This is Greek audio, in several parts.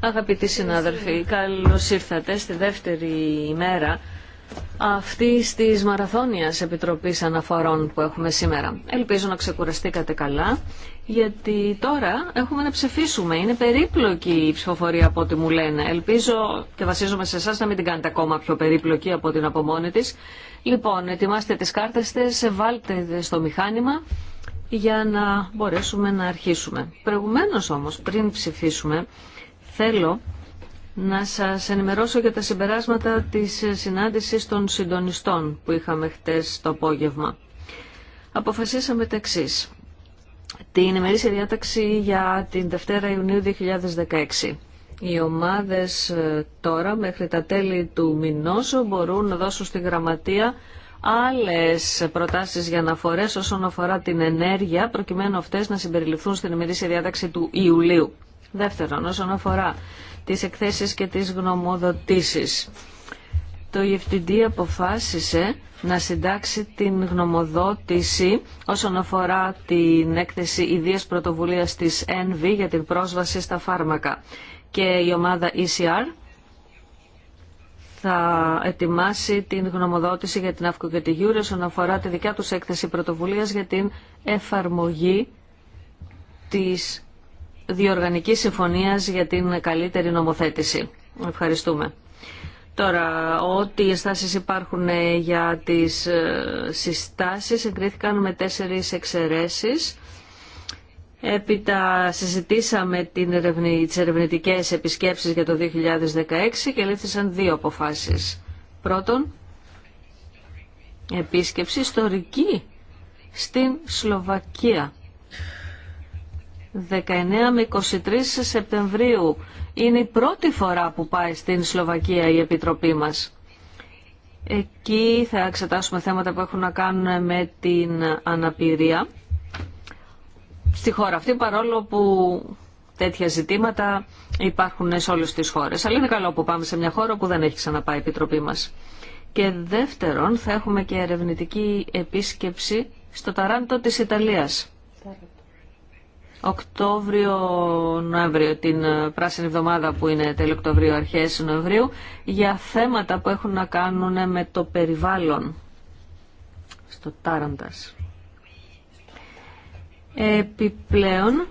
Αγαπητοί συνάδελφοι, καλώς ήρθατε στη δεύτερη ημέρα αυτή τη μαραθώνιας Επιτροπής Αναφορών που έχουμε σήμερα. Ελπίζω να ξεκουραστήκατε καλά, γιατί τώρα έχουμε να ψηφίσουμε. Είναι περίπλοκη η ψηφοφορία από ό,τι μου λένε. Ελπίζω και βασίζομαι σε εσά να μην την κάνετε ακόμα πιο περίπλοκη από την απομόνη τη. Λοιπόν, ετοιμάστε τις κάρτες σε βάλτε στο μηχάνημα για να μπορέσουμε να αρχίσουμε. Προηγουμένως όμως, πριν ψηφίσουμε, θέλω να σας ενημερώσω για τα συμπεράσματα της συνάντησης των συντονιστών που είχαμε χτες το απόγευμα. Αποφασίσαμε τα εξή. Την ημερήσια διάταξη για την Δευτέρα Ιουνίου 2016. Οι ομάδες ε, τώρα μέχρι τα τέλη του μηνός μπορούν να δώσουν στη γραμματεία άλλες προτάσεις για αναφορές όσον αφορά την ενέργεια, προκειμένου αυτές να συμπεριληφθούν στην ημερήσια διάταξη του Ιουλίου. Δεύτερον, όσον αφορά τις εκθέσεις και τις γνωμοδοτήσεις. Το EFTD αποφάσισε να συντάξει την γνωμοδότηση όσον αφορά την έκθεση ιδίας πρωτοβουλίας της ΕΝΒΗ για την πρόσβαση στα φάρμακα. Και η ομάδα ECR θα ετοιμάσει την γνωμοδότηση για την ΑΦΚΟ και τη όσον αφορά τη δικιά τους έκθεση πρωτοβουλίας για την εφαρμογή της διοργανικής συμφωνίας για την καλύτερη νομοθέτηση. Ευχαριστούμε. Τώρα, ό,τι στάσεις υπάρχουν ε, για τις ε, συστάσεις εγκρίθηκαν με τέσσερις εξαιρέσεις Έπειτα συζητήσαμε την ερευνη, τις ερευνητικές επισκέψεις για το 2016 και λήφθησαν δύο αποφάσεις. Πρώτον, επίσκεψη ιστορική στην Σλοβακία. 19 με 23 Σεπτεμβρίου είναι η πρώτη φορά που πάει στην Σλοβακία η Επιτροπή μας. Εκεί θα εξετάσουμε θέματα που έχουν να κάνουν με την αναπηρία στη χώρα αυτή παρόλο που τέτοια ζητήματα υπάρχουν σε όλες τις χώρες. Αλλά είναι καλό που πάμε σε μια χώρα που δεν έχει ξαναπάει η Επιτροπή μας. Και δεύτερον θα έχουμε και ερευνητική επίσκεψη στο Ταράντο της Ιταλίας. Οκτώβριο-Νοέμβριο, την πράσινη εβδομάδα που είναι τέλειο Οκτωβρίου, αρχές Νοεμβρίου, για θέματα που έχουν να κάνουν με το περιβάλλον στο Τάραντας. Επιπλέον,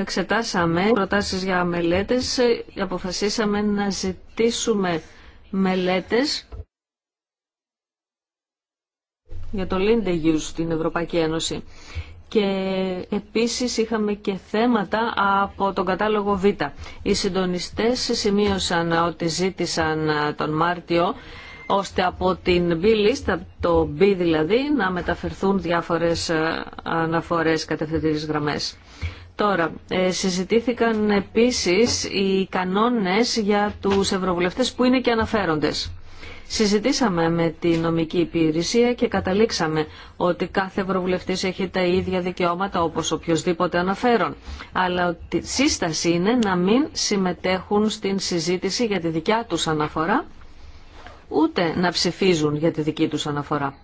εξετάσαμε προτάσεις για μελέτες, αποφασίσαμε να ζητήσουμε μελέτες για το Linde στην Ευρωπαϊκή Ένωση. Και επίσης είχαμε και θέματα από τον κατάλογο Β. Οι συντονιστές σημείωσαν ότι ζήτησαν τον Μάρτιο ώστε από την B list, το B δηλαδή, να μεταφερθούν διάφορες ε, αναφορές κατευθυντήριες γραμμές. Τώρα, ε, συζητήθηκαν επίσης οι κανόνες για τους ευρωβουλευτές που είναι και αναφέροντες. Συζητήσαμε με τη νομική υπηρεσία και καταλήξαμε ότι κάθε ευρωβουλευτής έχει τα ίδια δικαιώματα όπως οποιοδήποτε αναφέρον. Αλλά ότι σύσταση είναι να μην συμμετέχουν στην συζήτηση για τη δικιά τους αναφορά ούτε να ψηφίζουν για τη δική τους αναφορά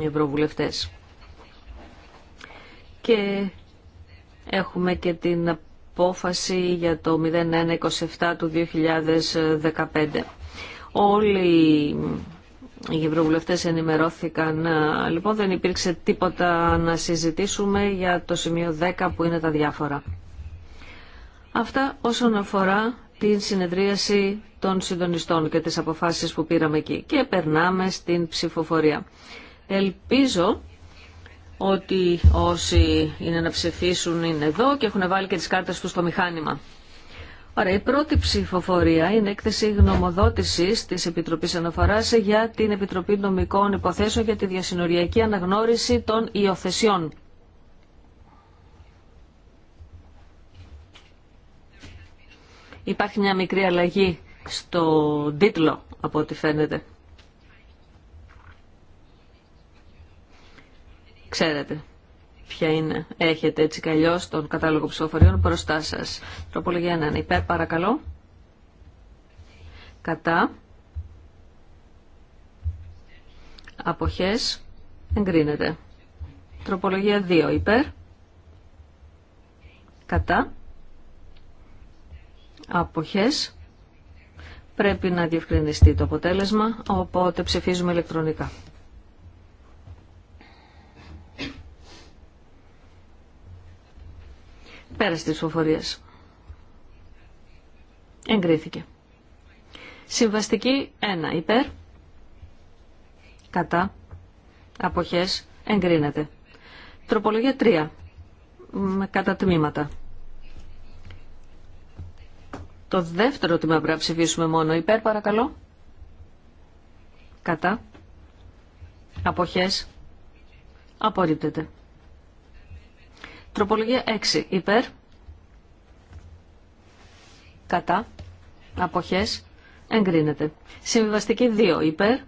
οι ευρωβουλευτές. Και έχουμε και την απόφαση για το 0127 του 2015. Όλοι οι ευρωβουλευτές ενημερώθηκαν. Λοιπόν, δεν υπήρξε τίποτα να συζητήσουμε για το σημείο 10 που είναι τα διάφορα. Αυτά όσον αφορά την συνεδρίαση των συντονιστών και τις αποφάσεις που πήραμε εκεί. Και περνάμε στην ψηφοφορία. Ελπίζω ότι όσοι είναι να ψηφίσουν είναι εδώ και έχουν βάλει και τις κάρτες τους στο μηχάνημα. Ωραία, η πρώτη ψηφοφορία είναι έκθεση γνωμοδότησης της Επιτροπής Αναφοράς για την Επιτροπή Νομικών Υποθέσεων για τη διασυνοριακή αναγνώριση των υιοθεσιών. Υπάρχει μια μικρή αλλαγή στο τίτλο από ό,τι φαίνεται. Ξέρετε ποια είναι. Έχετε έτσι καλλιώ τον κατάλογο ψηφοφοριών μπροστά σα. Τροπολογία 1. Υπέρ παρακαλώ. Κατά. Αποχές. Εγκρίνεται. Τροπολογία 2. Υπέρ. Κατά αποχές. Πρέπει να διευκρινιστεί το αποτέλεσμα, οπότε ψηφίζουμε ηλεκτρονικά. Πέρασε τις ψηφοφορίες. Εγκρίθηκε. Συμβαστική 1. Υπέρ. Κατά. Αποχές. Εγκρίνεται. Τροπολογία 3. Κατά τμήματα. Το δεύτερο τμήμα πρέπει να ψηφίσουμε μόνο υπέρ, παρακαλώ. Κατά. Αποχές. Απορρίπτεται. Τροπολογία 6. Υπέρ. Κατά. Αποχές. Εγκρίνεται. Συμβιβαστική 2. Υπέρ.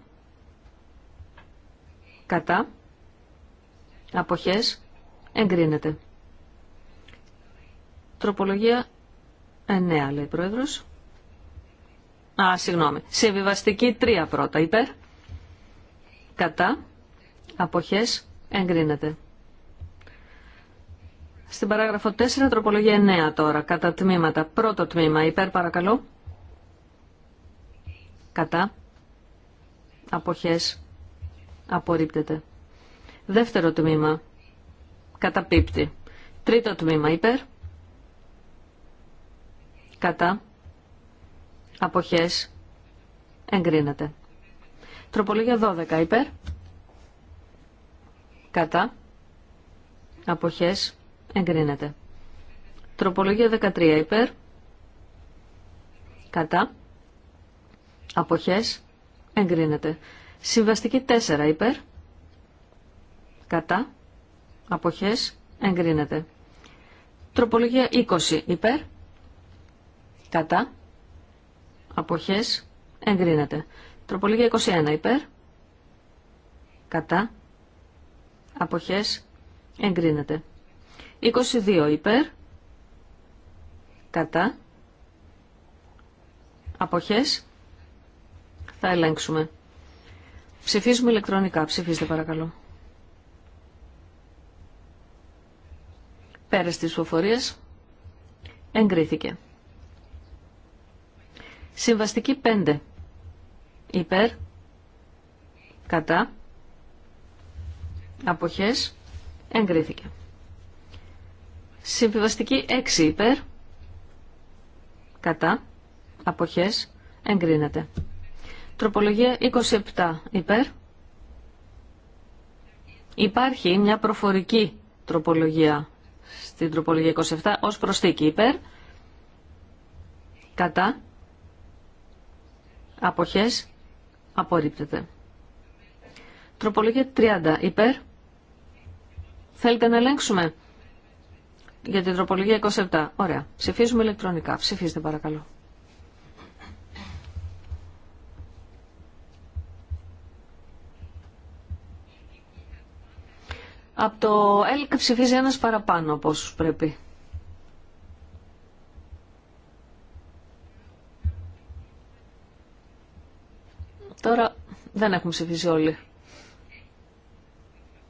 Κατά. Αποχές. Εγκρίνεται. Τροπολογία 9 άλλα η Πρόεδρος. Α, συγγνώμη. Συμβιβαστική τρία πρώτα υπέρ. Κατά. Αποχές εγκρίνεται. Στην παράγραφο 4, τροπολογία 9 τώρα, κατά τμήματα. Πρώτο τμήμα, υπέρ παρακαλώ. Κατά. Αποχές. Απορρίπτεται. Δεύτερο τμήμα. Καταπίπτει. Τρίτο τμήμα, υπέρ κατά, αποχές, εγκρίνεται. Τροπολογία 12 υπέρ, κατά, αποχές, εγκρίνεται. Τροπολογία 13 υπέρ, κατά, αποχές, εγκρίνεται. Συμβαστική 4 υπέρ, κατά, αποχές, εγκρίνεται. Τροπολογία 20 υπέρ, Κατά. Αποχές. Εγκρίνεται. Τροπολογία 21 υπέρ. Κατά. Αποχές. Εγκρίνεται. 22 υπέρ. Κατά. Αποχές. Θα ελέγξουμε. Ψηφίζουμε ηλεκτρονικά. Ψηφίστε παρακαλώ. Πέρας της ψηφοφορίας εγκρίθηκε. Συμβαστική 5. Υπέρ. Κατά. Αποχές. Εγκρίθηκε. Συμβιβαστική 6 υπέρ. Κατά. Αποχές. Εγκρίνεται. Τροπολογία 27 υπέρ. Υπάρχει μια προφορική τροπολογία στην τροπολογία 27 ως προσθήκη υπέρ. Κατά. Αποχές. Απορρίπτεται. Τροπολογία 30. Υπέρ. Θέλετε να ελέγξουμε. Για την τροπολογία 27. Ωραία. Ψηφίζουμε ηλεκτρονικά. Ψηφίστε παρακαλώ. Από το ΕΛΚ ψηφίζει ένας παραπάνω από όσους πρέπει. Τώρα δεν έχουν ψηφίσει όλοι.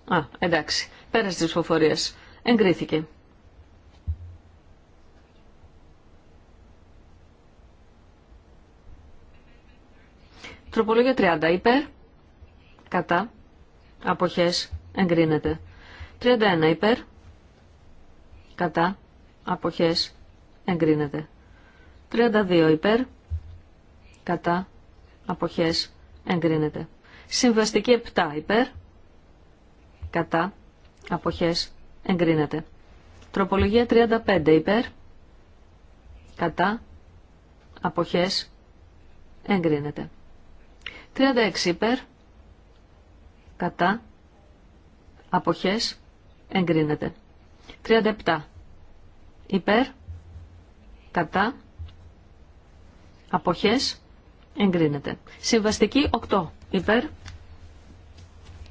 Α, εντάξει. Πέρασε τις φοφορία Εγκρίθηκε. Τροπολογία 30. Υπέρ. Κατά. Αποχές. Εγκρίνεται. 31. Υπέρ. Κατά. Αποχές. Εγκρίνεται. 32. Υπέρ. Κατά. Αποχές εγκρίνεται. Συμβαστική 7 υπέρ, κατά, αποχές, εγκρίνεται. Τροπολογία 35 υπέρ, κατά, αποχές, εγκρίνεται. 36 υπέρ, κατά, αποχές, εγκρίνεται. 37 υπέρ, κατά, αποχές, Εγκρίνεται. Συμβαστική 8. Υπέρ.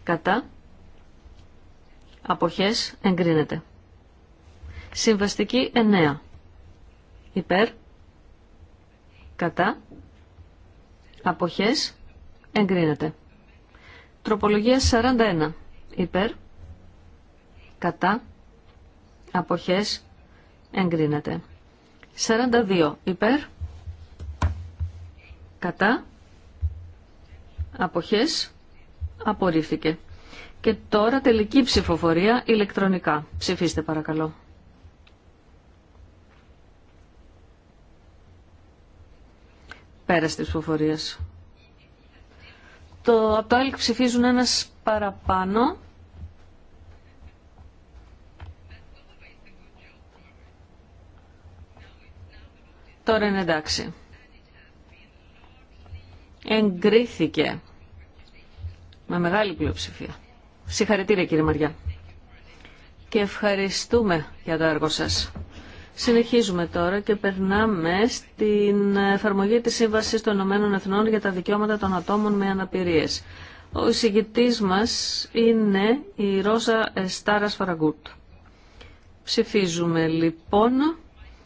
Κατά. Αποχές. Εγκρίνεται. Συμβαστική 9. Υπέρ. Κατά. Αποχές. Εγκρίνεται. Τροπολογία 41. Υπέρ. Κατά. Αποχές. Εγκρίνεται. 42. Υπέρ κατά, αποχές, απορρίφθηκε. Και τώρα τελική ψηφοφορία ηλεκτρονικά. Ψηφίστε παρακαλώ. Πέρασε της ψηφοφορίας. Το, από το ψηφίζουν ένας παραπάνω. Τώρα είναι εντάξει εγκρίθηκε με μεγάλη πλειοψηφία. Συγχαρητήρια κύριε Μαριά. Και ευχαριστούμε για το έργο σας. Συνεχίζουμε τώρα και περνάμε στην εφαρμογή της Σύμβασης των Ηνωμένων Εθνών για τα δικαιώματα των ατόμων με αναπηρίες. Ο εισηγητής μας είναι η Ρόζα Στάρας Φαραγκούτ. Ψηφίζουμε λοιπόν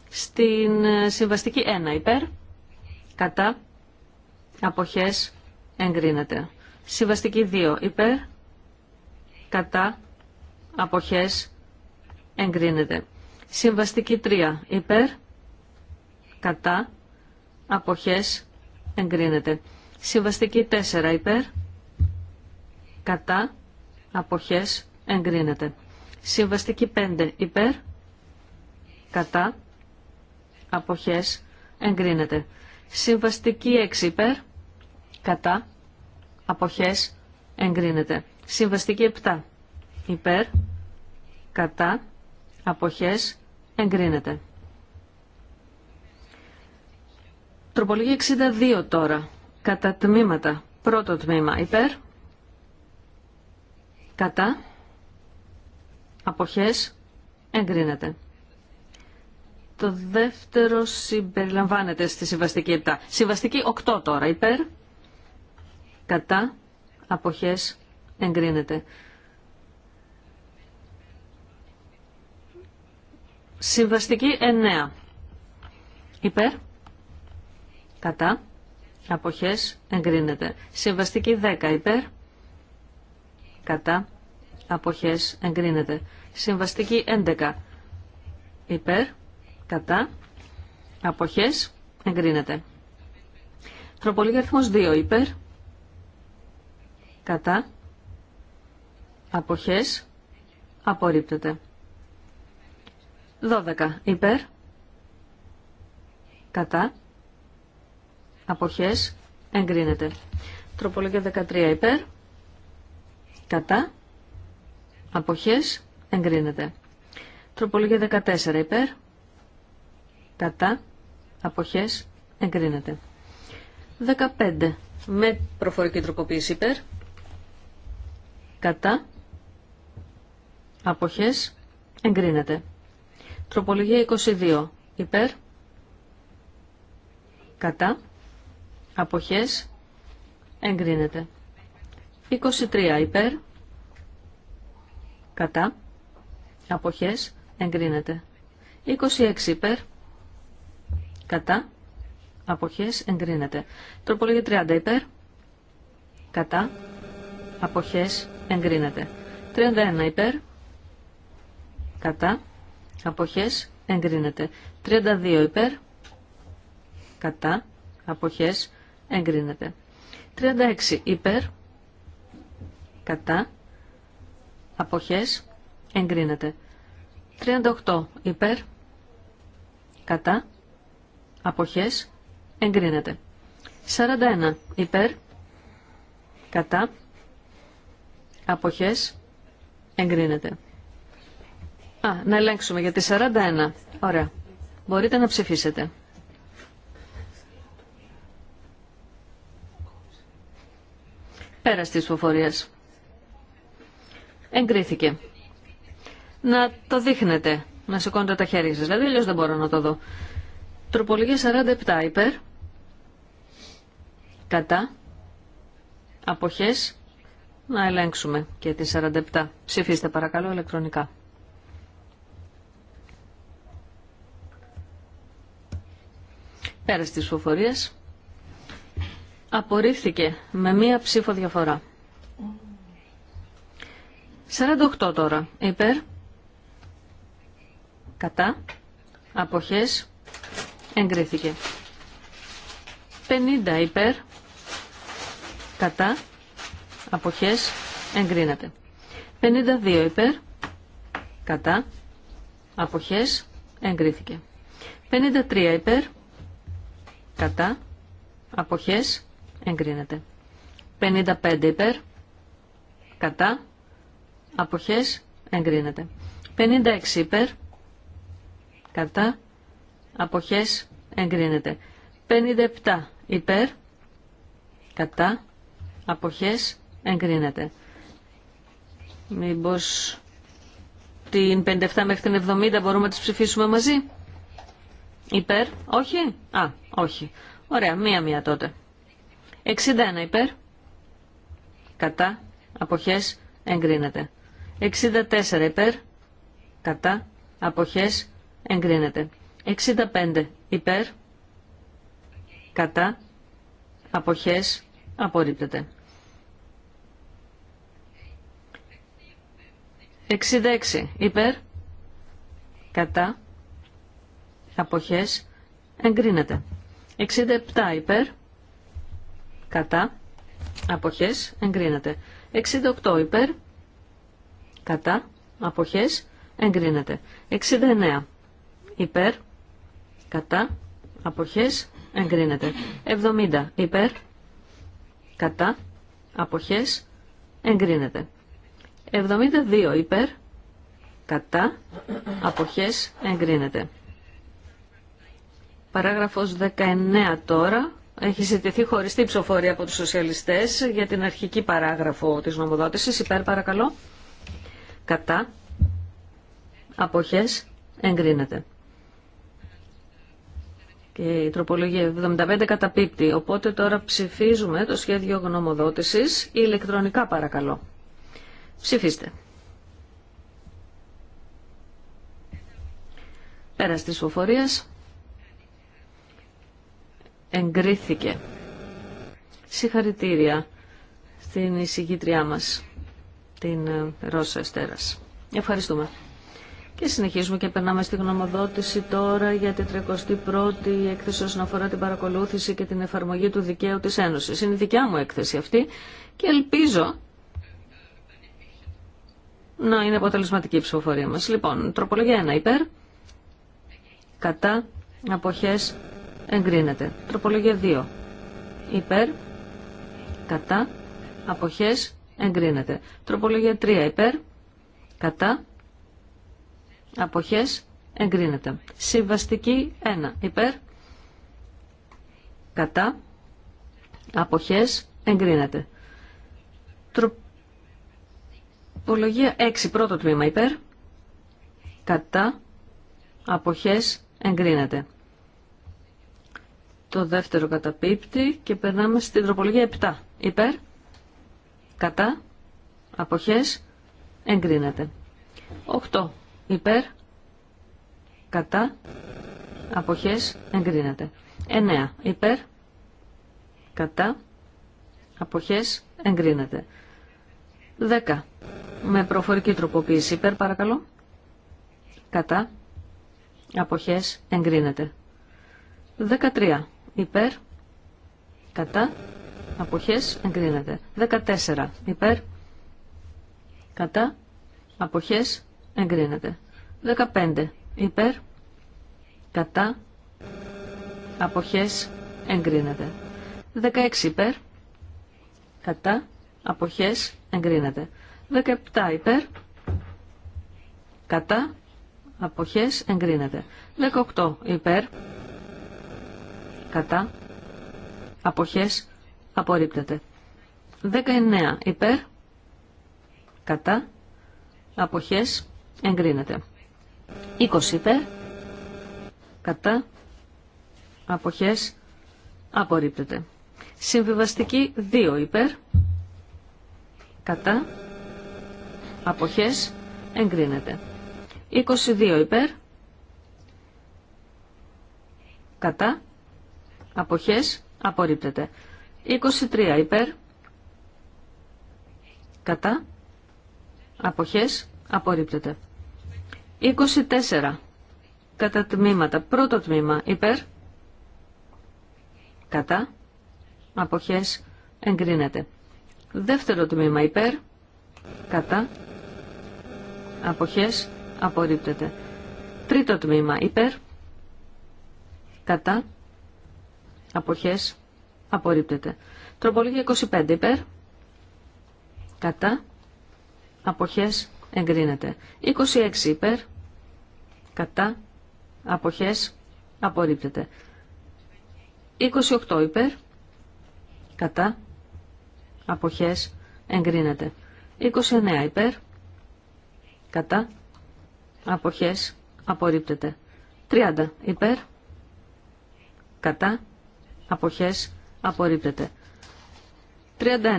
στην συμβαστική 1 υπέρ, κατά, αποχές εγκρίνεται. Συμβαστική 2 υπέρ, κατά, αποχές εγκρίνεται. Συμβαστική 3 υπέρ, κατά, αποχές εγκρίνεται. Συμβαστική 4 υπέρ, κατά, αποχές εγκρίνεται. Συμβαστική 5 υπέρ, κατά, αποχές εγκρίνεται. Συμβαστική 6 υπέρ, κατά, αποχές, εγκρίνεται. Συμβαστική 7. Υπέρ, κατά, αποχές, εγκρίνεται. Τροπολογία 62 τώρα. Κατά τμήματα. Πρώτο τμήμα υπέρ. Κατά. Αποχές. Εγκρίνεται. Το δεύτερο συμπεριλαμβάνεται στη συμβαστική 7. Συμβαστική 8 τώρα υπέρ κατά αποχές εγκρίνεται. Συμβαστική 9. Υπέρ, κατά, αποχές, εγκρίνεται. Συμβαστική 10. Υπέρ, κατά, αποχές, εγκρίνεται. Συμβαστική 11. Υπέρ, κατά, αποχές, εγκρίνεται. Τροπολογία 2. Υπέρ, κατά, αποχές, απορρίπτεται. 12. Υπέρ, κατά, αποχές, εγκρίνεται. Τροπολογία 13. Υπέρ, κατά, αποχές, εγκρίνεται. Τροπολογία 14. Υπέρ, κατά, αποχές, εγκρίνεται. 15. Με προφορική τροποποίηση υπέρ, κατά, αποχές, εγκρίνεται. Τροπολογία 22, υπέρ, κατά, αποχές, εγκρίνεται. 23, υπέρ, κατά, αποχές, εγκρίνεται. 26, υπέρ, κατά, αποχές, εγκρίνεται. Τροπολογία 30, υπέρ, κατά, αποχές, εγκρίνεται. 31 υπέρ, κατά, αποχές, εγκρίνεται. 32 υπέρ, κατά, αποχές, εγκρίνεται. 36 υπέρ, κατά, αποχές, εγκρίνεται. 38 υπέρ, κατά, αποχές, εγκρίνεται. 41 υπέρ, κατά, αποχές εγκρίνεται. Α, να ελέγξουμε για τη 41. Ωραία. Μπορείτε να ψηφίσετε. Πέρα της Εγκρίθηκε. Να το δείχνετε, να σηκώνετε τα χέρια σας, δηλαδή αλλιώς δεν μπορώ να το δω. Τροπολογία 47 υπέρ, κατά, αποχές, να ελέγξουμε και τις 47. Ψηφίστε παρακαλώ ηλεκτρονικά. Πέρα στις φοφορίες. απορρίφθηκε με μία ψήφο διαφορά. 48 τώρα. Υπέρ. Κατά. Αποχές. Εγκρίθηκε. 50 υπέρ. Κατά αποχές εγκρίνεται. 52 υπέρ, κατά, αποχές εγκρίθηκε. 53 υπέρ, κατά, αποχές εγκρίνεται. 55 υπέρ, κατά, αποχές εγκρίνεται. 56 υπέρ, κατά, αποχές εγκρίνεται. 57 υπέρ, κατά, αποχές εγκρίνεται. Μήπως την 57 μέχρι την 70 μπορούμε να τις ψηφίσουμε μαζί. Υπέρ, όχι. Α, όχι. Ωραία, μία-μία τότε. 61 υπέρ. Κατά. Αποχές. Εγκρίνεται. 64 υπέρ. Κατά. Αποχές. Εγκρίνεται. 65 υπέρ. Κατά. Αποχές. Απορρίπτεται. 66 υπέρ, κατά, αποχές, εγκρίνεται. 67 υπέρ, κατά, αποχές, εγκρίνεται. 68 υπέρ, κατά, αποχές, εγκρίνεται. 69 υπέρ, κατά, αποχές, εγκρίνεται. 70 υπέρ, κατά, αποχές, εγκρίνεται. 72 υπέρ, κατά, αποχές, εγκρίνεται. Παράγραφος 19 τώρα. Έχει ζητηθεί χωριστή ψηφοφορία από τους σοσιαλιστές για την αρχική παράγραφο της νομοδότησης. Υπέρ παρακαλώ. Κατά. Αποχές. Εγκρίνεται. Και η τροπολογία 75 καταπίπτει. Οπότε τώρα ψηφίζουμε το σχέδιο γνωμοδότησης ηλεκτρονικά παρακαλώ. Ψηφίστε. Πέρας της φοφορίας εγκρίθηκε. Συγχαρητήρια στην εισηγήτριά μας, την ε, Ρώσα Εστέρας. Ευχαριστούμε. Και συνεχίζουμε και περνάμε στη γνωμοδότηση τώρα για την 31η έκθεση όσον αφορά την παρακολούθηση και την εφαρμογή του δικαίου της Ένωσης. Είναι η δικιά μου έκθεση αυτή και ελπίζω να είναι αποτελεσματική η ψηφοφορία μας. Λοιπόν, τροπολογία 1 υπέρ, κατά, αποχές, εγκρίνεται. Τροπολογία 2 υπέρ, κατά, αποχές, εγκρίνεται. Τροπολογία 3 υπέρ, κατά, αποχές, εγκρίνεται. Συμβαστική 1 υπέρ, κατά, αποχές, εγκρίνεται. Τροπολογία Τροπολογία 6, πρώτο τμήμα υπέρ. Κατά. Αποχές εγκρίνεται. Το δεύτερο καταπίπτει και περνάμε στην τροπολογία 7. Υπέρ. Κατά. Αποχές εγκρίνεται. 8. Υπέρ. Κατά. Αποχές εγκρίνεται. 9. Υπέρ. Κατά. Αποχές εγκρίνεται. 10. Με προφορική τροποποίηση υπέρ παρακαλώ. Κατά. Αποχές εγκρίνεται. 13. Υπέρ. Κατά. Αποχές εγκρίνεται. 14. Υπέρ. Κατά. Αποχές εγκρίνεται. 15. Υπέρ. Κατά. Αποχές εγκρίνεται. 16. Υπέρ. Κατά. Αποχές εγκρίνεται. 17 υπέρ. Κατά. Αποχές εγκρίνεται. 18 υπέρ. Κατά. Αποχές απορρίπτεται. 19 υπέρ. Κατά. Αποχές εγκρίνεται. 20 υπέρ. Κατά. Αποχές απορρίπτεται. Συμβιβαστική 2 υπέρ κατά, αποχές, εγκρίνεται. 22 υπέρ, κατά, αποχές, απορρίπτεται. 23 υπέρ, κατά, αποχές, απορρίπτεται. 24 κατά τμήματα. Πρώτο τμήμα υπέρ, κατά, αποχές, εγκρίνεται. Δεύτερο τμήμα υπέρ, κατά, αποχές, απορρίπτεται. Τρίτο τμήμα υπέρ, κατά, αποχές, απορρίπτεται. Τροπολογία 25 υπέρ, κατά, αποχές, εγκρίνεται. 26 υπέρ, κατά, αποχές, απορρίπτεται. 28 υπέρ, κατά, αποχές εγκρίνεται. 29 υπέρ, κατά, αποχές απορρίπτεται. 30 υπέρ, κατά, αποχές απορρίπτεται.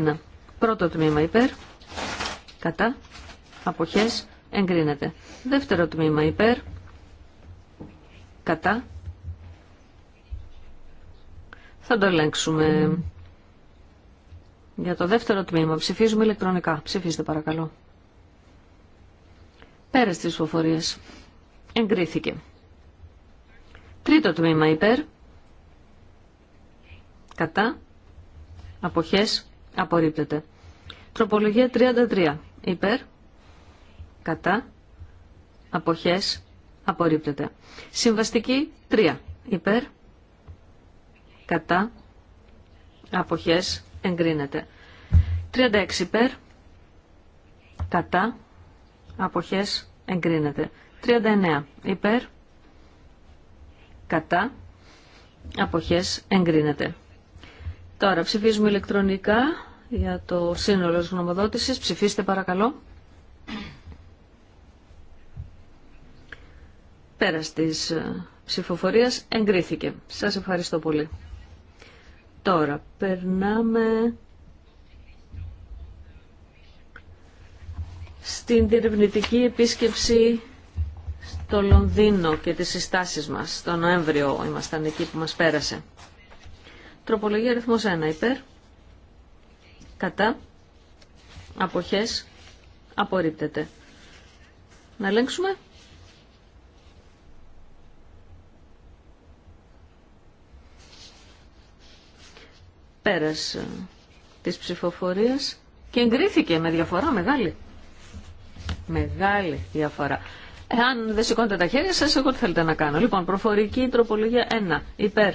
31 πρώτο τμήμα υπέρ, κατά, αποχές εγκρίνεται. Δεύτερο τμήμα υπέρ, κατά, θα το ελέγξουμε. Για το δεύτερο τμήμα ψηφίζουμε ηλεκτρονικά. Ψηφίστε παρακαλώ. Πέρα στις φοφορίες. Εγκρίθηκε. Τρίτο τμήμα υπέρ. Κατά. Αποχές. Απορρίπτεται. Τροπολογία 33. Υπέρ. Κατά. Αποχές. Απορρίπτεται. Συμβαστική 3. Υπέρ. Κατά. Αποχές εγκρίνεται. 36 υπέρ, κατά, αποχές, εγκρίνεται. 39 υπέρ, κατά, αποχές, εγκρίνεται. Τώρα ψηφίζουμε ηλεκτρονικά για το σύνολο της γνωμοδότησης. Ψηφίστε παρακαλώ. Πέρας της ε, ψηφοφορίας εγκρίθηκε. Σας ευχαριστώ πολύ. Τώρα, περνάμε στην διερευνητική επίσκεψη στο Λονδίνο και τις συστάσεις μας. Στο Νοέμβριο ήμασταν εκεί που μας πέρασε. Τροπολογία αριθμός 1 υπέρ. Κατά. Αποχές. Απορρίπτεται. Να ελέγξουμε. Πέρας ε, της ψηφοφορίας και εγκρίθηκε με διαφορά μεγάλη. Μεγάλη διαφορά. Εάν δεν σηκώνετε τα χέρια σας, εγώ τι θέλετε να κάνω. Λοιπόν, προφορική τροπολογία 1. Υπέρ.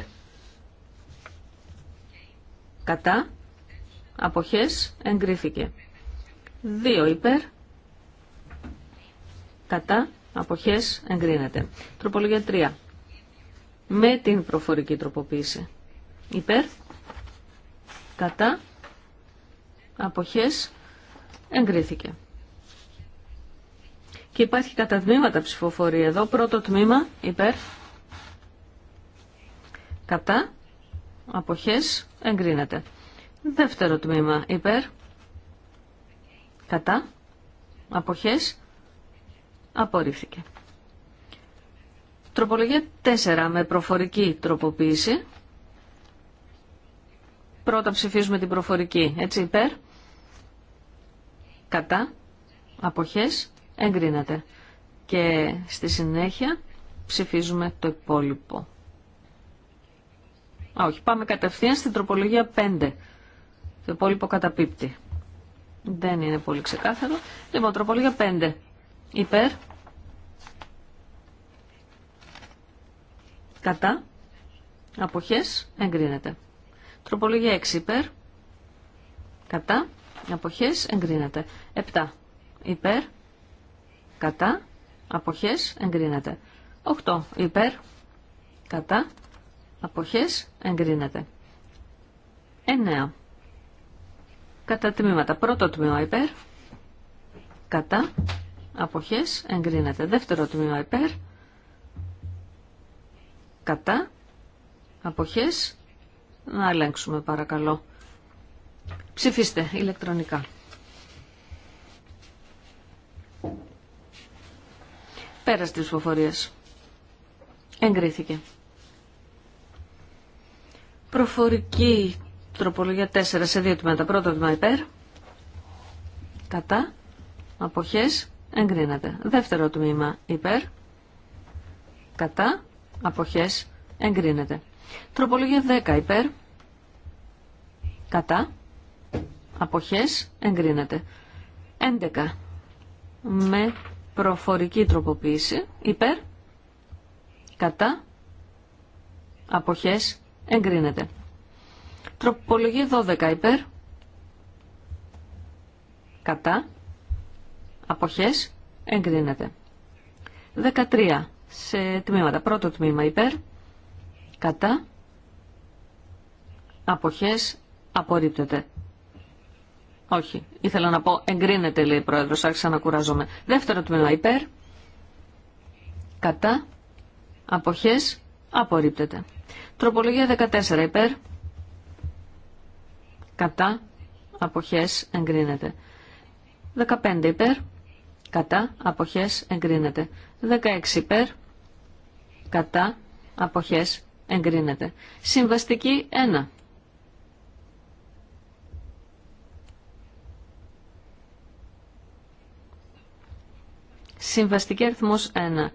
Κατά. Αποχές. Εγκρίθηκε. 2. Υπέρ. Κατά. Αποχές. Εγκρίνεται. Τροπολογία 3. Με την προφορική τροποποίηση. Υπέρ κατά, αποχές, εγκρίθηκε. Και υπάρχει κατά τμήματα ψηφοφορία εδώ. Πρώτο τμήμα, υπέρ, κατά, αποχές, εγκρίνεται. Δεύτερο τμήμα, υπέρ, κατά, αποχές, απορρίφθηκε. Τροπολογία 4 με προφορική τροποποίηση. Πρώτα ψηφίζουμε την προφορική. Έτσι υπέρ. Κατά. Αποχές. Εγκρίνεται. Και στη συνέχεια ψηφίζουμε το υπόλοιπο. Α, όχι. Πάμε κατευθείαν στην τροπολογία 5. Το υπόλοιπο καταπίπτει. Δεν είναι πολύ ξεκάθαρο. Λοιπόν, τροπολογία 5. Υπέρ. Κατά. Αποχές. Εγκρίνεται. Τροπολογία 6 υπέρ. Κατά. Αποχές εγκρίνεται. 7 υπέρ. Κατά. Αποχές εγκρίνεται. 8 υπέρ. Κατά. Αποχές εγκρίνεται. 9. Κατά τμήματα. Πρώτο τμήμα υπέρ. Κατά. Αποχές εγκρίνεται. Δεύτερο τμήμα υπέρ. Κατά. Αποχές να ελέγξουμε παρακαλώ. Ψηφίστε ηλεκτρονικά. Πέρα στις ψηφοφορίες. Εγκρίθηκε. Προφορική τροπολογία 4 σε δύο τμήματα. Πρώτο τμήμα υπέρ. Κατά. Αποχές. Εγκρίνεται. Δεύτερο τμήμα υπέρ. Κατά. Αποχές. Εγκρίνεται. Τροπολογία 10 υπέρ. Κατά. Αποχές εγκρίνεται. 11. Με προφορική τροποποίηση υπέρ. Κατά. Αποχές εγκρίνεται. Τροπολογία 12 υπέρ. Κατά. Αποχές εγκρίνεται. 13. Σε τμήματα. Πρώτο τμήμα υπέρ κατά, αποχές, απορρίπτεται. Όχι, ήθελα να πω εγκρίνεται λέει η πρόεδρος, άρχισα να κουράζομαι. Δεύτερο τμήμα υπέρ, κατά, αποχές, απορρίπτεται. Τροπολογία 14 υπέρ, κατά, αποχές, εγκρίνεται. 15 υπέρ, κατά, αποχές, εγκρίνεται. 16 υπέρ, κατά, αποχές, εγκρίνεται. Συμβαστική 1. Συμβαστική αριθμός 1.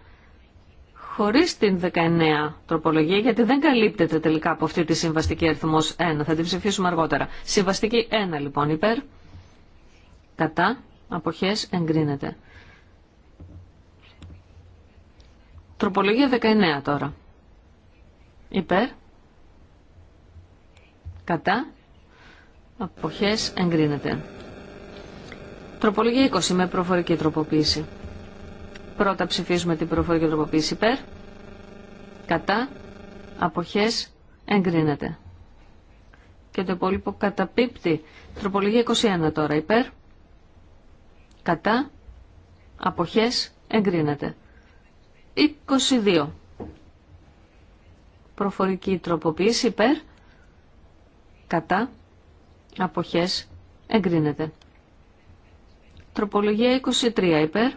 Χωρίς την 19 τροπολογία, γιατί δεν καλύπτεται τελικά από αυτή τη συμβαστική αριθμός 1. Θα την ψηφίσουμε αργότερα. Συμβαστική 1 λοιπόν υπέρ. Κατά. Αποχές εγκρίνεται. Τροπολογία 19 τώρα υπέρ, κατά, αποχές εγκρίνεται. Τροπολογία 20 με προφορική τροποποίηση. Πρώτα ψηφίζουμε την προφορική τροποποίηση υπέρ, κατά, αποχές εγκρίνεται. Και το υπόλοιπο καταπίπτει. Τροπολογία 21 τώρα υπέρ, κατά, αποχές εγκρίνεται. 22 προφορική τροποποίηση υπέρ, κατά, αποχές, εγκρίνεται. Τροπολογία 23 υπέρ.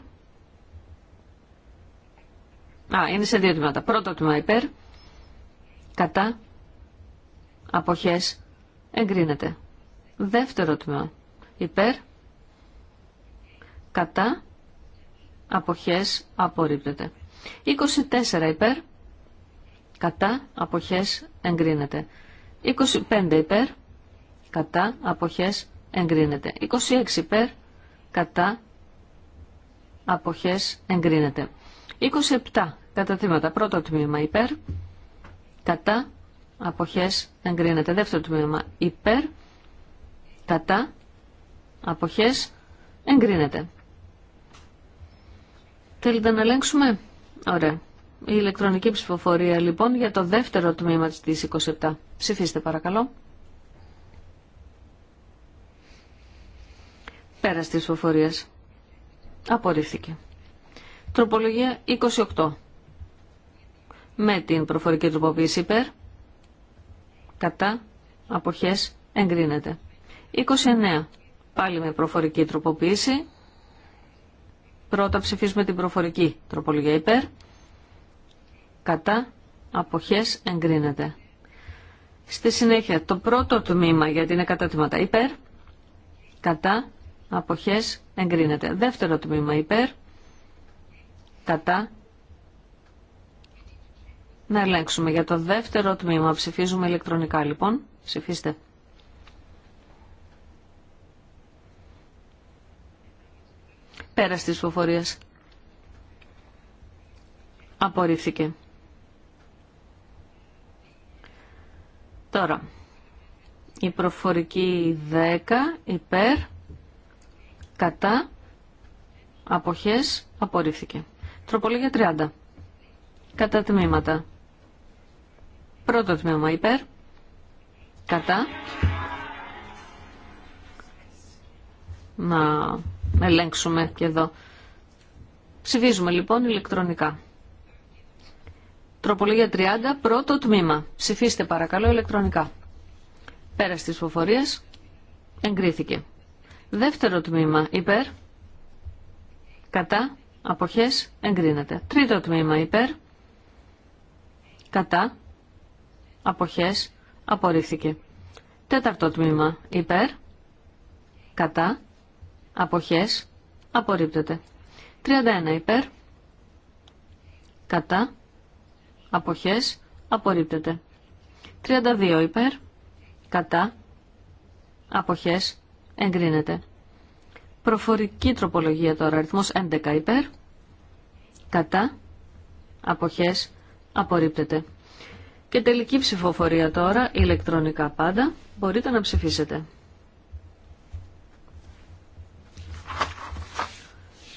Α, είναι σε δύο τμήματα. Πρώτο τμήμα υπέρ, κατά, αποχές, εγκρίνεται. Δεύτερο τμήμα υπέρ, κατά, αποχές, απορρίπτεται. 24 υπέρ, κατά αποχές εγκρίνεται. 25 υπέρ, κατά αποχές εγκρίνεται. 26 υπέρ, κατά αποχές εγκρίνεται. 27 κατά τμήματα. Πρώτο τμήμα υπέρ, κατά αποχές εγκρίνεται. Δεύτερο τμήμα υπέρ, κατά αποχές εγκρίνεται. Θέλετε να ελέγξουμε. Ωραία. Η ηλεκτρονική ψηφοφορία λοιπόν για το δεύτερο τμήμα της 27. Ψηφίστε παρακαλώ. Πέρας της ψηφοφορίας. Απορρίφθηκε. Τροπολογία 28. Με την προφορική τροποποίηση υπέρ. Κατά. Αποχές. Εγκρίνεται. 29. Πάλι με προφορική τροποποίηση. Πρώτα ψηφίζουμε την προφορική τροπολογία υπέρ κατά, αποχές, εγκρίνεται. Στη συνέχεια, το πρώτο τμήμα, γιατί είναι κατά τμήματα, υπέρ, κατά, αποχές, εγκρίνεται. Δεύτερο τμήμα, υπέρ, κατά, να ελέγξουμε. Για το δεύτερο τμήμα ψηφίζουμε ηλεκτρονικά λοιπόν. Ψηφίστε. Πέρα της φοφορίας Απορρίφθηκε. Τώρα, η προφορική 10 υπέρ, κατά, αποχές, απορρίφθηκε. Τροπολογία 30. Κατά τμήματα. Πρώτο τμήμα υπέρ, κατά, να ελέγξουμε και εδώ. Ψηφίζουμε λοιπόν ηλεκτρονικά. Τροπολογία 30, πρώτο τμήμα. Ψηφίστε παρακαλώ ηλεκτρονικά. Πέρα στις ψηφοφορίες, εγκρίθηκε. Δεύτερο τμήμα, υπέρ, κατά, αποχές, εγκρίνεται. Τρίτο τμήμα, υπέρ, κατά, αποχές, απορρίφθηκε. Τέταρτο τμήμα, υπέρ, κατά, αποχές, απορρίπτεται. 31 υπέρ, κατά, Αποχές. Απορρίπτεται. 32 υπέρ. Κατά. Αποχές. Εγκρίνεται. Προφορική τροπολογία τώρα. Αριθμός 11 υπέρ. Κατά. Αποχές. Απορρίπτεται. Και τελική ψηφοφορία τώρα, ηλεκτρονικά πάντα, μπορείτε να ψηφίσετε.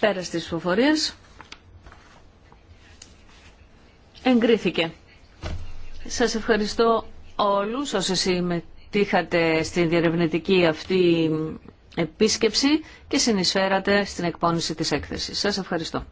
Πέρα της ψηφοφορίες εγκρίθηκε. Σας ευχαριστώ όλους όσοι συμμετείχατε στην διερευνητική αυτή επίσκεψη και συνεισφέρατε στην εκπόνηση της έκθεσης. Σας ευχαριστώ.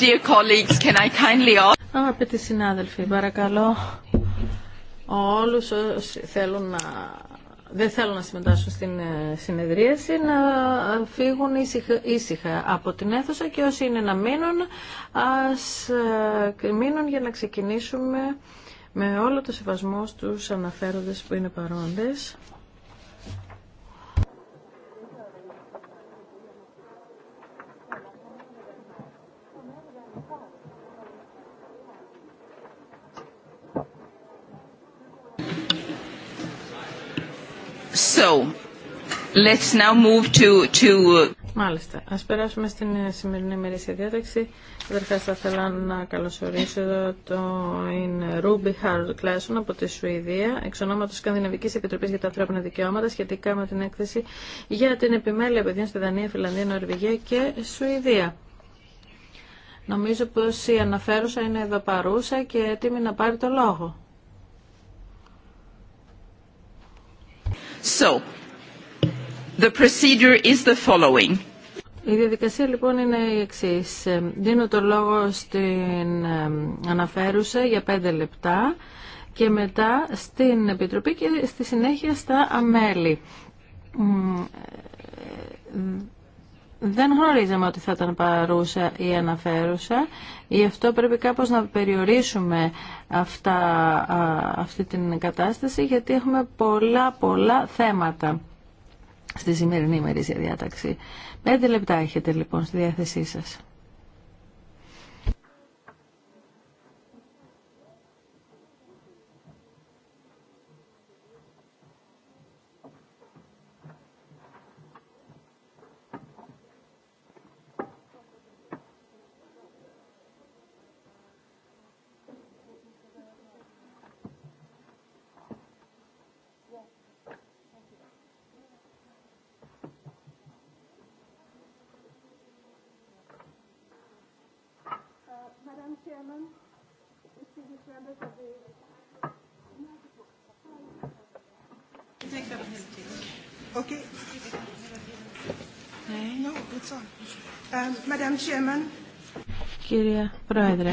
Dear Αγαπητοί συνάδελφοι, παρακαλώ όλους όσοι θέλουν να... δεν θέλουν να συμμετάσχουν στην ε, συνεδρίαση να φύγουν ήσυχα, ήσυχα από την αίθουσα και όσοι είναι να μείνουν ας ε, μείνουν για να ξεκινήσουμε με όλο το σεβασμό στους αναφέροντες που είναι παρόντες. Let's now move to, to... Μάλιστα. Ας περάσουμε στην ε, σημερινή ημερήσια διάταξη. Καταρχάς θα ήθελα να καλωσορίσω το Ρούμπι Χάρολτ Κλάσον από τη Σουηδία, εξ ονόματος Σκανδιναβικής Επιτροπής για τα Ανθρώπινα Δικαιώματα, σχετικά με την έκθεση για την επιμέλεια παιδιών στη Δανία, Φιλανδία, Νορβηγία και Σουηδία. Νομίζω πως η αναφέρουσα είναι εδώ παρούσα και έτοιμη να πάρει το λόγο. So, η διαδικασία λοιπόν είναι η εξή. Ε, δίνω το λόγο στην ε, αναφέρουσα για πέντε λεπτά και μετά στην Επιτροπή και στη συνέχεια στα αμέλη. Ε, δεν γνωρίζαμε ότι θα ήταν παρούσα ή αναφέρουσα, γι' αυτό πρέπει κάπως να περιορίσουμε αυτά, αυτή την κατάσταση, γιατί έχουμε πολλά πολλά θέματα στη σημερινή ημερήσια διάταξη. Πέντε λεπτά έχετε λοιπόν στη διάθεσή σας. Chairman, πρόεδρε, Κύριε Πρόεδρε,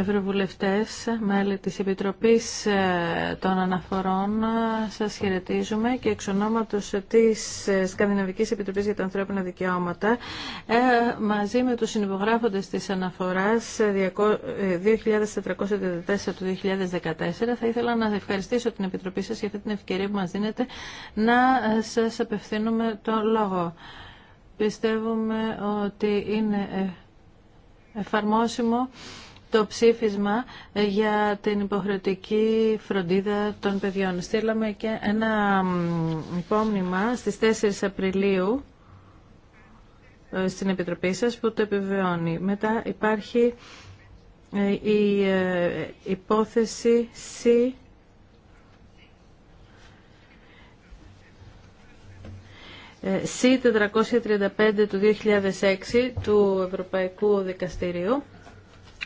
Ευρωβουλευτές, μέλη της Επιτροπής ε, των Αναφορών, σας χαιρετίζουμε και εξ ονόματος της ε, Σκανδιναβικής Επιτροπής για τα Ανθρώπινα Δικαιώματα, ε, μαζί με τους συνυπογράφοντες της αναφοράς 2434 του 2014, θα ήθελα να ευχαριστήσω την Επιτροπή σας για αυτή την ευκαιρία που μας δίνετε να σας απευθύνουμε το λόγο. Πιστεύουμε ότι είναι εφαρμόσιμο το ψήφισμα ε, για την υποχρεωτική φροντίδα των παιδιών. Στείλαμε και ένα υπόμνημα στις 4 Απριλίου ε, στην Επιτροπή σας που το επιβεβαιώνει. Μετά υπάρχει ε, η υπόθεση C C435 του 2006 του Ευρωπαϊκού Δικαστηρίου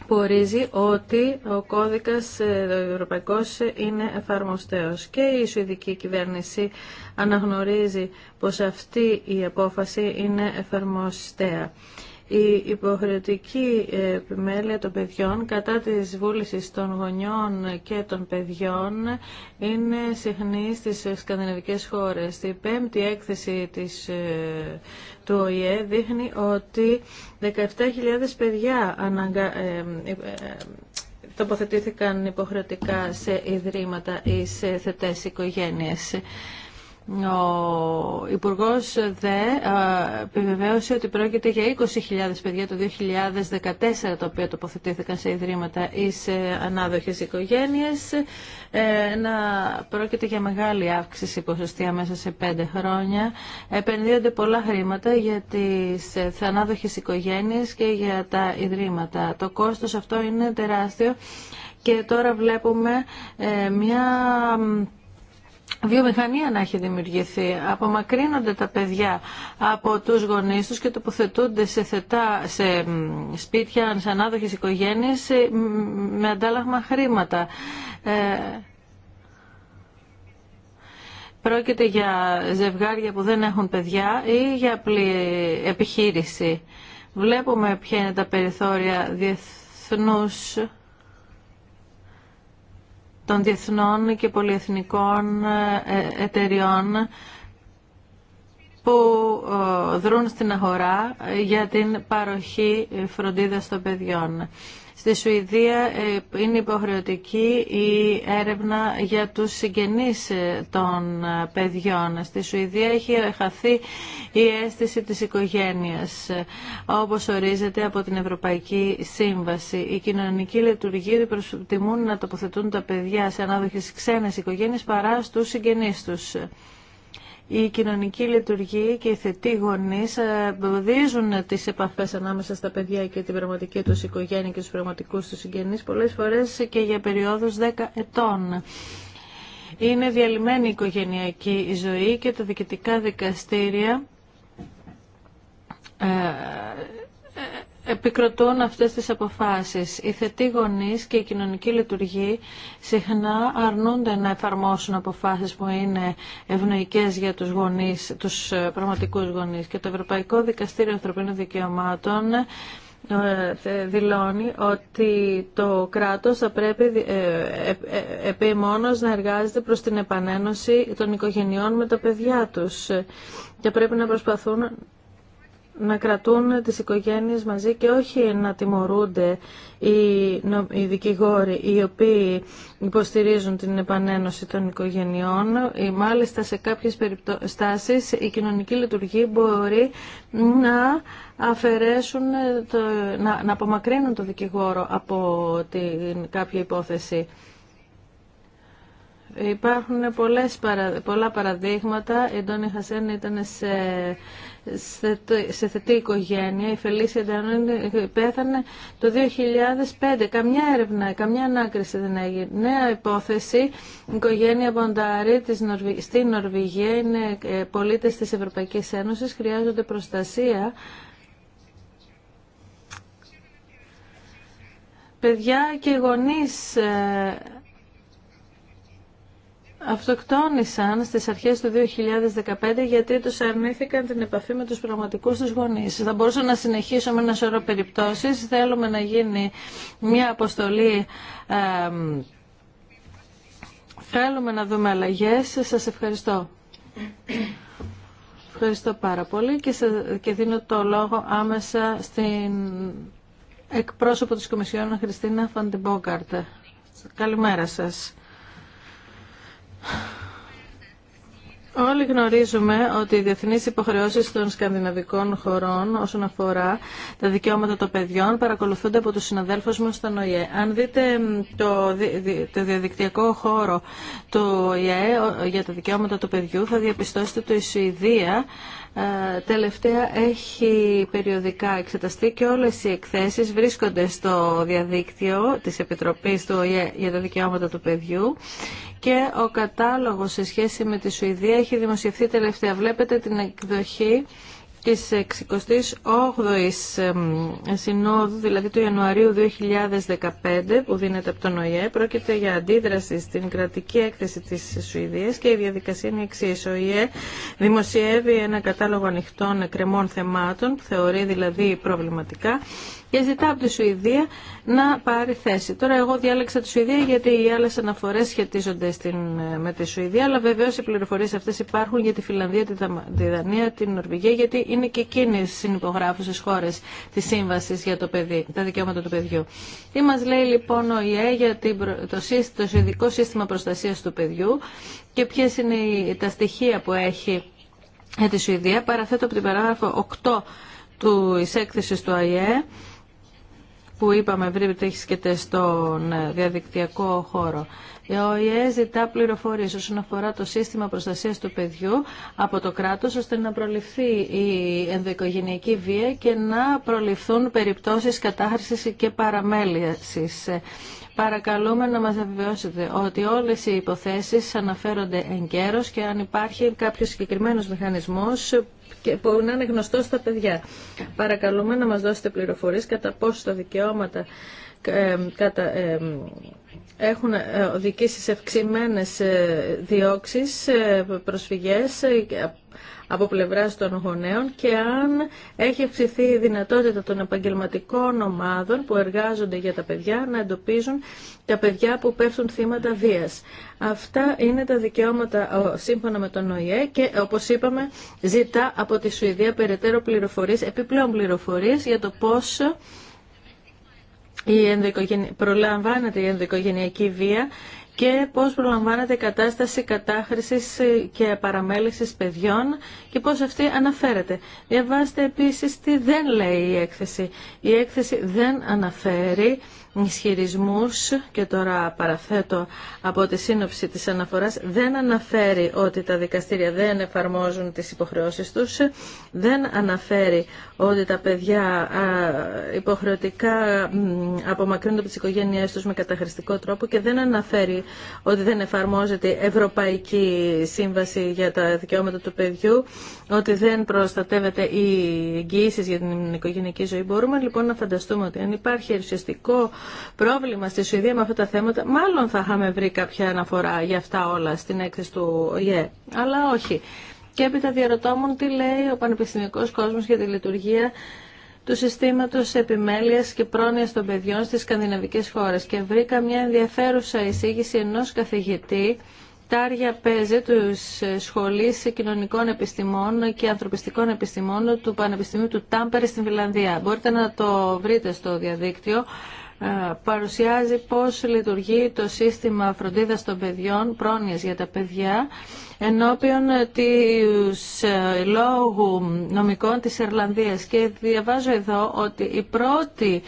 που ορίζει ότι ο κώδικας ε, ο ευρωπαϊκός ε, είναι εφαρμοστέος. Και η Σουηδική κυβέρνηση αναγνωρίζει πως αυτή η απόφαση είναι εφαρμοστέα. Η υποχρεωτική ε, επιμέλεια των παιδιών κατά της βούλησης των γονιών και των παιδιών είναι συχνή στις σκανδιναβικές χώρες. Στη πέμπτη έκθεση της το ιε δείχνει ότι 17.000 παιδιά ε, ε, ε, τοποθετήθηκαν υποχρεωτικά σε ιδρύματα ή σε θετές οικογένειες. Ο Υπουργό ΔΕ ε, επιβεβαίωσε ότι πρόκειται για 20.000 παιδιά το 2014 τα οποία τοποθετήθηκαν σε ιδρύματα ή σε ανάδοχες οικογένειες. Ε, να πρόκειται για μεγάλη αύξηση ποσοστία μέσα σε πέντε χρόνια. Επενδύονται πολλά χρήματα για τις ε, ανάδοχες οικογένειες και για τα ιδρύματα. Το κόστος αυτό είναι τεράστιο και τώρα βλέπουμε μια βιομηχανία να έχει δημιουργηθεί. Απομακρύνονται τα παιδιά από τους γονείς τους και τοποθετούνται σε, θετά, σε σπίτια, σε ανάδοχες οικογένειες με αντάλλαγμα χρήματα. Ε, πρόκειται για ζευγάρια που δεν έχουν παιδιά ή για απλή επιχείρηση. Βλέπουμε ποια είναι τα περιθώρια διεθνούς των διεθνών και πολυεθνικών ε, ε, εταιριών που ε, δρούν στην αγορά για την παροχή φροντίδας των παιδιών. Στη Σουηδία ε, είναι υποχρεωτική η έρευνα για τους συγγενείς ε, των ε, παιδιών. Στη Σουηδία έχει χαθεί η αίσθηση της οικογένειας, όπως ορίζεται από την Ευρωπαϊκή Σύμβαση. Οι κοινωνικοί λειτουργοί προτιμούν να τοποθετούν τα παιδιά σε ανάδοχες ξένες οικογένειες παρά στους συγγενείς τους. Η κοινωνική λειτουργία και οι θετοί γονείς ε, εμποδίζουν τις επαφές ανάμεσα στα παιδιά και την πραγματική τους οικογένεια και του πραγματικούς του συγγενεί. πολλές φορές και για περιόδους 10 ετών. Είναι διαλυμένη η οικογενειακή ζωή και τα διοικητικά δικαστήρια ε, ε, επικροτούν αυτές τις αποφάσεις. Οι θετοί γονείς και η κοινωνική λειτουργή συχνά αρνούνται να εφαρμόσουν αποφάσεις που είναι ευνοϊκές για τους γονείς, τους ε, πραγματικούς γονείς. Και το Ευρωπαϊκό Δικαστήριο Ανθρωπίνων Δικαιωμάτων ε, δηλώνει ότι το κράτος θα πρέπει ε, επί να εργάζεται προς την επανένωση των οικογενειών με τα παιδιά τους και πρέπει να προσπαθούν να κρατούν τις οικογένειες μαζί και όχι να τιμωρούνται οι δικηγόροι οι οποίοι υποστηρίζουν την επανένωση των οικογενειών ή ε, μάλιστα σε κάποιες περιστάσεις η κοινωνική περιπτωσεις η κοινωνικη λειτουργια μπορει να αφαιρέσουν, να, να απομακρύνουν το δικηγόρο από την, κάποια υπόθεση. Υπάρχουν πολλά παραδείγματα. Η Ντόνι Χασέν ήταν σε σε θετή οικογένεια. Η Φελίσια ε, πέθανε το 2005. Καμιά έρευνα, καμιά ανάκριση δεν έγινε. Νέα υπόθεση, η οικογένεια Μποντάρη στη Νορβηγία είναι ε, πολίτες της Ευρωπαϊκής Ένωσης, χρειάζονται προστασία. Παιδιά και γονείς ε, αυτοκτόνησαν στις αρχές του 2015 γιατί τους αρνήθηκαν την επαφή με τους πραγματικούς τους γονείς. Θα μπορούσα να συνεχίσω με ένα σωρό περιπτώσεις. Θέλουμε να γίνει μια αποστολή Θέλουμε να δούμε αλλαγές. Σας ευχαριστώ. Ευχαριστώ πάρα πολύ και, και δίνω το λόγο άμεσα στην εκπρόσωπο της Κομισιόν, Χριστίνα Φαντιμπόκαρτ. Καλημέρα σας. Όλοι γνωρίζουμε ότι οι διεθνεί υποχρεώσει των σκανδιναβικών χωρών όσον αφορά τα δικαιώματα των παιδιών παρακολουθούνται από του συναδέλφου μα στον ΟΗΕ. Αν δείτε το, το διαδικτυακό χώρο του ΟΗΕ για τα δικαιώματα του παιδιού, θα διαπιστώσετε ότι η Σουηδία τελευταία έχει περιοδικά εξεταστεί και όλε οι εκθέσει βρίσκονται στο διαδίκτυο της επιτροπή του ΟΗΕ για τα δικαιώματα του παιδιού και ο κατάλογος σε σχέση με τη Σουηδία έχει δημοσιευθεί τελευταία. Βλέπετε την εκδοχή της 68ης Συνόδου, δηλαδή του Ιανουαρίου 2015, που δίνεται από τον ΟΗΕ, πρόκειται για αντίδραση στην κρατική έκθεση της Σουηδίας και η διαδικασία είναι εξή. Ο ΟΗΕ δημοσιεύει ένα κατάλογο ανοιχτών κρεμών θεμάτων, που θεωρεί δηλαδή προβληματικά, και ζητά από τη Σουηδία να πάρει θέση. Τώρα εγώ διάλεξα τη Σουηδία γιατί οι άλλε αναφορέ σχετίζονται στην, με τη Σουηδία, αλλά βεβαίω οι πληροφορίε αυτέ υπάρχουν για τη Φιλανδία, τη Δανία, την Νορβηγία, γιατί είναι και εκείνοι συνυπογράφουσε χώρε τη σύμβαση για το παιδί, τα δικαιώματα του παιδιού. Τι μα λέει λοιπόν ο ΙΕ για το, το Σουηδικό Σύστημα προστασία του Παιδιού και ποιε είναι τα στοιχεία που έχει για τη Σουηδία. Παραθέτω από την παράγραφο 8 του, εισέκθεση του ΑΙΕ που είπαμε βρίσκεται στον ε, διαδικτυακό χώρο. Η ΟΗΕ ζητά πληροφορίε όσον αφορά το σύστημα προστασία του παιδιού από το κράτο, ώστε να προληφθεί η ενδοοικογενειακή βία και να προληφθούν περιπτώσει κατάχρηση και παραμέληση. Ε, παρακαλούμε να μας επιβεβαιώσετε ότι όλες οι υποθέσεις αναφέρονται εγκαίρως και αν υπάρχει κάποιο συγκεκριμένος μηχανισμός και που να είναι γνωστό στα παιδιά. Παρακαλούμε να μας δώσετε πληροφορίες κατά πόσο τα δικαιώματα ε, κατά, ε, έχουν ε, οδηγήσει σε ευξημένες διώξεις, προσφυγές από πλευρά των γονέων και αν έχει αυξηθεί η δυνατότητα των επαγγελματικών ομάδων που εργάζονται για τα παιδιά να εντοπίζουν τα παιδιά που πέφτουν θύματα βίας. Αυτά είναι τα δικαιώματα σύμφωνα με τον ΟΗΕ και όπως είπαμε ζητά από τη Σουηδία περαιτέρω πληροφορίες, επιπλέον πληροφορίες για το πώς η προλαμβάνεται η ενδοικογενειακή βία και πώς προλαμβάνεται η κατάσταση κατάχρησης και παραμέλησης παιδιών και πώς αυτή αναφέρεται. Διαβάστε επίσης τι δεν λέει η έκθεση. Η έκθεση δεν αναφέρει ισχυρισμούς και τώρα παραθέτω από τη σύνοψη της αναφοράς δεν αναφέρει ότι τα δικαστήρια δεν εφαρμόζουν τις υποχρεώσεις τους δεν αναφέρει ότι τα παιδιά υποχρεωτικά απομακρύνονται από τις οικογένειές τους με καταχρηστικό τρόπο και δεν αναφέρει ότι δεν εφαρμόζεται Ευρωπαϊκή Σύμβαση για τα Δικαιώματα του Παιδιού ότι δεν προστατεύεται οι εγγύησεις για την οικογενειακή ζωή μπορούμε λοιπόν να φανταστούμε ότι αν υπάρχει ουσιαστικό πρόβλημα στη Σουηδία με αυτά τα θέματα, μάλλον θα είχαμε βρει κάποια αναφορά για αυτά όλα στην έκθεση του ΟΙΕ. Αλλά όχι. Και έπειτα διαρωτώμουν τι λέει ο πανεπιστημιακός κόσμος για τη λειτουργία του συστήματος επιμέλειας και πρόνοιας των παιδιών στις σκανδιναβικές χώρες και βρήκα μια ενδιαφέρουσα εισήγηση ενός καθηγητή Τάρια Πέζε του σχολή Κοινωνικών Επιστημών και Ανθρωπιστικών Επιστημών του Πανεπιστημίου του Τάμπερ στην Φιλανδία. Μπορείτε να το βρείτε στο διαδίκτυο παρουσιάζει πώς λειτουργεί το σύστημα φροντίδας των παιδιών, πρόνοιας για τα παιδιά, ενώπιον της ε, λόγου νομικών της Ιρλανδίας. Και διαβάζω εδώ ότι η πρώτη,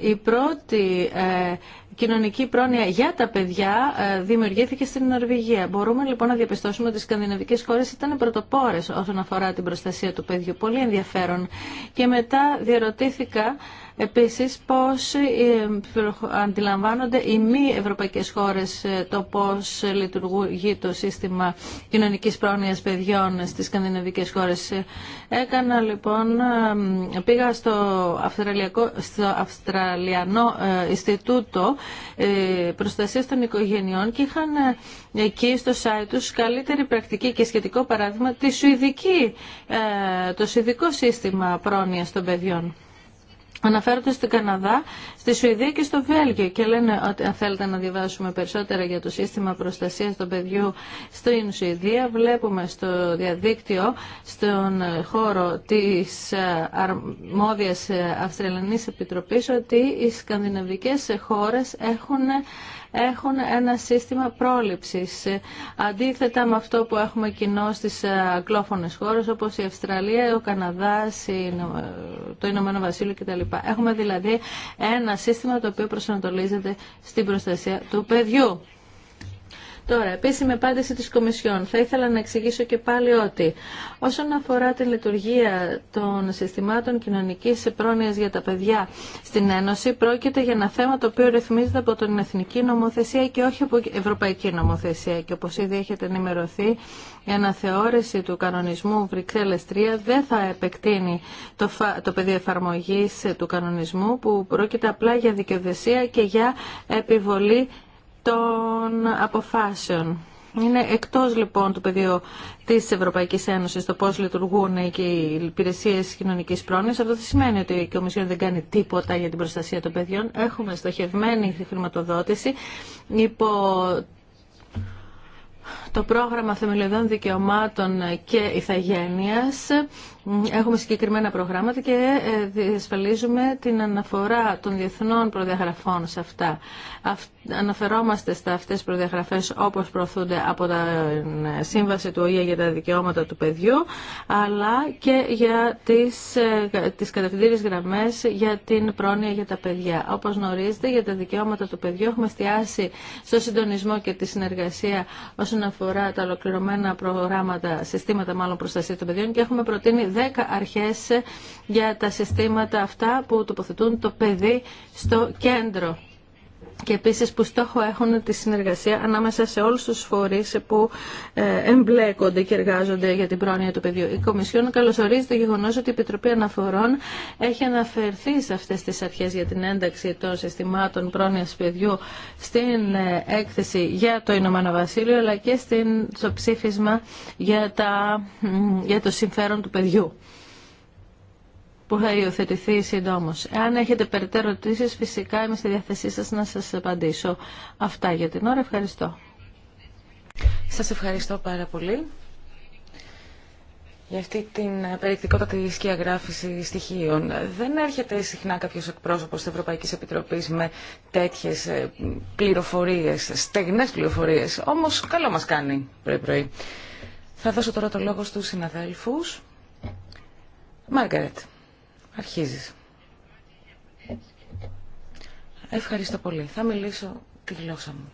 η πρώτη ε, κοινωνική πρόνοια για τα παιδιά ε, δημιουργήθηκε στην Νορβηγία. Μπορούμε λοιπόν να διαπιστώσουμε ότι οι σκανδιναβικές χώρε ήταν πρωτοπόρες όσον αφορά την προστασία του παιδιού. Πολύ ενδιαφέρον. Και μετά διαρωτήθηκα Επίσης, πώς ε, αντιλαμβάνονται οι μη ευρωπαϊκές χώρες ε, το πώς λειτουργεί το σύστημα κοινωνικής πρόνοιας παιδιών στις σκανδιναβικές χώρες. Ε, έκανα λοιπόν, πήγα στο, στο Αυστραλιανό Ινστιτούτο Προστασίας των Οικογενειών και είχαν εκεί στο site τους καλύτερη πρακτική και σχετικό παράδειγμα τη Σουηδική, το Σουηδικό Σύστημα Πρόνοιας των Παιδιών. Αναφέρονται στην Καναδά, στη Σουηδία και στο Βέλγιο και λένε ότι αν θέλετε να διαβάσουμε περισσότερα για το σύστημα προστασίας των παιδιού στην Σουηδία, βλέπουμε στο διαδίκτυο, στον χώρο της ε, αρμόδιας ε, Αυστραλιανής Επιτροπής ότι οι σκανδιναβικές χώρες έχουν έχουν ένα σύστημα πρόληψης. Αντίθετα με αυτό που έχουμε κοινό στις ε, αγγλόφωνες χώρες όπως η Αυστραλία, ο Καναδάς, το Ηνωμένο Βασίλειο κτλ. Έχουμε δηλαδή ένα σύστημα το οποίο προσανατολίζεται στην προστασία του παιδιού. Τώρα, επίσημη απάντηση της Κομισιόν. Θα ήθελα να εξηγήσω και πάλι ότι όσον αφορά τη λειτουργία των συστημάτων κοινωνικής πρόνοιας για τα παιδιά στην Ένωση, πρόκειται για ένα θέμα το οποίο ρυθμίζεται από την Εθνική Νομοθεσία και όχι από Ευρωπαϊκή Νομοθεσία. Και όπως ήδη έχετε ενημερωθεί, η αναθεώρηση του κανονισμού Βρυξέλλες 3 δεν θα επεκτείνει το, το πεδίο εφαρμογής του κανονισμού που πρόκειται απλά για δικαιοδοσία και για επιβολή των αποφάσεων. Είναι εκτός λοιπόν του πεδίου της Ευρωπαϊκής Ένωσης το πώς λειτουργούν και οι υπηρεσίε κοινωνικής πρόνοιας. Αυτό δεν σημαίνει ότι η Κομισιόν δεν κάνει τίποτα για την προστασία των παιδιών. Έχουμε στοχευμένη χρηματοδότηση υπό το πρόγραμμα θεμελιωδών δικαιωμάτων και ηθαγένειας. Έχουμε συγκεκριμένα προγράμματα και ε, διασφαλίζουμε την αναφορά των διεθνών προδιαγραφών σε αυτά αναφερόμαστε στα αυτές τις προδιαγραφές όπως προωθούνται από τα ε, σύμβαση του ΟΗΕ για τα δικαιώματα του παιδιού, αλλά και για τις, ε, τις κατευθυντήριες γραμμές για την πρόνοια για τα παιδιά. Όπως γνωρίζετε, για τα δικαιώματα του παιδιού έχουμε εστιάσει στο συντονισμό και τη συνεργασία όσον αφορά τα ολοκληρωμένα προγράμματα, συστήματα μάλλον προστασία των παιδιών και έχουμε προτείνει 10 αρχές για τα συστήματα αυτά που τοποθετούν το παιδί στο κέντρο και επίσης που στόχο έχουν τη συνεργασία ανάμεσα σε όλους τους φορείς που ε, εμπλέκονται και εργάζονται για την πρόνοια του παιδιού. Η Κομισιόν καλωσορίζει το γεγονός ότι η Επιτροπή Αναφορών έχει αναφερθεί σε αυτές τις αρχές για την ένταξη των συστημάτων πρόνοιας παιδιού στην ε, έκθεση για το Ηνωμένο Βασίλειο αλλά και στο ψήφισμα για, τα, για το συμφέρον του παιδιού που θα υιοθετηθεί σύντομα. Εάν έχετε περαιτέρω ερωτήσει, φυσικά είμαι στη διάθεσή σα να σα απαντήσω. Αυτά για την ώρα. Ευχαριστώ. Σα ευχαριστώ πάρα πολύ για αυτή την περιεκτικότατη σκιαγράφηση στοιχείων. Δεν έρχεται συχνά κάποιος εκπρόσωπος της Ευρωπαϊκής Επιτροπής με τέτοιες ε, πληροφορίες, στεγνές πληροφορίες. Όμως καλό μας κάνει πρωί-πρωί. Θα δώσω τώρα το λόγο στους συναδέλφου, Μάργαρετ. Αρχίζεις. Ευχαριστώ πολύ. Θα μιλήσω τη γλώσσα μου.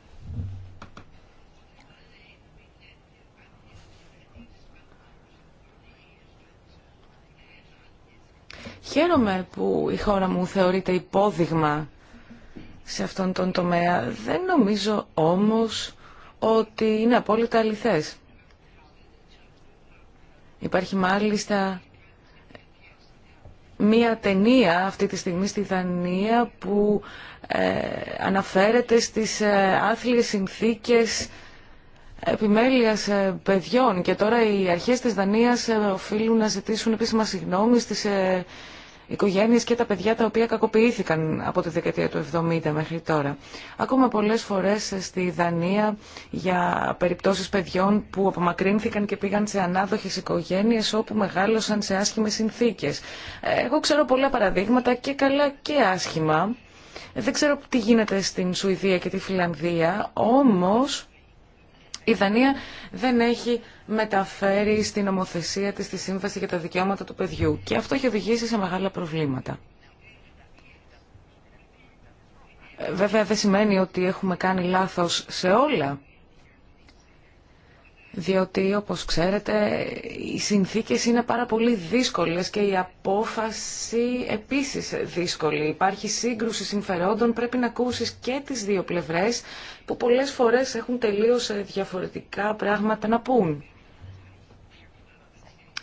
Χαίρομαι που η χώρα μου θεωρείται υπόδειγμα σε αυτόν τον τομέα. Δεν νομίζω όμως ότι είναι απόλυτα αληθές. Υπάρχει μάλιστα μία ταινία αυτή τη στιγμή στη Δανία που ε, αναφέρεται στις ε, άθλιες συνθήκες επιμέλειας ε, παιδιών και τώρα οι αρχές της Δανίας ε, οφείλουν να ζητήσουν επίσημα συγγνώμη στις οικογένειε και τα παιδιά τα οποία κακοποιήθηκαν από τη δεκαετία του 70 μέχρι τώρα. Ακόμα πολλές φορές στη Δανία για περιπτώσεις παιδιών που απομακρύνθηκαν και πήγαν σε ανάδοχες οικογένειε όπου μεγάλωσαν σε άσχημε συνθήκες. Εγώ ξέρω πολλά παραδείγματα και καλά και άσχημα. Δεν ξέρω τι γίνεται στην Σουηδία και τη Φιλανδία, όμως η Δανία δεν έχει μεταφέρει στην ομοθεσία της τη Σύμβαση για τα Δικαιώματα του Παιδιού και αυτό έχει οδηγήσει σε μεγάλα προβλήματα. Ε, βέβαια δεν σημαίνει ότι έχουμε κάνει λάθος σε όλα διότι όπως ξέρετε οι συνθήκες είναι πάρα πολύ δύσκολες και η απόφαση επίσης δύσκολη. Υπάρχει σύγκρουση συμφερόντων, πρέπει να ακούσεις και τις δύο πλευρές που πολλές φορές έχουν τελείως διαφορετικά πράγματα να πούν.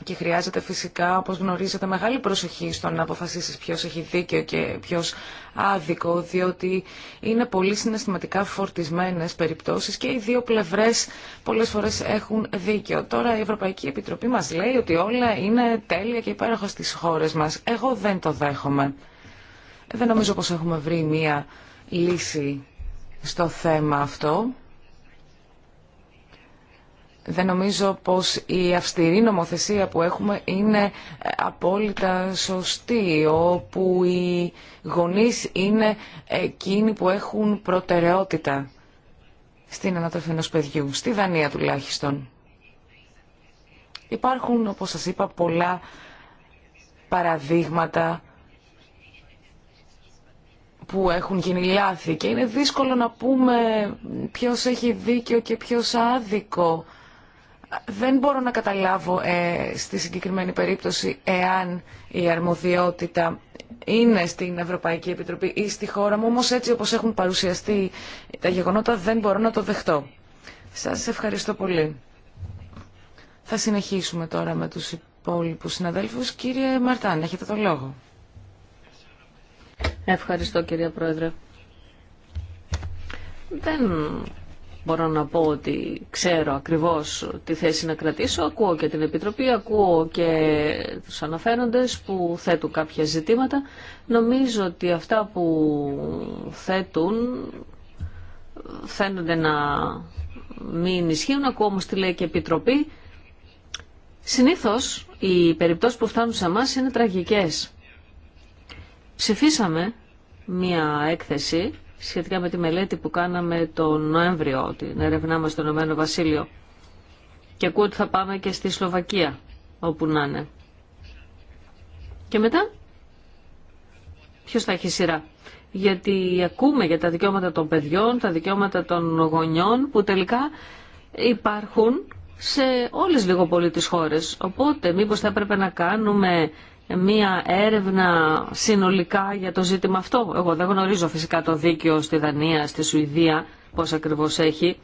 Και χρειάζεται φυσικά, όπως γνωρίζετε, μεγάλη προσοχή στο να αποφασίσεις ποιος έχει δίκιο και ποιος άδικο, διότι είναι πολύ συναισθηματικά φορτισμένες περιπτώσεις και οι δύο πλευρές πολλές φορές έχουν δίκιο. Τώρα η Ευρωπαϊκή Επιτροπή μας λέει ότι όλα είναι τέλεια και υπέροχα στις χώρες μας. Εγώ δεν το δέχομαι. Δεν νομίζω πως έχουμε βρει μία λύση στο θέμα αυτό δεν νομίζω πως η αυστηρή νομοθεσία που έχουμε είναι απόλυτα σωστή, όπου οι γονείς είναι εκείνοι που έχουν προτεραιότητα στην ανατροφή ενός παιδιού, στη Δανία τουλάχιστον. Υπάρχουν, όπως σας είπα, πολλά παραδείγματα που έχουν γίνει λάθη και είναι δύσκολο να πούμε ποιος έχει δίκιο και ποιος άδικο δεν μπορώ να καταλάβω ε, στη συγκεκριμένη περίπτωση εάν η αρμοδιότητα είναι στην Ευρωπαϊκή Επιτροπή ή στη χώρα μου, όμως έτσι όπως έχουν παρουσιαστεί τα γεγονότα δεν μπορώ να το δεχτώ. Σας ευχαριστώ πολύ. Θα συνεχίσουμε τώρα με τους υπόλοιπους συναδέλφους. Κύριε Μαρτάν, έχετε το λόγο. Ευχαριστώ κυρία Πρόεδρε. Δεν μπορώ να πω ότι ξέρω ακριβώς τη θέση να κρατήσω. Ακούω και την Επιτροπή, ακούω και τους αναφέροντες που θέτουν κάποια ζητήματα. Νομίζω ότι αυτά που θέτουν φαίνονται να μην ισχύουν. Ακούω όμως τι λέει και η Επιτροπή. Συνήθως οι περιπτώσεις που φτάνουν σε εμά είναι τραγικές. Ψηφίσαμε μία έκθεση σχετικά με τη μελέτη που κάναμε τον Νοέμβριο, την έρευνά μας στο Ηνωμένο Βασίλειο. Και ακούω ότι θα πάμε και στη Σλοβακία, όπου να είναι. Και μετά, ποιος θα έχει σειρά. Γιατί ακούμε για τα δικαιώματα των παιδιών, τα δικαιώματα των γονιών, που τελικά υπάρχουν σε όλες λίγο πολύ τις χώρες. Οπότε μήπως θα έπρεπε να κάνουμε μία έρευνα συνολικά για το ζήτημα αυτό. Εγώ δεν γνωρίζω φυσικά το δίκαιο στη Δανία, στη Σουηδία, πώς ακριβώς έχει.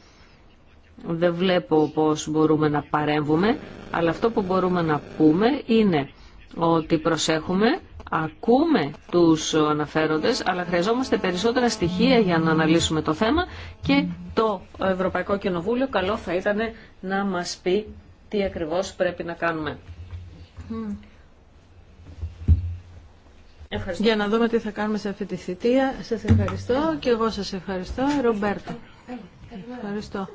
Δεν βλέπω πώς μπορούμε να παρέμβουμε, αλλά αυτό που μπορούμε να πούμε είναι ότι προσέχουμε, ακούμε τους αναφέροντες, αλλά χρειαζόμαστε περισσότερα στοιχεία για να αναλύσουμε το θέμα και το Ευρωπαϊκό Κοινοβούλιο καλό θα ήταν να μας πει τι ακριβώς πρέπει να κάνουμε. Ευχαριστώ. Για να δούμε τι θα κάνουμε σε αυτή τη θητεία. Σα ευχαριστώ και εγώ σας ευχαριστώ. Ρομπέρτο. Ευχαριστώ.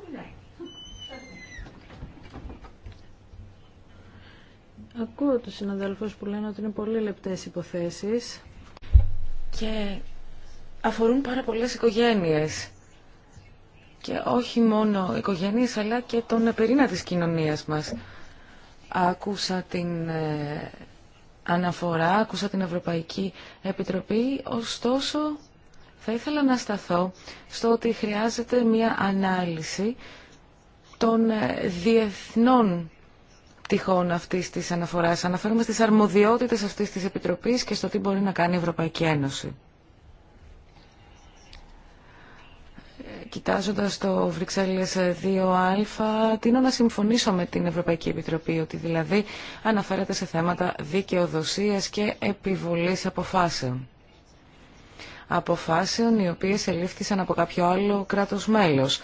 Ακούω τους συναδέλφους που λένε ότι είναι πολύ λεπτές υποθέσεις. Και αφορούν πάρα πολλές οικογένειες. Και όχι μόνο οικογένειες, αλλά και τον περίνα της κοινωνίας μας. Άκουσα την ε, αναφορά, άκουσα την Ευρωπαϊκή Επιτροπή, ωστόσο θα ήθελα να σταθώ στο ότι χρειάζεται μια ανάλυση των ε, διεθνών τυχών αυτής της αναφοράς. Αναφέρομαι στις αρμοδιότητες αυτής της Επιτροπής και στο τι μπορεί να κάνει η Ευρωπαϊκή Ένωση. κοιτάζοντας το Βρυξέλλες 2α, τίνω να συμφωνήσω με την Ευρωπαϊκή Επιτροπή ότι δηλαδή αναφέρεται σε θέματα δικαιοδοσίας και επιβολής αποφάσεων. Αποφάσεων οι οποίες ελήφθησαν από κάποιο άλλο κράτος μέλος.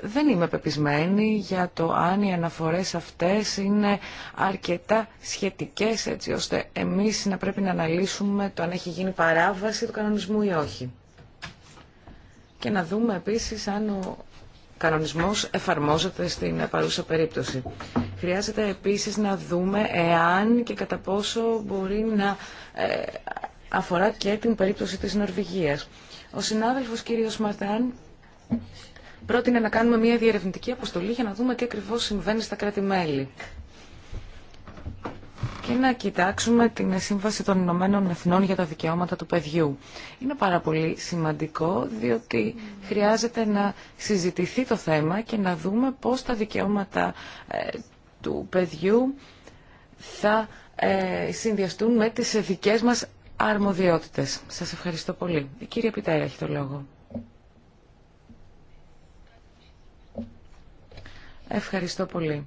Δεν είμαι πεπισμένη για το αν οι αναφορές αυτές είναι αρκετά σχετικές έτσι ώστε εμείς να πρέπει να αναλύσουμε το αν έχει γίνει παράβαση του κανονισμού ή όχι και να δούμε επίσης αν ο κανονισμός εφαρμόζεται στην παρούσα περίπτωση. Χρειάζεται επίσης να δούμε εάν και κατά πόσο μπορεί να ε, αφορά και την περίπτωση της Νορβηγίας. Ο συνάδελφος κύριος Μαρτάν πρότεινε να κάνουμε μια διερευνητική αποστολή για να δούμε τι ακριβώς συμβαίνει στα κράτη-μέλη και να κοιτάξουμε την Σύμβαση των Ηνωμένων Εθνών για τα Δικαιώματα του Παιδιού. Είναι πάρα πολύ σημαντικό διότι χρειάζεται να συζητηθεί το θέμα και να δούμε πώς τα δικαιώματα ε, του παιδιού θα ε, συνδυαστούν με τις δικές μας αρμοδιότητες. Σας ευχαριστώ πολύ. Η κυρία Πιτέρα έχει το λόγο. Ευχαριστώ πολύ.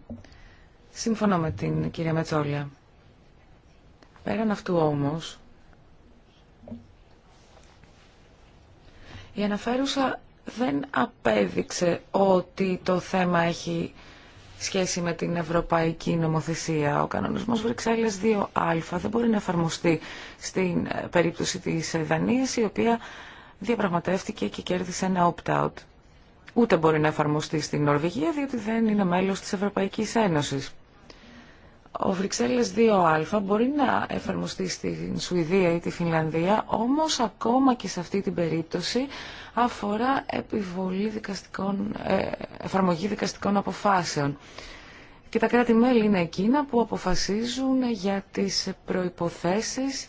Συμφωνώ με την κυρία Μετσόλια. Πέραν αυτού όμως, η αναφέρουσα δεν απέδειξε ότι το θέμα έχει σχέση με την ευρωπαϊκή νομοθεσία. Ο κανονισμός Βρυξέλλες 2α δεν μπορεί να εφαρμοστεί στην ε, περίπτωση της ε, Δανίας, η οποία διαπραγματεύτηκε και κέρδισε ένα opt-out. Ούτε μπορεί να εφαρμοστεί στην Νορβηγία, διότι δεν είναι μέλος της Ευρωπαϊκής Ένωσης. Ο Βρυξέλλες 2α μπορεί να εφαρμοστεί στην Σουηδία ή τη Φινλανδία, όμως ακόμα και σε αυτή την περίπτωση αφορά επιβολή δικαστικών, ε, εφαρμογή δικαστικών αποφάσεων. Και τα κράτη-μέλη είναι εκείνα που αποφασίζουν για τις προϋποθέσεις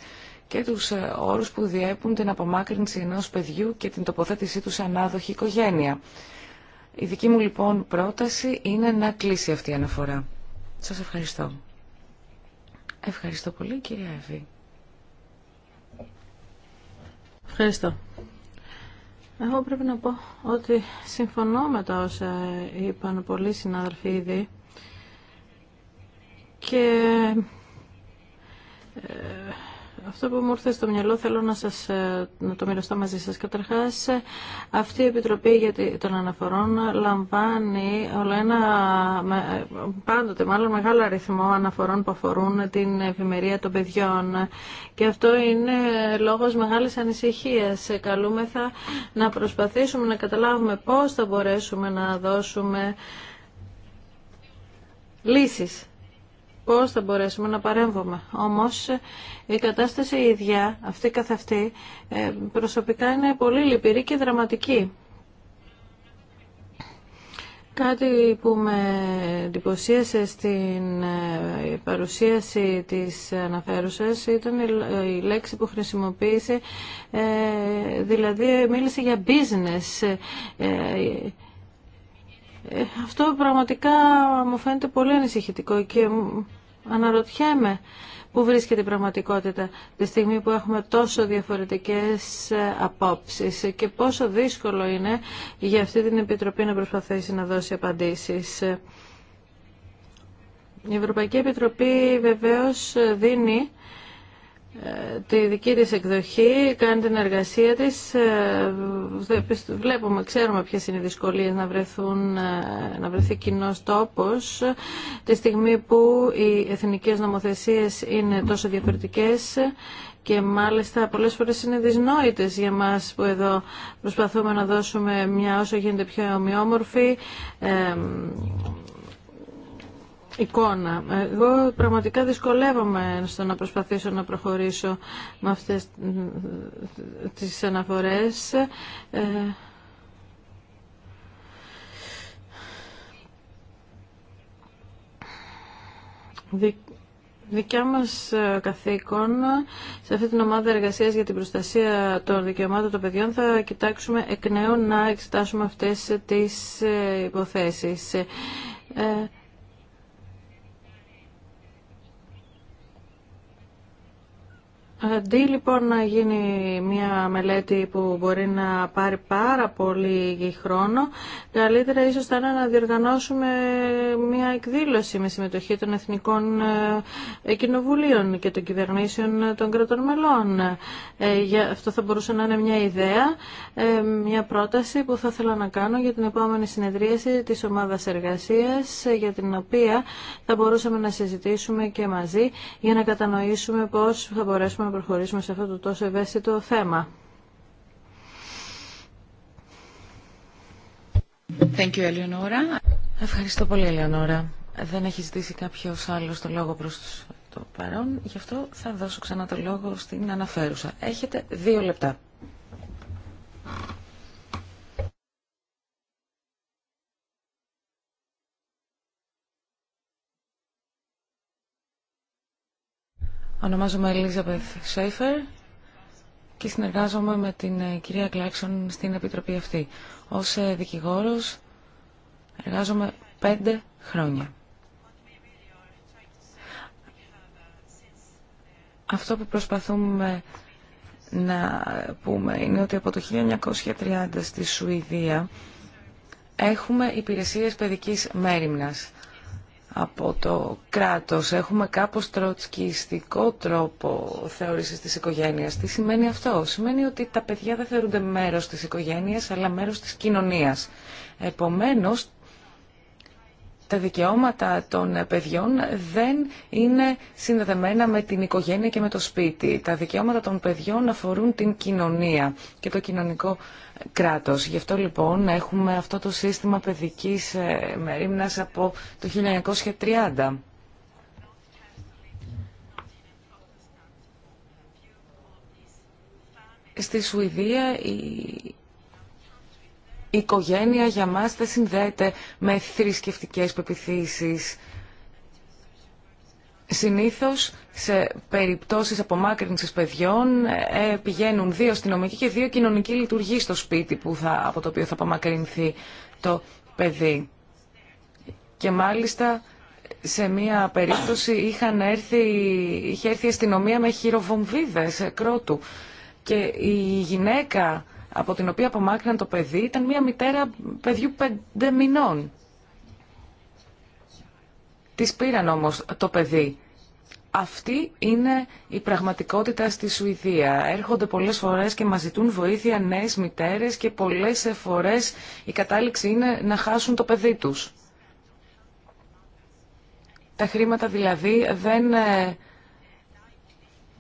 και τους ε, όρους που διέπουν την απομάκρυνση ενός παιδιού και την τοποθέτησή του σε ανάδοχη οικογένεια. Η δική μου λοιπόν πρόταση είναι να κλείσει αυτή η αναφορά. Σας ευχαριστώ. Ευχαριστώ πολύ, κυρία Εύη. Ευχαριστώ. Εγώ πρέπει να πω ότι συμφωνώ με τα όσα είπαν πολλοί συνάδελφοι ήδη και ε, αυτό που μου ήρθε στο μυαλό θέλω να, σας, ε, να το μοιραστώ μαζί σας. Καταρχάς, ε, αυτή η Επιτροπή των Αναφορών λαμβάνει όλο ένα, ε, πάντοτε μάλλον μεγάλο αριθμό αναφορών που αφορούν την ευημερία των παιδιών. Και αυτό είναι λόγος μεγάλης ανησυχίας. Καλούμεθα να προσπαθήσουμε να καταλάβουμε πώς θα μπορέσουμε να δώσουμε λύσεις πώς θα μπορέσουμε να παρέμβουμε. Όμως η κατάσταση η ίδια, αυτή καθ' αυτή, ε, προσωπικά είναι πολύ λυπηρή και δραματική. Κάτι που με εντυπωσίασε στην ε, παρουσίαση της αναφέρουσας ήταν η λέξη που χρησιμοποίησε, ε, δηλαδή μίλησε για business. Αυτό πραγματικά μου φαίνεται πολύ ανησυχητικό και Αναρωτιέμαι πού βρίσκεται η πραγματικότητα τη στιγμή που έχουμε τόσο διαφορετικές ε, απόψεις και πόσο δύσκολο είναι για αυτή την Επιτροπή να προσπαθήσει να δώσει απαντήσεις. Η Ευρωπαϊκή Επιτροπή βεβαίως δίνει τη δική της εκδοχή, κάνει την εργασία της. Ε, βλέπουμε, ξέρουμε ποιες είναι οι δυσκολίες να, βρεθούν, ε, να βρεθεί κοινό τόπος. Τη στιγμή που οι εθνικές νομοθεσίες είναι τόσο διαφορετικές και μάλιστα πολλές φορές είναι δυσνόητες για μας που εδώ προσπαθούμε να δώσουμε μια όσο γίνεται πιο ομοιόμορφη ε, εικόνα. Εγώ πραγματικά δυσκολεύομαι στο να προσπαθήσω να προχωρήσω με αυτές τις αναφορές. Ε, δικιά μας ε, καθήκον σε αυτή την ομάδα εργασίας για την προστασία των δικαιωμάτων των παιδιών θα κοιτάξουμε εκ νέου να εξετάσουμε αυτές τις ε, υποθέσεις. Ε, Αντί λοιπόν να γίνει μια μελέτη που μπορεί να πάρει πάρα πολύ χρόνο, καλύτερα ίσως θα είναι να διοργανώσουμε μια εκδήλωση με συμμετοχή των Εθνικών ε, Κοινοβουλίων και των κυβερνήσεων ε, των κρατών μελών. Ε, αυτό θα μπορούσε να είναι μια ιδέα, μια πρόταση που θα ήθελα να κάνω για την επόμενη συνεδρίαση της ομάδας εργασίας, για την οποία θα μπορούσαμε να συζητήσουμε και μαζί για να κατανοήσουμε πώς θα μπορέσουμε προχωρήσουμε σε αυτό το τόσο ευαίσθητο θέμα. Thank you, Eleonora. Ευχαριστώ πολύ, Ελεονόρα. Δεν έχει ζητήσει κάποιο άλλο το λόγο προ το παρόν, γι' αυτό θα δώσω ξανά το λόγο στην αναφέρουσα. Έχετε δύο λεπτά. Ονομάζομαι Elizabeth Σέιφερ και συνεργάζομαι με την ε, κυρία Κλάξον στην Επιτροπή αυτή. Ως ε, δικηγόρος εργάζομαι πέντε χρόνια. Αυτό που προσπαθούμε να πούμε είναι ότι από το 1930 στη Σουηδία έχουμε υπηρεσίες παιδικής μέρημνας από το κράτος. Έχουμε κάπως τροτσκιστικό τρόπο θεώρησης της οικογένειας. Τι σημαίνει αυτό. Σημαίνει ότι τα παιδιά δεν θεωρούνται μέρος της οικογένειας αλλά μέρος της κοινωνίας. Επομένως τα δικαιώματα των παιδιών δεν είναι συνδεδεμένα με την οικογένεια και με το σπίτι. Τα δικαιώματα των παιδιών αφορούν την κοινωνία και το κοινωνικό κράτος. Γι' αυτό λοιπόν έχουμε αυτό το σύστημα παιδικής ε, μερίμνας από το 1930. Στη Σουηδία η οικογένεια για μας δεν συνδέεται με θρησκευτικές πεπιθήσεις. Συνήθως σε περιπτώσεις απομάκρυνσης παιδιών ε, πηγαίνουν δύο αστυνομικοί και δύο κοινωνικοί λειτουργοί στο σπίτι που θα, από το οποίο θα απομακρυνθεί το παιδί. Και μάλιστα σε μία περίπτωση είχαν έρθει, είχε έρθει η αστυνομία με χειροβομβίδες κρότου και η γυναίκα από την οποία απομάκρυναν το παιδί ήταν μια μητέρα παιδιού πέντε μηνών. Τη πήραν όμως το παιδί. Αυτή είναι η πραγματικότητα στη Σουηδία. Έρχονται πολλές φορές και μας ζητούν βοήθεια νέες μητέρες και πολλές φορές η κατάληξη είναι να χάσουν το παιδί τους. Τα χρήματα δηλαδή δεν ε,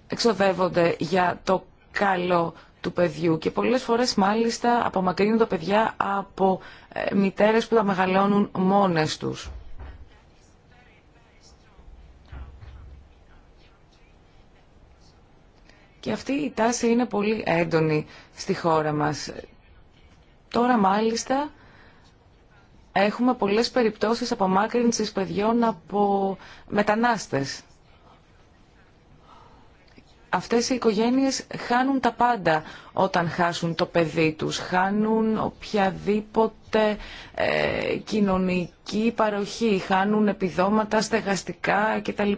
εξοδεύονται για το καλό του παιδιού και πολλές φορές μάλιστα απομακρύνουν τα παιδιά από ε, μητέρες που τα μεγαλώνουν μόνες τους. Και αυτή η τάση είναι πολύ έντονη στη χώρα μας. Τώρα μάλιστα έχουμε πολλές περιπτώσεις απομάκρυνσης παιδιών από μετανάστες αυτές οι οικογένειες χάνουν τα πάντα όταν χάσουν το παιδί τους. Χάνουν οποιαδήποτε ε, κοινωνική παροχή, χάνουν επιδόματα στεγαστικά κτλ.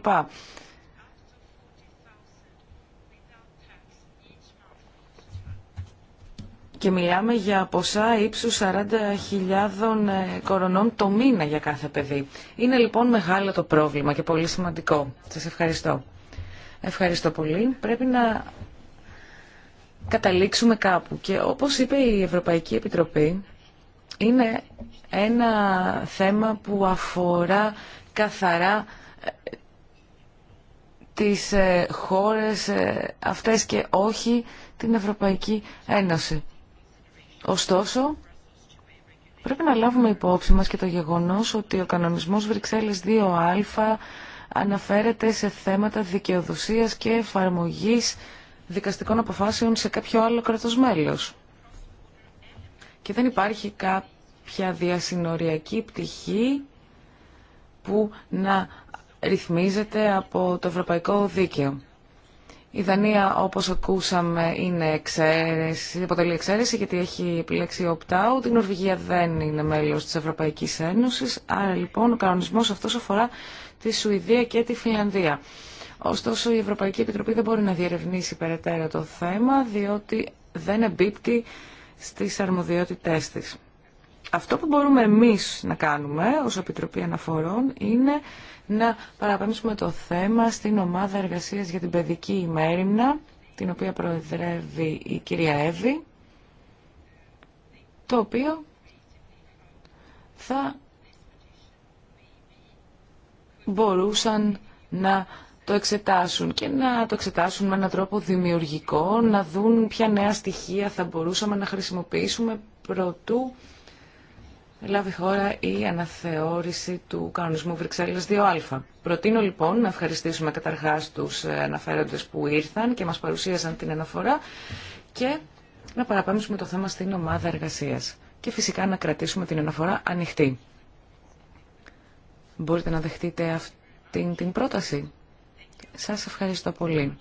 Και μιλάμε για ποσά ύψους 40.000 ε, κορονών το μήνα για κάθε παιδί. Είναι λοιπόν μεγάλο το πρόβλημα και πολύ σημαντικό. Σας ευχαριστώ. Ευχαριστώ πολύ. Πρέπει να καταλήξουμε κάπου. Και όπως είπε η Ευρωπαϊκή Επιτροπή, είναι ένα θέμα που αφορά καθαρά ε, τις ε, χώρες ε, αυτές και όχι την Ευρωπαϊκή Ένωση. Ωστόσο, πρέπει να λάβουμε υπόψη μας και το γεγονός ότι ο κανονισμός Βρυξέλλες 2α αναφέρεται σε θέματα δικαιοδοσίας και εφαρμογής δικαστικών αποφάσεων σε κάποιο άλλο κράτος μέλος. Και δεν υπάρχει κάποια διασυνοριακή πτυχή που να ρυθμίζεται από το ευρωπαϊκό δίκαιο. Η Δανία, όπως ακούσαμε, είναι εξαίρεση, αποτελεί εξαίρεση γιατί έχει επιλέξει opt-out. Η Νορβηγία δεν είναι μέλος της Ευρωπαϊκής Ένωσης, άρα λοιπόν ο κανονισμός αυτός αφορά τη Σουηδία και τη Φιλανδία. Ωστόσο, η Ευρωπαϊκή Επιτροπή δεν μπορεί να διερευνήσει περαιτέρω το θέμα, διότι δεν εμπίπτει στις αρμοδιότητές της. Αυτό που μπορούμε εμείς να κάνουμε ως Επιτροπή Αναφορών είναι να παραπέμψουμε το θέμα στην ομάδα εργασίας για την παιδική ημέρημνα, την οποία προεδρεύει η κυρία Εύη, το οποίο θα μπορούσαν να το εξετάσουν και να το εξετάσουν με έναν τρόπο δημιουργικό, να δουν ποια νέα στοιχεία θα μπορούσαμε να χρησιμοποιήσουμε προτού λάβει χώρα η αναθεώρηση του κανονισμού Βρυξέλλες 2α. Προτείνω λοιπόν να ευχαριστήσουμε καταρχάς τους ε, αναφέροντες που ήρθαν και μας παρουσίασαν την αναφορά και να παραπέμψουμε το θέμα στην ομάδα εργασίας. Και φυσικά να κρατήσουμε την αναφορά ανοιχτή. Μπορείτε να δεχτείτε αυτή την πρόταση. Σας ευχαριστώ πολύ.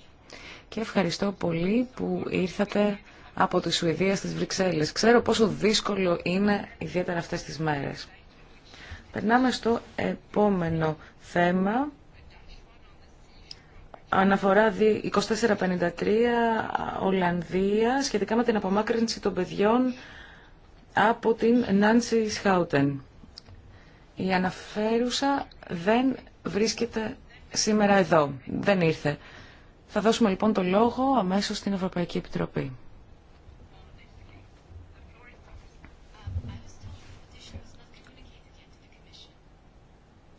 Και ευχαριστώ πολύ που ήρθατε από τη Σουηδία στις Βρυξέλλες. Ξέρω πόσο δύσκολο είναι ιδιαίτερα αυτές τις μέρες. Περνάμε στο επόμενο θέμα. Αναφορά 2453 Ολλανδία σχετικά με την απομάκρυνση των παιδιών από την Νάνση Σχάουτεν. Η αναφέρουσα δεν βρίσκεται σήμερα εδώ. Δεν ήρθε. Θα δώσουμε λοιπόν το λόγο αμέσως στην Ευρωπαϊκή Επιτροπή.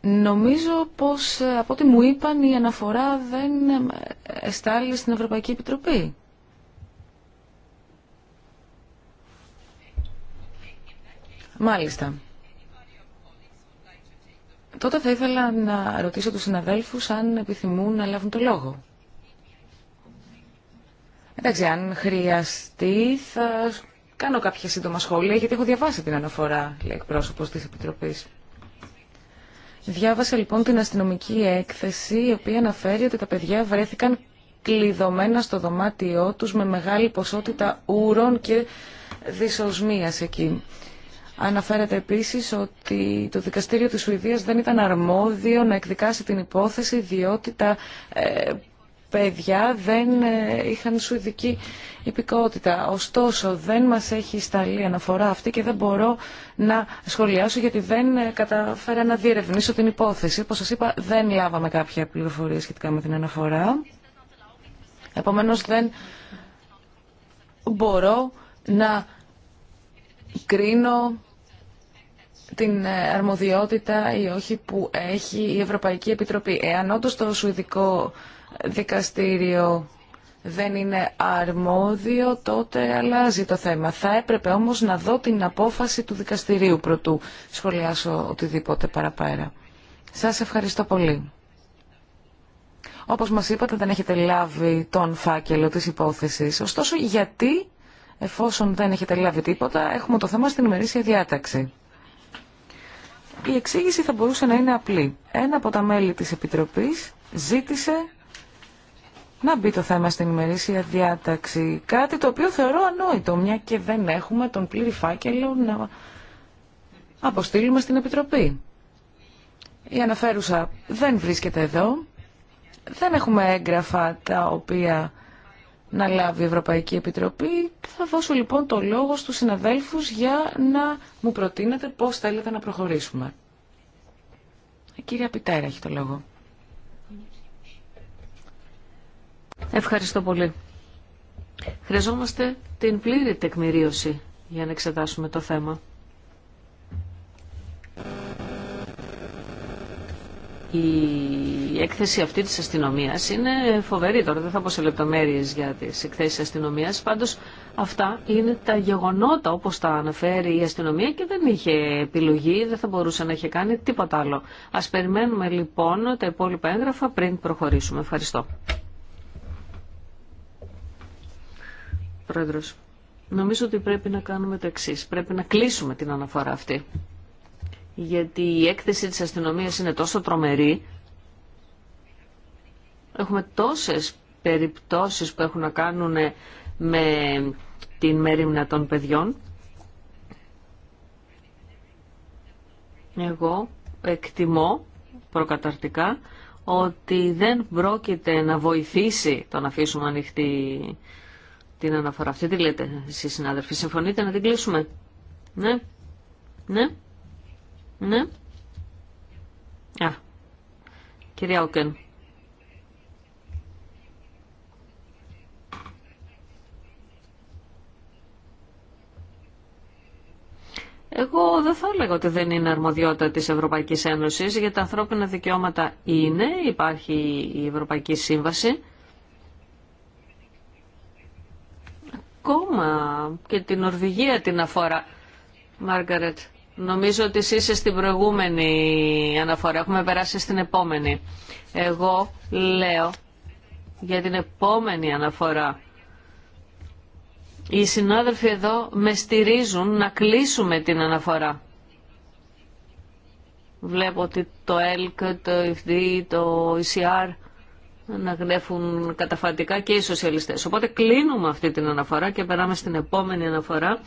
Νομίζω πως ε, από ό,τι μου είπαν η αναφορά δεν ε, εστάλει στην Ευρωπαϊκή Επιτροπή. Μάλιστα. Τότε θα ήθελα να ρωτήσω τους συναδέλφους αν επιθυμούν να λάβουν το λόγο. Εντάξει, αν χρειαστεί θα κάνω κάποια σύντομα σχόλια γιατί έχω διαβάσει την αναφορά, λέει εκπρόσωπος της Επιτροπής. Διάβασα λοιπόν την αστυνομική έκθεση η οποία αναφέρει ότι τα παιδιά βρέθηκαν κλειδωμένα στο δωμάτιό τους με μεγάλη ποσότητα ούρων και δυσοσμίας εκεί. Αναφέρεται επίσης ότι το δικαστήριο της Σουηδίας δεν ήταν αρμόδιο να εκδικάσει την υπόθεση διότι τα ε, παιδιά δεν ε, είχαν σουηδική υπηκότητα. Ωστόσο δεν μας έχει σταλεί αναφορά αυτή και δεν μπορώ να σχολιάσω γιατί δεν ε, καταφέρα να διερευνήσω την υπόθεση. Όπως σας είπα δεν λάβαμε κάποια πληροφορία σχετικά με την αναφορά. Επομένως δεν μπορώ να κρίνω την ε, αρμοδιότητα ή όχι που έχει η Ευρωπαϊκή Επιτροπή. Εάν όντω το Σουηδικό Δικαστήριο δεν είναι αρμόδιο, τότε αλλάζει το θέμα. Θα έπρεπε όμως να δω την απόφαση του δικαστηρίου προτού σχολιάσω οτιδήποτε παραπέρα. Σας ευχαριστώ πολύ. Όπως μας είπατε δεν έχετε λάβει τον φάκελο της υπόθεσης. Ωστόσο γιατί, εφόσον δεν έχετε λάβει τίποτα, έχουμε το θέμα στην ημερήσια διάταξη. Η εξήγηση θα μπορούσε να είναι απλή. Ένα από τα μέλη της Επιτροπής ζήτησε να μπει το θέμα στην ημερήσια διάταξη. Κάτι το οποίο θεωρώ ανόητο, μια και δεν έχουμε τον πλήρη φάκελο να αποστείλουμε στην Επιτροπή. Η αναφέρουσα δεν βρίσκεται εδώ. Δεν έχουμε έγγραφα τα οποία να λάβει η Ευρωπαϊκή Επιτροπή. Θα δώσω λοιπόν το λόγο στους συναδέλφους για να μου προτείνετε πώς θέλετε να προχωρήσουμε. Η κυρία Πιτέρα έχει το λόγο. Ευχαριστώ πολύ. Χρειαζόμαστε την πλήρη τεκμηρίωση για να εξετάσουμε το θέμα. Η έκθεση αυτή της αστυνομίας είναι φοβερή τώρα, δεν θα πω σε λεπτομέρειες για τις εκθέσεις αστυνομίας, πάντως αυτά είναι τα γεγονότα όπως τα αναφέρει η αστυνομία και δεν είχε επιλογή, δεν θα μπορούσε να είχε κάνει τίποτα άλλο. Ας περιμένουμε λοιπόν τα υπόλοιπα έγγραφα πριν προχωρήσουμε. Ευχαριστώ. Πρόεδρος, νομίζω ότι πρέπει να κάνουμε το εξή. Πρέπει να κλείσουμε την αναφορά αυτή γιατί η έκθεση της αστυνομίας είναι τόσο τρομερή. Έχουμε τόσες περιπτώσεις που έχουν να κάνουν με την μέρημνα των παιδιών. Εγώ εκτιμώ προκαταρτικά ότι δεν πρόκειται να βοηθήσει το να αφήσουμε ανοιχτή την αναφορά αυτή. Τι λέτε εσείς συνάδελφοι, συμφωνείτε να την κλείσουμε. Ναι, ναι. Ναι. Α, κυρία Όκεν. Εγώ δεν θα έλεγα ότι δεν είναι αρμοδιότητα της Ευρωπαϊκής Ένωσης, γιατί τα ανθρώπινα δικαιώματα είναι, υπάρχει η Ευρωπαϊκή Σύμβαση. Ακόμα και την Ορβηγία την αφορά, Μάργαρετ. Νομίζω ότι εσείς είστε στην προηγούμενη αναφορά. Έχουμε περάσει στην επόμενη. Εγώ λέω για την επόμενη αναφορά. Οι συνάδελφοι εδώ με στηρίζουν να κλείσουμε την αναφορά. Βλέπω ότι το ΕΛΚ, το FD, το ECR να γνέφουν καταφατικά και οι σοσιαλιστές. Οπότε κλείνουμε αυτή την αναφορά και περάμε στην επόμενη αναφορά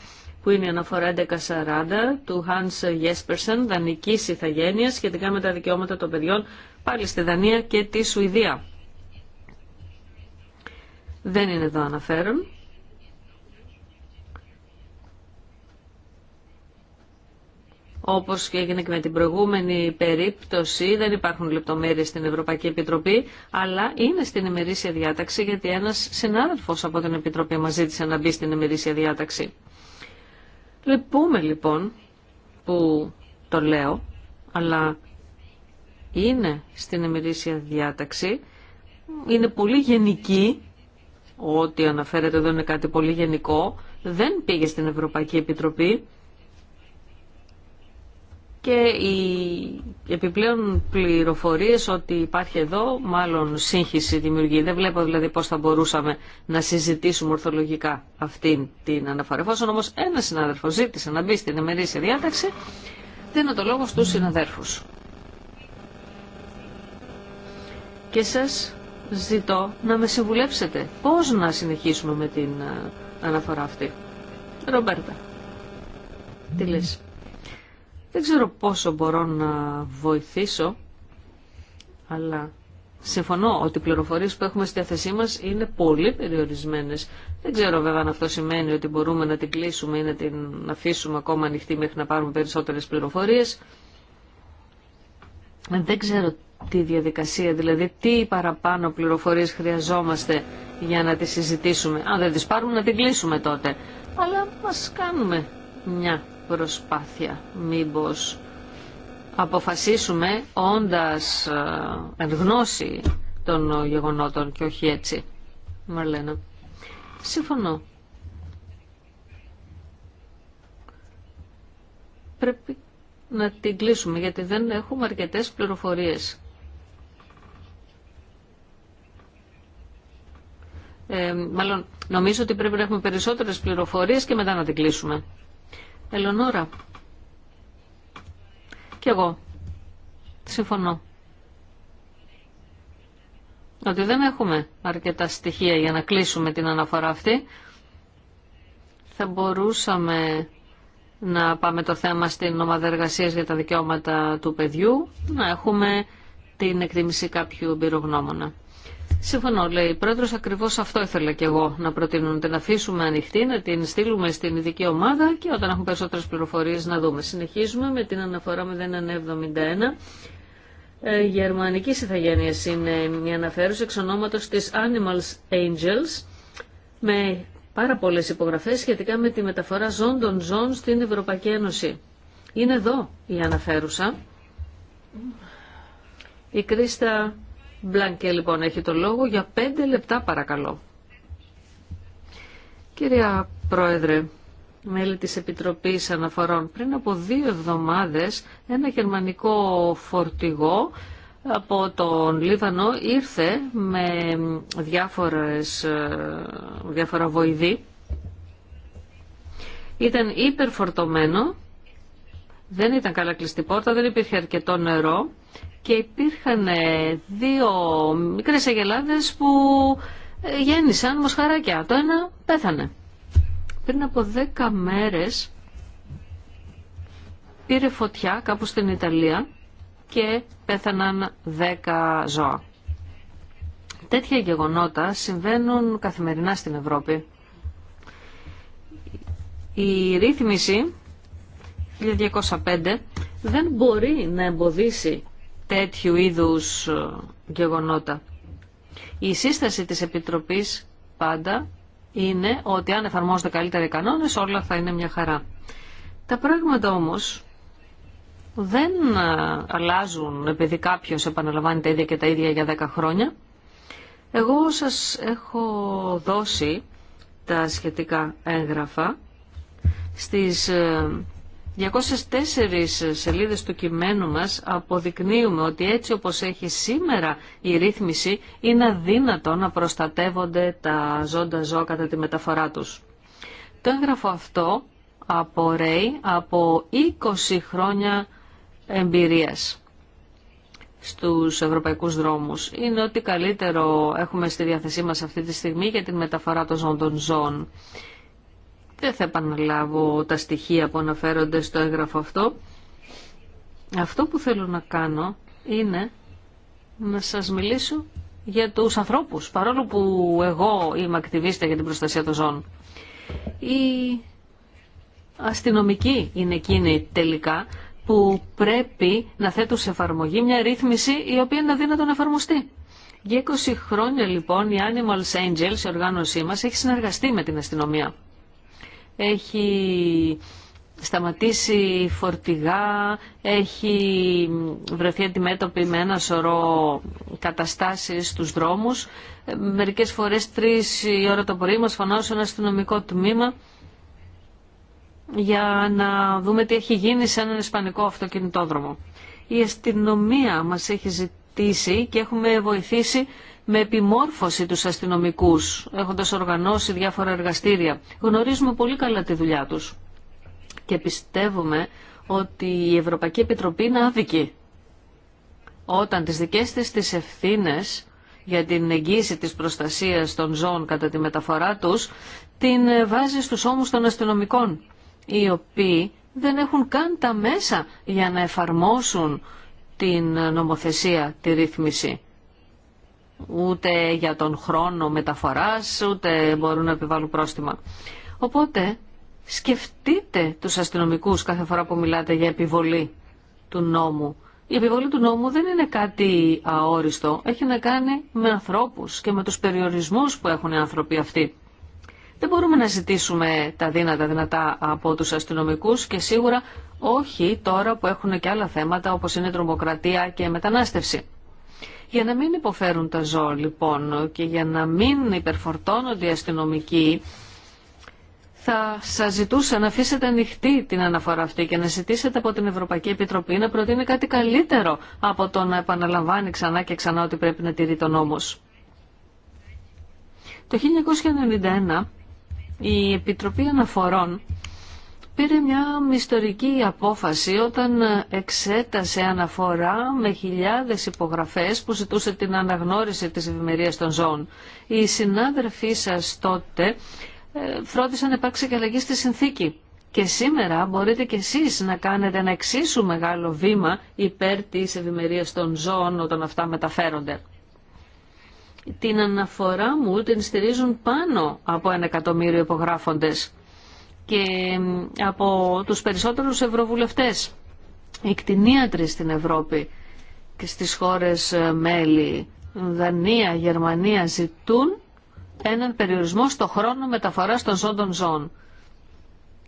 που είναι η αναφορά 1140 του Hans Jespersen, δανικής ηθαγένεια σχετικά με τα δικαιώματα των παιδιών, πάλι στη Δανία και τη Σουηδία. Δεν είναι εδώ αναφέρον. Όπως και έγινε και με την προηγούμενη περίπτωση, δεν υπάρχουν λεπτομέρειες στην Ευρωπαϊκή Επιτροπή, αλλά είναι στην ημερήσια διάταξη, γιατί ένας συνάδελφος από την Επιτροπή μας ζήτησε να μπει στην ημερήσια διάταξη. Λυπούμε λοιπόν που το λέω, αλλά είναι στην εμμυρίσια διάταξη, είναι πολύ γενική, ό,τι αναφέρεται εδώ είναι κάτι πολύ γενικό, δεν πήγε στην Ευρωπαϊκή Επιτροπή και οι επιπλέον πληροφορίες ότι υπάρχει εδώ μάλλον σύγχυση δημιουργεί. Δεν βλέπω δηλαδή πώς θα μπορούσαμε να συζητήσουμε ορθολογικά αυτή την αναφορά. Εφόσον όμως ένα συναδερφός ζήτησε να μπει στην εμερήσια διάταξη, δίνω το λόγο στους συναδέρφους. Και σας ζητώ να με συμβουλέψετε πώς να συνεχίσουμε με την ε, αναφορά αυτή. Ρομπέρτα, τι λες. Δεν ξέρω πόσο μπορώ να βοηθήσω, αλλά συμφωνώ ότι οι πληροφορίες που έχουμε στη θέση μας είναι πολύ περιορισμένες. Δεν ξέρω βέβαια αν αυτό σημαίνει ότι μπορούμε να την κλείσουμε ή να την αφήσουμε ακόμα ανοιχτή μέχρι να πάρουμε περισσότερες πληροφορίες. Δεν ξέρω τι διαδικασία, δηλαδή τι παραπάνω πληροφορίες χρειαζόμαστε για να τις συζητήσουμε. Αν δεν τις πάρουμε να την κλείσουμε τότε. Αλλά μας κάνουμε μια προσπάθεια. Μήπως αποφασίσουμε όντας ε, εν γνώση των γεγονότων και όχι έτσι. Μαρλένα. Συμφωνώ. Πρέπει να την κλείσουμε γιατί δεν έχουμε αρκετές πληροφορίες. Ε, μάλλον νομίζω ότι πρέπει να έχουμε περισσότερες πληροφορίες και μετά να την κλείσουμε. Ελονόρα, Κι εγώ. Συμφωνώ. Ότι δεν έχουμε αρκετά στοιχεία για να κλείσουμε την αναφορά αυτή. Θα μπορούσαμε να πάμε το θέμα στην ομάδα εργασίας για τα δικαιώματα του παιδιού, να έχουμε την εκτίμηση κάποιου εμπειρογνώμονα. Συμφωνώ, λέει η πρόεδρος, ακριβώς αυτό ήθελα και εγώ να προτείνω, να την αφήσουμε ανοιχτή, να την στείλουμε στην ειδική ομάδα και όταν έχουμε περισσότερες πληροφορίες να δούμε. Συνεχίζουμε με την αναφορά 0171. Ε, Γερμανική ηθαγένεια είναι μια αναφέρουσα εξ ονόματος της Animals Angels με πάρα πολλές υπογραφές σχετικά με τη μεταφορά ζών των ζών στην Ευρωπαϊκή Ένωση. Είναι εδώ η αναφέρουσα. Η Κρίστα Μπλανκέ λοιπόν έχει το λόγο για πέντε λεπτά παρακαλώ. Κυρία Πρόεδρε, μέλη της Επιτροπής Αναφορών, πριν από δύο εβδομάδες ένα γερμανικό φορτηγό από τον Λίβανο ήρθε με διάφορες, ε, διάφορα βοηδή. Ήταν υπερφορτωμένο, δεν ήταν καλά κλειστή πόρτα, δεν υπήρχε αρκετό νερό και υπήρχαν ε, δύο μικρές αγελάδες που ε, γέννησαν μοσχαράκια. Το ένα πέθανε. Πριν από δέκα μέρες πήρε φωτιά κάπου στην Ιταλία και πέθαναν δέκα ζώα. Τέτοια γεγονότα συμβαίνουν καθημερινά στην Ευρώπη. Η ρύθμιση 1205 δεν μπορεί να εμποδίσει τέτοιου είδους ε, γεγονότα. Η σύσταση της Επιτροπής πάντα είναι ότι αν εφαρμόζονται καλύτερα οι κανόνες όλα θα είναι μια χαρά. Τα πράγματα όμως δεν ε, αλλάζουν επειδή κάποιος επαναλαμβάνει τα ίδια και τα ίδια για 10 χρόνια. Εγώ σας έχω δώσει τα σχετικά έγγραφα στις ε, 204 σελίδες του κειμένου μας αποδεικνύουμε ότι έτσι όπως έχει σήμερα η ρύθμιση είναι αδύνατο να προστατεύονται τα ζώντα ζώα κατά τη μεταφορά τους. Το έγγραφο αυτό απορρέει από 20 χρόνια εμπειρίας στους ευρωπαϊκούς δρόμους. Είναι ότι καλύτερο έχουμε στη διάθεσή μας αυτή τη στιγμή για την μεταφορά των ζώντων ζώων. Δεν θα επαναλάβω τα στοιχεία που αναφέρονται στο έγγραφο αυτό. Αυτό που θέλω να κάνω είναι να σας μιλήσω για τους ανθρώπους, παρόλο που εγώ είμαι ακτιβίστα για την προστασία των ζώων. Οι αστυνομικοί είναι εκείνοι τελικά που πρέπει να θέτουν σε εφαρμογή μια ρύθμιση η οποία είναι αδύνατο να εφαρμοστεί. Για 20 χρόνια λοιπόν η Animals Angels, η οργάνωσή μας, έχει συνεργαστεί με την αστυνομία έχει σταματήσει φορτηγά, έχει βρεθεί αντιμέτωπη με ένα σωρό καταστάσεις στους δρόμους. Μερικές φορές τρεις η ώρα το πρωί μας σε ένα αστυνομικό τμήμα για να δούμε τι έχει γίνει σε έναν ισπανικό αυτοκινητόδρομο. Η αστυνομία μας έχει ζητήσει και έχουμε βοηθήσει με επιμόρφωση τους αστυνομικούς, έχοντας οργανώσει διάφορα εργαστήρια. Γνωρίζουμε πολύ καλά τη δουλειά τους και πιστεύουμε ότι η Ευρωπαϊκή Επιτροπή είναι άδικη όταν τις δικές της τις ευθύνες για την εγγύηση της προστασίας των ζώων κατά τη μεταφορά τους την βάζει στους ώμους των αστυνομικών οι οποίοι δεν έχουν καν τα μέσα για να εφαρμόσουν την νομοθεσία, τη ρύθμιση ούτε για τον χρόνο μεταφοράς, ούτε μπορούν να επιβάλλουν πρόστιμα. Οπότε σκεφτείτε τους αστυνομικούς κάθε φορά που μιλάτε για επιβολή του νόμου. Η επιβολή του νόμου δεν είναι κάτι αόριστο, έχει να κάνει με ανθρώπους και με τους περιορισμούς που έχουν οι άνθρωποι αυτοί. Δεν μπορούμε να ζητήσουμε τα δύνατα δυνατά από τους αστυνομικούς και σίγουρα όχι τώρα που έχουν και άλλα θέματα όπως είναι τρομοκρατία και μετανάστευση. Για να μην υποφέρουν τα ζώα λοιπόν και για να μην υπερφορτώνονται οι αστυνομικοί, θα σας ζητούσα να αφήσετε ανοιχτή την αναφορά αυτή και να ζητήσετε από την Ευρωπαϊκή Επιτροπή να προτείνει κάτι καλύτερο από το να επαναλαμβάνει ξανά και ξανά ότι πρέπει να τηρεί τον νόμος. Το 1991 η Επιτροπή Αναφορών πήρε μια μυστορική απόφαση όταν εξέτασε αναφορά με χιλιάδες υπογραφές που ζητούσε την αναγνώριση της ευημερία των ζώων. Οι συνάδελφοί σας τότε ε, φρόντισαν να υπάρξει και αλλαγή στη συνθήκη. Και σήμερα μπορείτε κι εσείς να κάνετε ένα εξίσου μεγάλο βήμα υπέρ της ευημερία των ζώων όταν αυτά μεταφέρονται. Την αναφορά μου την στηρίζουν πάνω από ένα εκατομμύριο υπογράφοντες και από τους περισσότερους ευρωβουλευτές, οι κτηνίατροι στην Ευρώπη και στις χώρες ε, μέλη Δανία, Γερμανία ζητούν έναν περιορισμό στο χρόνο μεταφοράς των ζώων των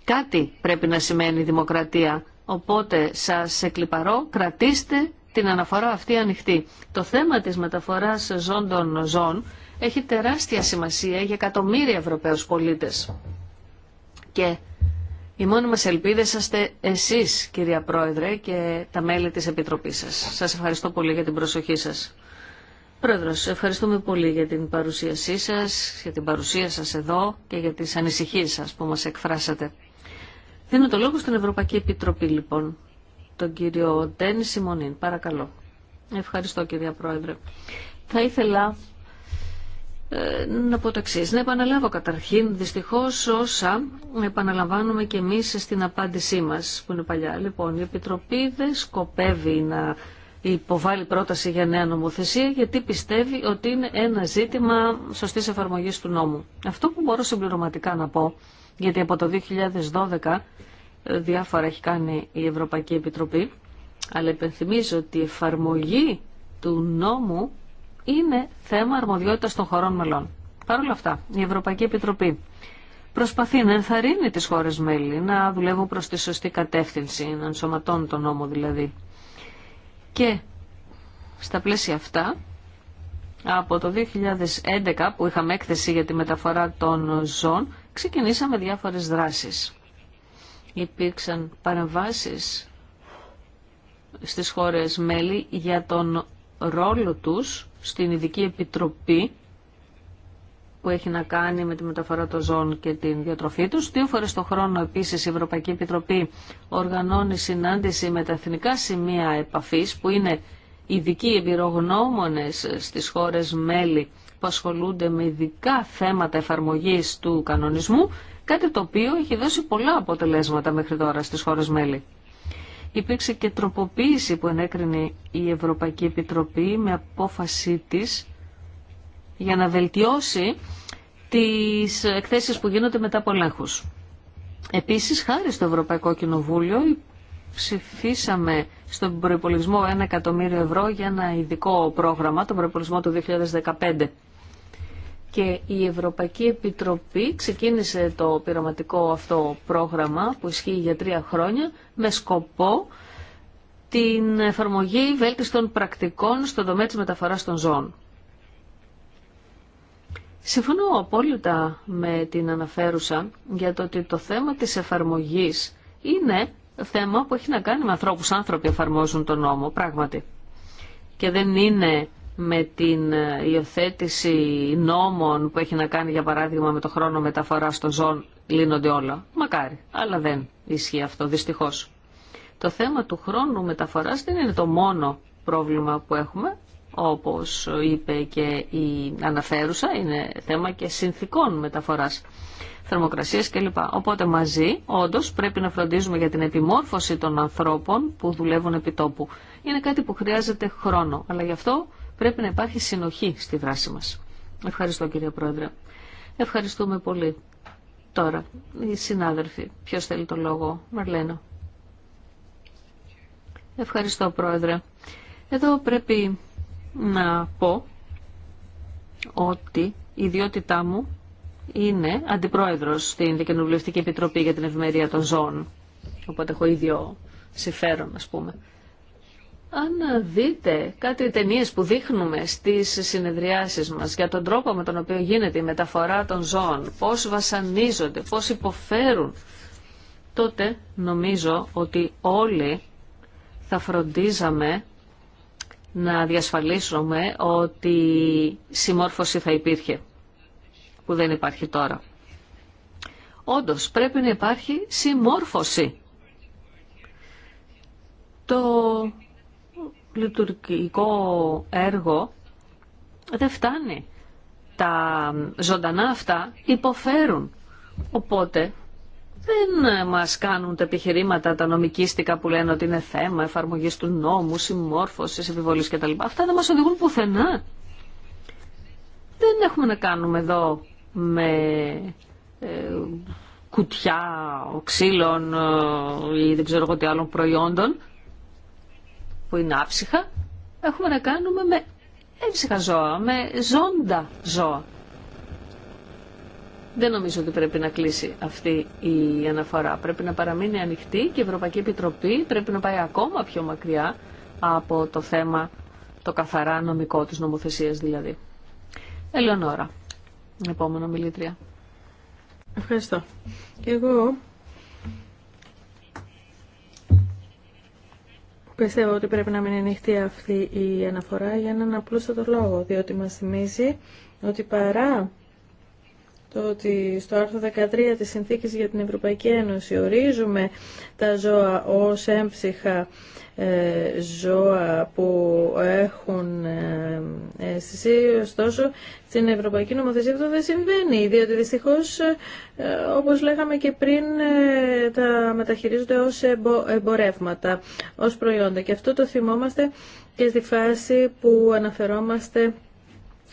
Κάτι πρέπει να σημαίνει δημοκρατία. Οπότε σας εκλυπαρώ, κρατήστε την αναφορά αυτή ανοιχτή. Το θέμα της μεταφοράς ζώων των ζώων έχει τεράστια σημασία για εκατομμύρια Ευρωπαίους πολίτες και η μόνη μας ελπίδα είσαστε εσείς κυρία Πρόεδρε και τα μέλη της Επιτροπής σας. Σας ευχαριστώ πολύ για την προσοχή σας. Πρόεδρος, ευχαριστούμε πολύ για την παρουσίασή σας, για την παρουσία σας εδώ και για τις ανησυχίες σας που μας εκφράσατε. Δίνω το λόγο στην Ευρωπαϊκή Επιτροπή λοιπόν, τον κύριο Ντένι Σιμονίν. Παρακαλώ. Ευχαριστώ κυρία Πρόεδρε. Θα ήθελα ε, να πω το εξή. Να επαναλάβω καταρχήν δυστυχώς όσα επαναλαμβάνουμε και εμείς στην απάντησή μας που είναι παλιά. Λοιπόν, η Επιτροπή δεν σκοπεύει να υποβάλει πρόταση για νέα νομοθεσία γιατί πιστεύει ότι είναι ένα ζήτημα σωστής εφαρμογής του νόμου. Αυτό που μπορώ συμπληρωματικά να πω, γιατί από το 2012 ε, διάφορα έχει κάνει η Ευρωπαϊκή Επιτροπή, αλλά υπενθυμίζω ότι η εφαρμογή του νόμου είναι θέμα αρμοδιότητας των χωρών μελών. Παρ' όλα αυτά, η Ευρωπαϊκή Επιτροπή προσπαθεί να ενθαρρύνει τις χώρες μέλη να δουλεύουν προς τη σωστή κατεύθυνση, να ενσωματώνουν τον νόμο δηλαδή. Και στα πλαίσια αυτά, από το 2011 που είχαμε έκθεση για τη μεταφορά των ζώων, ξεκινήσαμε διάφορες δράσεις. Υπήρξαν παρεμβάσεις στις χώρες μέλη για τον ρόλο τους στην Ειδική Επιτροπή που έχει να κάνει με τη μεταφορά των ζώων και την διατροφή τους. Δύο φορές το χρόνο επίσης η Ευρωπαϊκή Επιτροπή οργανώνει συνάντηση με τα εθνικά σημεία επαφής που είναι ειδικοί εμπειρογνώμονες στις χώρες μέλη που ασχολούνται με ειδικά θέματα εφαρμογής του κανονισμού, κάτι το οποίο έχει δώσει πολλά αποτελέσματα μέχρι τώρα στις χώρες μέλη υπήρξε και τροποποίηση που ενέκρινε η Ευρωπαϊκή Επιτροπή με απόφασή της για να βελτιώσει τις εκθέσεις που γίνονται μετά από ελέγχους. Επίσης, χάρη στο Ευρωπαϊκό Κοινοβούλιο, ψηφίσαμε στον προϋπολογισμό 1 εκατομμύριο ευρώ για ένα ειδικό πρόγραμμα, τον προϋπολογισμό του 2015 και η Ευρωπαϊκή Επιτροπή ξεκίνησε το πειραματικό αυτό πρόγραμμα που ισχύει για τρία χρόνια με σκοπό την εφαρμογή βέλτιστων πρακτικών στον τομέα της μεταφοράς των ζώων. Συμφωνώ απόλυτα με την αναφέρουσα για το ότι το θέμα της εφαρμογής είναι θέμα που έχει να κάνει με ανθρώπους. Άνθρωποι εφαρμόζουν τον νόμο, πράγματι. Και δεν είναι με την υιοθέτηση νόμων που έχει να κάνει για παράδειγμα με το χρόνο μεταφορά στο ζώων λύνονται όλα. Μακάρι, αλλά δεν ισχύει αυτό δυστυχώς. Το θέμα του χρόνου μεταφοράς δεν είναι το μόνο πρόβλημα που έχουμε, όπως είπε και η αναφέρουσα, είναι θέμα και συνθήκων μεταφοράς θερμοκρασίες κλπ. Οπότε μαζί όντω πρέπει να φροντίζουμε για την επιμόρφωση των ανθρώπων που δουλεύουν επί τόπου. Είναι κάτι που χρειάζεται χρόνο, αλλά γι' αυτό Πρέπει να υπάρχει συνοχή στη δράση μας. Ευχαριστώ κύριε Πρόεδρε. Ευχαριστούμε πολύ. Τώρα, οι συνάδελφοι, ποιος θέλει το λόγο, Μαρλένα. Ευχαριστώ Πρόεδρε. Εδώ πρέπει να πω ότι η ιδιότητά μου είναι αντιπρόεδρος στην Δικαινοβουλευτική Επιτροπή για την Ευημερία των Ζώων. Οπότε έχω ίδιο συμφέρον, ας πούμε. Αν δείτε κάτι ταινίε που δείχνουμε στις συνεδριάσεις μας για τον τρόπο με τον οποίο γίνεται η μεταφορά των ζώων, πώς βασανίζονται, πώς υποφέρουν, τότε νομίζω ότι όλοι θα φροντίζαμε να διασφαλίσουμε ότι συμμόρφωση θα υπήρχε, που δεν υπάρχει τώρα. Όντως, πρέπει να υπάρχει συμμόρφωση. Το λειτουργικό έργο δεν φτάνει. Τα ζωντανά αυτά υποφέρουν. Οπότε δεν μας κάνουν τα επιχειρήματα τα νομικίστικα που λένε ότι είναι θέμα εφαρμογής του νόμου, συμμόρφωσης, επιβολής κτλ. Αυτά δεν μας οδηγούν πουθενά. Δεν έχουμε να κάνουμε εδώ με ε, κουτιά ξύλων ε, ή δεν ξέρω εγώ τι άλλων προϊόντων που είναι άψυχα, έχουμε να κάνουμε με έψυχα ζώα, με ζώντα ζώα. Δεν νομίζω ότι πρέπει να κλείσει αυτή η αναφορά. Πρέπει να παραμείνει ανοιχτή και η Ευρωπαϊκή Επιτροπή πρέπει να πάει ακόμα πιο μακριά από το θέμα το καθαρά νομικό της νομοθεσίας δηλαδή. Ελεονόρα, επόμενο μιλήτρια. Ευχαριστώ. Και εγώ Πιστεύω ότι πρέπει να μην ανοιχτή αυτή η αναφορά για έναν απλούστατο λόγο, διότι μας θυμίζει ότι παρά το ότι στο άρθρο 13 της Συνθήκης για την Ευρωπαϊκή Ένωση ορίζουμε τα ζώα ως έμψυχα ε, ζώα που έχουν ε, αισθησή, ωστόσο στην Ευρωπαϊκή Νομοθεσία αυτό δεν συμβαίνει, διότι δυστυχώς ε, όπως λέγαμε και πριν τα μεταχειρίζονται ως εμπορεύματα, ως προϊόντα και αυτό το θυμόμαστε και στη φάση που αναφερόμαστε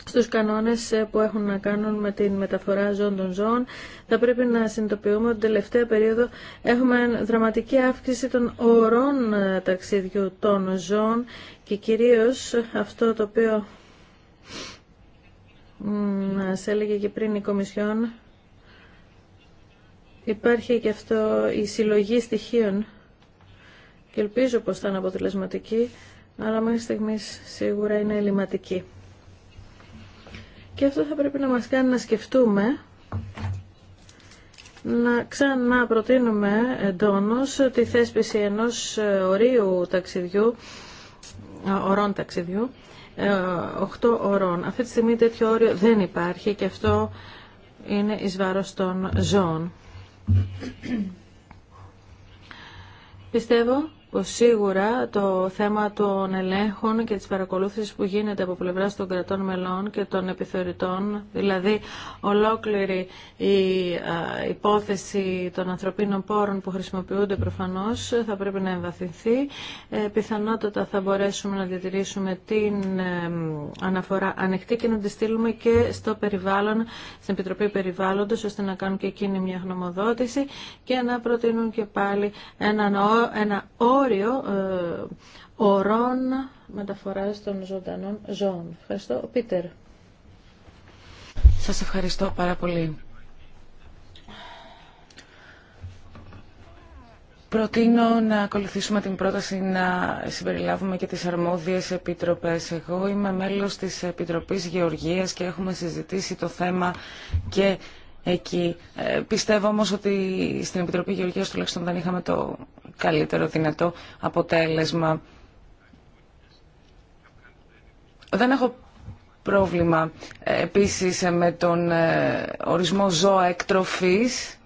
στους κανόνες ε, που έχουν να κάνουν με τη μεταφορά ζών των ζώων, θα πρέπει να συνειδητοποιούμε ότι την τελευταία περίοδο έχουμε δραματική αύξηση των ορών ε, ταξιδιού των ζώων και κυρίως αυτό το οποίο σε έλεγε και πριν η Κομισιόν, υπάρχει και αυτό η συλλογή στοιχείων και ελπίζω πως θα είναι αποτελεσματική, αλλά μέχρι στιγμής σίγουρα είναι ελληματική. Και αυτό θα πρέπει να μας κάνει να σκεφτούμε να ξανά προτείνουμε εντόνως τη θέσπιση ενός ε, ορίου ταξιδιού, ε, ορών ταξιδιού, 8 ε, ορών. Αυτή τη στιγμή τέτοιο όριο δεν υπάρχει και αυτό είναι εις βάρος των ζώων. Πιστεύω πως σίγουρα το θέμα των ελέγχων και της παρακολούθησης που γίνεται από πλευράς των κρατών μελών και των επιθεωρητών, δηλαδή ολόκληρη η υπόθεση των ανθρωπίνων πόρων που χρησιμοποιούνται προφανώς θα πρέπει να εμβαθυνθεί. Ε, πιθανότατα θα μπορέσουμε να διατηρήσουμε την ε, αναφορά ανοιχτή και να τη στείλουμε και στο περιβάλλον, στην Επιτροπή Περιβάλλοντος, ώστε να κάνουν και εκείνη μια γνωμοδότηση και να προτείνουν και πάλι ένα όριο όριο ε, ορών μεταφοράς των ζωντανών ζώων. Ευχαριστώ. Πίτερ. Σας ευχαριστώ πάρα πολύ. Προτείνω να ακολουθήσουμε την πρόταση να συμπεριλάβουμε και τις αρμόδιες επιτροπές. Εγώ είμαι μέλος της Επιτροπής Γεωργίας και έχουμε συζητήσει το θέμα και εκεί. Ε, πιστεύω όμως ότι στην Επιτροπή Γεωργίας τουλάχιστον δεν είχαμε το καλύτερο δυνατό αποτέλεσμα. Δεν έχω πρόβλημα ε, επίσης ε, με τον ε, ορισμό ζώα εκτροφής.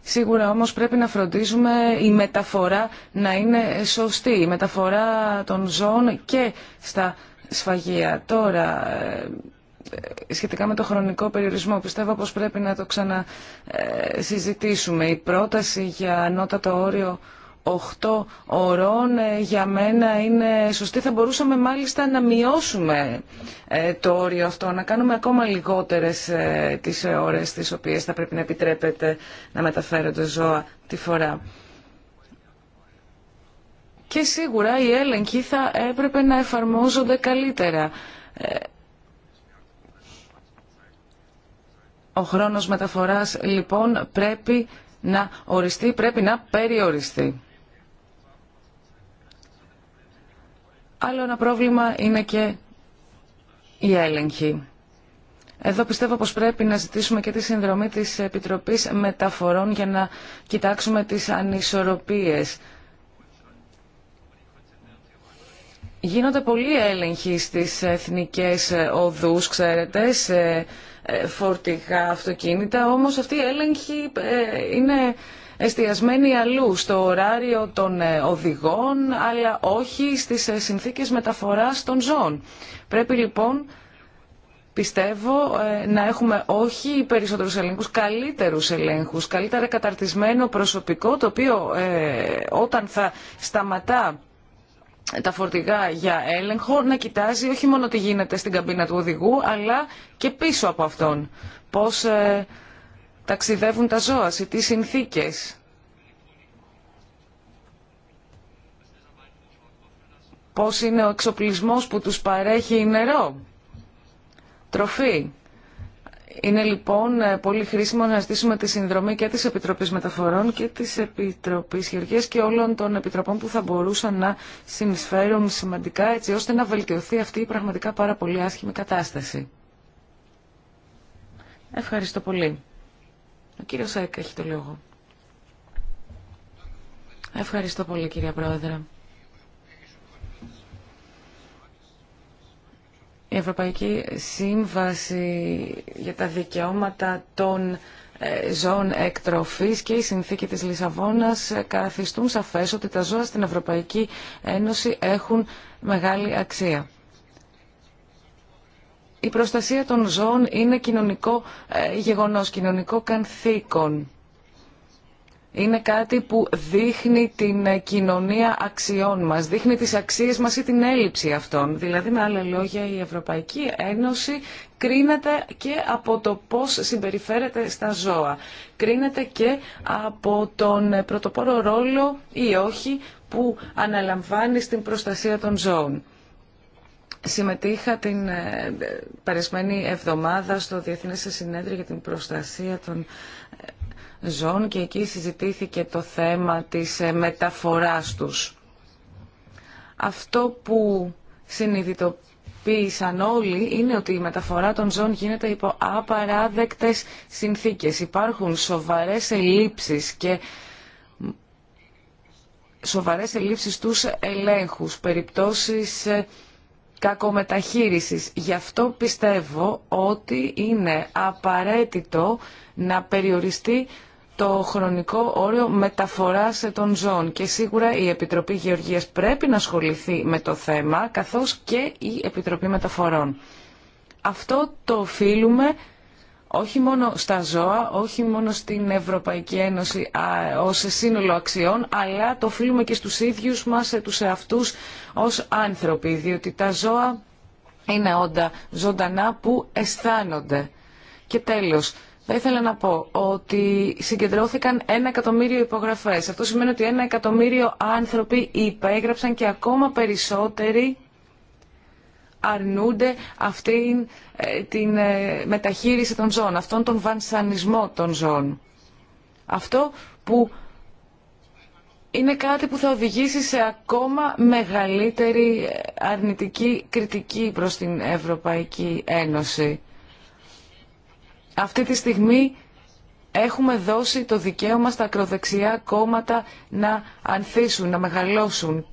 Σίγουρα όμως πρέπει να φροντίζουμε η μεταφορά να είναι σωστή, η μεταφορά των ζώων και στα σφαγεία. Τώρα, σχετικά με το χρονικό περιορισμό. Πιστεύω πως πρέπει να το ξανασυζητήσουμε. Η πρόταση για ανώτατο όριο 8 ωρών ε, για μένα είναι σωστή. Θα μπορούσαμε μάλιστα να μειώσουμε ε, το όριο αυτό, να κάνουμε ακόμα λιγότερες ε, τις ώρες τις οποίες θα πρέπει να επιτρέπεται να μεταφέρονται ζώα τη φορά. Και σίγουρα οι έλεγχοι θα έπρεπε να εφαρμόζονται καλύτερα. Ο χρόνος μεταφοράς λοιπόν πρέπει να οριστεί, πρέπει να περιοριστεί. Άλλο ένα πρόβλημα είναι και η έλεγχη. Εδώ πιστεύω πως πρέπει να ζητήσουμε και τη συνδρομή της Επιτροπής Μεταφορών για να κοιτάξουμε τις ανισορροπίες. Γίνονται πολλοί έλεγχοι στις εθνικές οδούς, ξέρετε, σε ε, φορτηγά αυτοκίνητα, όμως αυτή η έλεγχη ε, είναι εστιασμένη αλλού, στο ωράριο των ε, οδηγών, αλλά όχι στις συνθήκες μεταφοράς των ζώων. Πρέπει λοιπόν, πιστεύω, να έχουμε όχι περισσότερους ελέγχους, καλύτερους ελέγχους, καλύτερα καταρτισμένο προσωπικό, το οποίο όταν θα σταματά τα φορτηγά για έλεγχο να κοιτάζει όχι μόνο τι γίνεται στην καμπίνα του οδηγού αλλά και πίσω από αυτόν. Πώς ε, ταξιδεύουν τα ζώα, σε τι συνθήκες. Πώς είναι ο εξοπλισμός που τους παρέχει νερό, τροφή. Είναι λοιπόν ε, πολύ χρήσιμο να ζητήσουμε τη συνδρομή και της Επιτροπής Μεταφορών και της Επιτροπής Γεωργίας και όλων των επιτροπών που θα μπορούσαν να συνεισφέρουν σημαντικά έτσι ώστε να βελτιωθεί αυτή η πραγματικά πάρα πολύ άσχημη κατάσταση. Ευχαριστώ πολύ. Ο κύριος Σάικ έχει το λόγο. Ευχαριστώ πολύ κυρία Πρόεδρε. η Ευρωπαϊκή Σύμβαση για τα Δικαιώματα των ε, Ζώων Εκτροφής και η Συνθήκη της Λισαβόνας ε, καθιστούν σαφές ότι τα ζώα στην Ευρωπαϊκή Ένωση έχουν μεγάλη αξία. Η προστασία των ζώων είναι κοινωνικό ε, γεγονός, κοινωνικό κανθήκον είναι κάτι που δείχνει την κοινωνία αξιών μας, δείχνει τις αξίες μας ή την έλλειψη αυτών. Δηλαδή, με άλλα λόγια, η Ευρωπαϊκή Ένωση κρίνεται και από το πώς συμπεριφέρεται στα ζώα. Κρίνεται και από τον πρωτοπόρο ρόλο ή όχι που αναλαμβάνει στην προστασία των ζώων. Συμμετείχα την ε, περασμένη εβδομάδα στο Διεθνές Συνέδριο για την Προστασία των ζώων και εκεί συζητήθηκε το θέμα της ε, μεταφοράς τους. Αυτό που συνειδητοποίησαν όλοι είναι ότι η μεταφορά των ζώων γίνεται υπό απαράδεκτες συνθήκες. Υπάρχουν σοβαρές ελλείψεις και σοβαρές ελλείψεις τους ελέγχους, περιπτώσεις ε, κακομεταχείρισης. Γι' αυτό πιστεύω ότι είναι απαραίτητο να περιοριστεί το χρονικό όριο μεταφοράς των ζώων και σίγουρα η Επιτροπή Γεωργίας πρέπει να ασχοληθεί με το θέμα καθώς και η Επιτροπή Μεταφορών. Αυτό το οφείλουμε όχι μόνο στα ζώα, όχι μόνο στην Ευρωπαϊκή Ένωση ως σύνολο αξιών, αλλά το οφείλουμε και στους ίδιους μας, ε, τους εαυτούς ως άνθρωποι, διότι τα ζώα είναι όντα ζωντανά που αισθάνονται. Και τέλος, θα ήθελα να πω ότι συγκεντρώθηκαν ένα εκατομμύριο υπογραφέ. Αυτό σημαίνει ότι ένα εκατομμύριο άνθρωποι υπέγραψαν και ακόμα περισσότεροι αρνούνται αυτή ε, την ε, μεταχείριση των ζώων, αυτόν τον βανσανισμό των ζώων. Αυτό που είναι κάτι που θα οδηγήσει σε ακόμα μεγαλύτερη ε, αρνητική κριτική προς την Ευρωπαϊκή Ένωση. Αυτή τη στιγμή έχουμε δώσει το δικαίωμα στα ακροδεξιά κόμματα να ανθίσουν, να μεγαλώσουν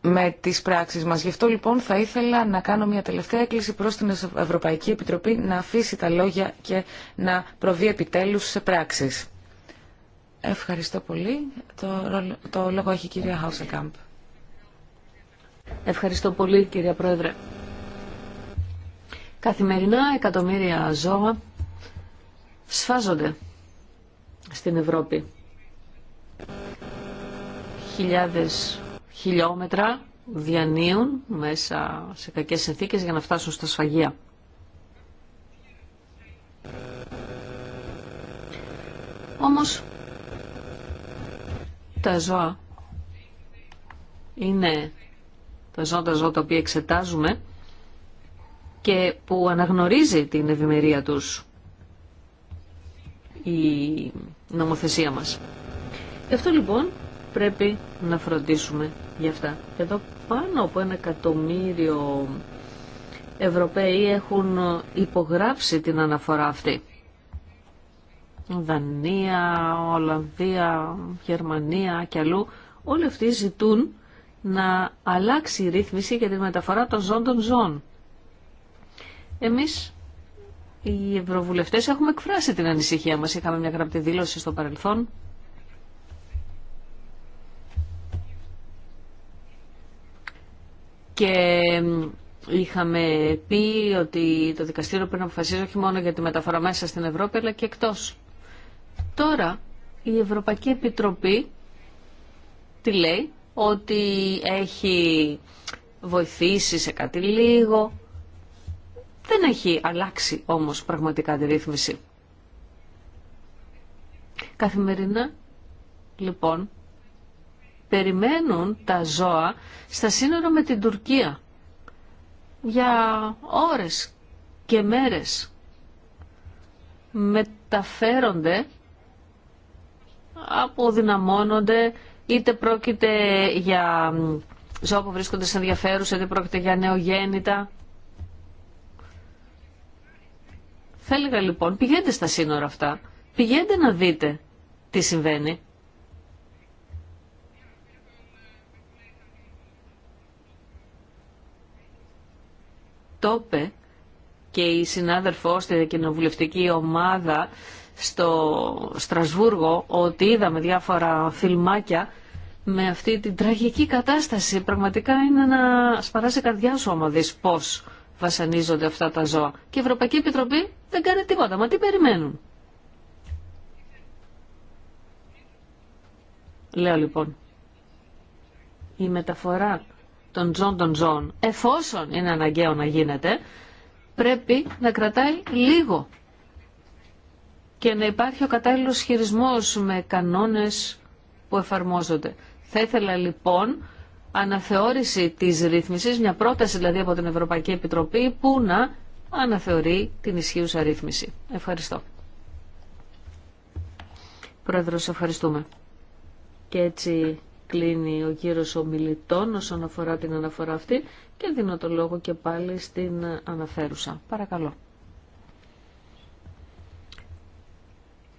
με τις πράξεις μας. Γι' αυτό λοιπόν θα ήθελα να κάνω μια τελευταία έκκληση προς την Ευρωπαϊκή Επιτροπή να αφήσει τα λόγια και να προβεί επιτέλους σε πράξεις. Ευχαριστώ πολύ. Το, το λόγο έχει η κυρία Χάουσεκάμπ. Ευχαριστώ πολύ κυρία Πρόεδρε. Καθημερινά εκατομμύρια ζώα σφάζονται στην Ευρώπη. Χιλιάδες χιλιόμετρα διανύουν μέσα σε κακές συνθήκες για να φτάσουν στα σφαγεία. Όμως τα ζώα είναι τα ζώα τα ζώα τα οποία εξετάζουμε και που αναγνωρίζει την ευημερία τους η νομοθεσία μας. Γι' αυτό λοιπόν πρέπει να φροντίσουμε γι' αυτά. Εδώ πάνω από ένα εκατομμύριο Ευρωπαίοι έχουν υπογράψει την αναφορά αυτή. Δανία, Ολλανδία, Γερμανία και αλλού, όλοι αυτοί ζητούν να αλλάξει η ρύθμιση για τη μεταφορά των ζών των ζώων. Εμείς οι ευρωβουλευτές έχουμε εκφράσει την ανησυχία μας. Είχαμε μια γραπτή δήλωση στο παρελθόν. Και είχαμε πει ότι το δικαστήριο πρέπει να αποφασίζει όχι μόνο για τη μεταφορά μέσα στην Ευρώπη αλλά και εκτός. Τώρα η Ευρωπαϊκή Επιτροπή τη λέει ότι έχει βοηθήσει σε κάτι λίγο, δεν έχει αλλάξει όμως πραγματικά τη ρύθμιση. Καθημερινά, λοιπόν, περιμένουν τα ζώα στα σύνορα με την Τουρκία για ώρες και μέρες. Μεταφέρονται, αποδυναμώνονται, είτε πρόκειται για ζώα που βρίσκονται σε ενδιαφέρουσα, είτε πρόκειται για νεογέννητα. Θα έλεγα λοιπόν, πηγαίνετε στα σύνορα αυτά, πηγαίνετε να δείτε τι συμβαίνει. Το είπε και η συνάδελφός στη κοινοβουλευτική ομάδα στο Στρασβούργο ότι είδαμε διάφορα φιλμάκια με αυτή την τραγική κατάσταση. Πραγματικά είναι να σπαράσει καρδιά σου άμα δεις πώς βασανίζονται αυτά τα ζώα. Και η Ευρωπαϊκή Επιτροπή δεν κάνει τίποτα. Μα τι περιμένουν. Λέω λοιπόν, η μεταφορά των ζών των ζώων, εφόσον είναι αναγκαίο να γίνεται, πρέπει να κρατάει λίγο και να υπάρχει ο κατάλληλος χειρισμός με κανόνες που εφαρμόζονται. Θα ήθελα λοιπόν αναθεώρηση της ρύθμισης, μια πρόταση δηλαδή από την Ευρωπαϊκή Επιτροπή που να αναθεωρεί την ισχύουσα ρύθμιση. Ευχαριστώ. Πρόεδρος, ευχαριστούμε. Και έτσι κλείνει ο κύριος ομιλητών όσον αφορά την αναφορά αυτή και δίνω το λόγο και πάλι στην αναφέρουσα. Παρακαλώ.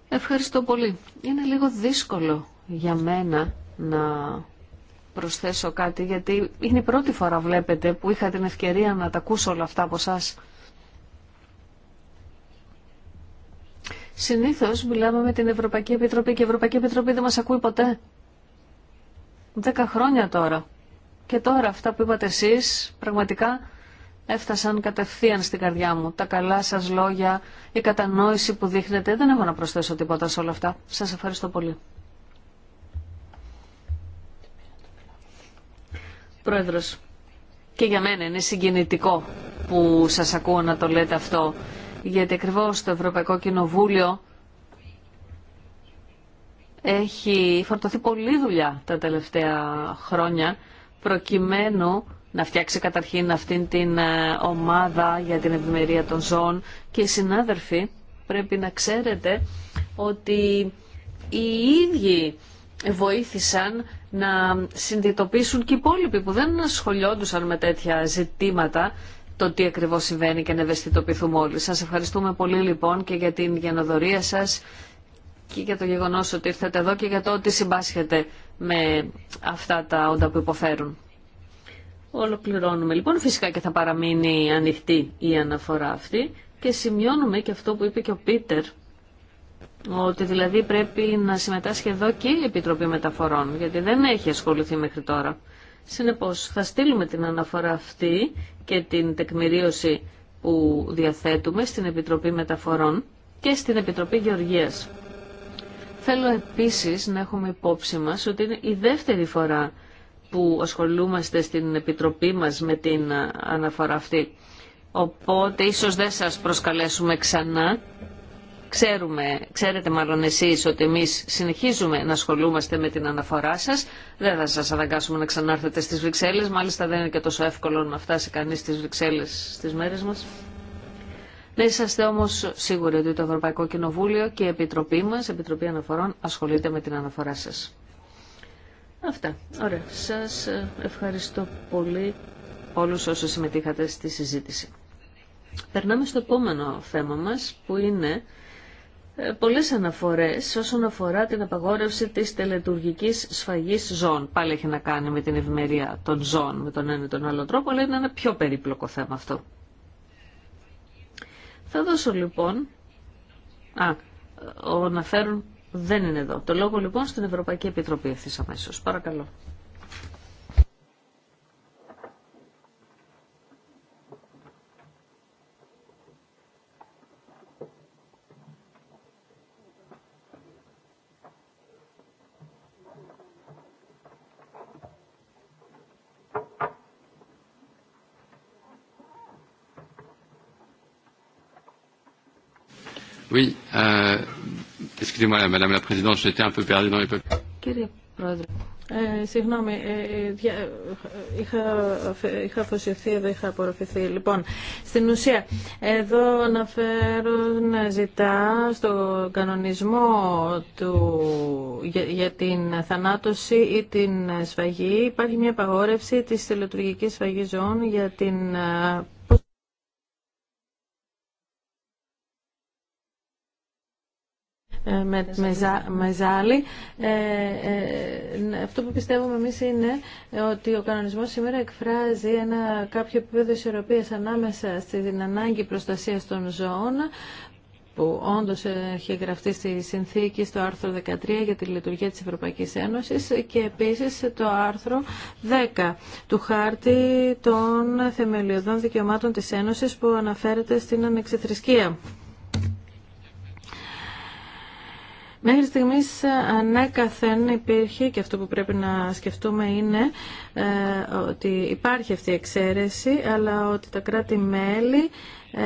Ευχαριστώ πολύ. Είναι λίγο δύσκολο για μένα να προσθέσω κάτι, γιατί είναι η πρώτη φορά, βλέπετε, που είχα την ευκαιρία να τα ακούσω όλα αυτά από εσά. Συνήθω μιλάμε με την Ευρωπαϊκή Επιτροπή και η Ευρωπαϊκή Επιτροπή δεν μα ακούει ποτέ. Δέκα χρόνια τώρα. Και τώρα αυτά που είπατε εσεί πραγματικά έφτασαν κατευθείαν στην καρδιά μου. Τα καλά σας λόγια, η κατανόηση που δείχνετε, δεν έχω να προσθέσω τίποτα σε όλα αυτά. Σα ευχαριστώ πολύ. Πρόεδρος, και για μένα είναι συγκινητικό που σας ακούω να το λέτε αυτό, γιατί ακριβώ το Ευρωπαϊκό Κοινοβούλιο έχει φορτωθεί πολλή δουλειά τα τελευταία χρόνια, προκειμένου να φτιάξει καταρχήν αυτήν την ε, ομάδα για την ευημερία των ζώων και οι συνάδελφοι πρέπει να ξέρετε ότι οι ίδιοι βοήθησαν να συνειδητοποιήσουν και οι υπόλοιποι που δεν ασχολιόντουσαν με τέτοια ζητήματα το τι ακριβώς συμβαίνει και να ευαισθητοποιηθούμε όλοι. Σας ευχαριστούμε πολύ λοιπόν και για την γενοδορία σας και για το γεγονός ότι ήρθατε εδώ και για το ότι συμπάσχετε με αυτά τα όντα που υποφέρουν. Ολοκληρώνουμε λοιπόν. Φυσικά και θα παραμείνει ανοιχτή η αναφορά αυτή και σημειώνουμε και αυτό που είπε και ο Πίτερ ότι δηλαδή πρέπει να συμμετάσχει εδώ και η Επιτροπή Μεταφορών, γιατί δεν έχει ασχοληθεί μέχρι τώρα. Συνεπώς, θα στείλουμε την αναφορά αυτή και την τεκμηρίωση που διαθέτουμε στην Επιτροπή Μεταφορών και στην Επιτροπή Γεωργίας. Θέλω επίσης να έχουμε υπόψη μας ότι είναι η δεύτερη φορά που ασχολούμαστε στην Επιτροπή μας με την αναφορά αυτή. Οπότε ίσως δεν σας προσκαλέσουμε ξανά Ξέρουμε, ξέρετε μάλλον εσείς ότι εμείς συνεχίζουμε να ασχολούμαστε με την αναφορά σας. Δεν θα σας αναγκάσουμε να ξανάρθετε στις Βρυξέλλες. Μάλιστα δεν είναι και τόσο εύκολο να φτάσει κανείς στις Βρυξέλλες στις μέρες μας. Να είσαστε όμως σίγουροι ότι το Ευρωπαϊκό Κοινοβούλιο και η Επιτροπή μας, η Επιτροπή Αναφορών, ασχολείται με την αναφορά σας. Αυτά. Ωραία. Σας ευχαριστώ πολύ όλους όσους συμμετείχατε στη συζήτηση. Περνάμε στο επόμενο θέμα μας που είναι ε, πολλές αναφορές όσον αφορά την απαγόρευση της τελετουργικής σφαγής ζώων. Πάλι έχει να κάνει με την ευημερία των ζώων με τον ένα ή τον άλλο τρόπο, αλλά είναι ένα πιο περίπλοκο θέμα αυτό. Θα δώσω λοιπόν... Α, ο αναφέρον δεν είναι εδώ. Το λόγο λοιπόν στην Ευρωπαϊκή Επιτροπή ευθύς αμέσως. Παρακαλώ. συγγνώμη, είχα, είχα αφοσιωθεί εδώ, είχα απορροφηθεί. Λοιπόν, στην ουσία, εδώ αναφέρω να ζητά στο κανονισμό του, για, την θανάτωση ή την σφαγή υπάρχει μια απαγόρευση της τηλετουργικής σφαγής ζώων για την με, με, με ζάλι. Ε, ε, αυτό που πιστεύουμε εμείς είναι ότι ο κανονισμός σήμερα εκφράζει ένα κάποιο επίπεδο ισορροπίας ανάμεσα στην ανάγκη προστασίας των ζώων που όντως έχει γραφτεί στη συνθήκη στο άρθρο 13 για τη λειτουργία της Ευρωπαϊκής Ένωσης και επίσης το άρθρο 10 του χάρτη των θεμελιωδών δικαιωμάτων της Ένωσης που αναφέρεται στην ανεξιθρησκεία. Μέχρι στιγμής ε, ανέκαθεν υπήρχε και αυτό που πρέπει να σκεφτούμε είναι ε, ότι υπάρχει αυτή η εξαίρεση αλλά ότι τα κράτη-μέλη ε,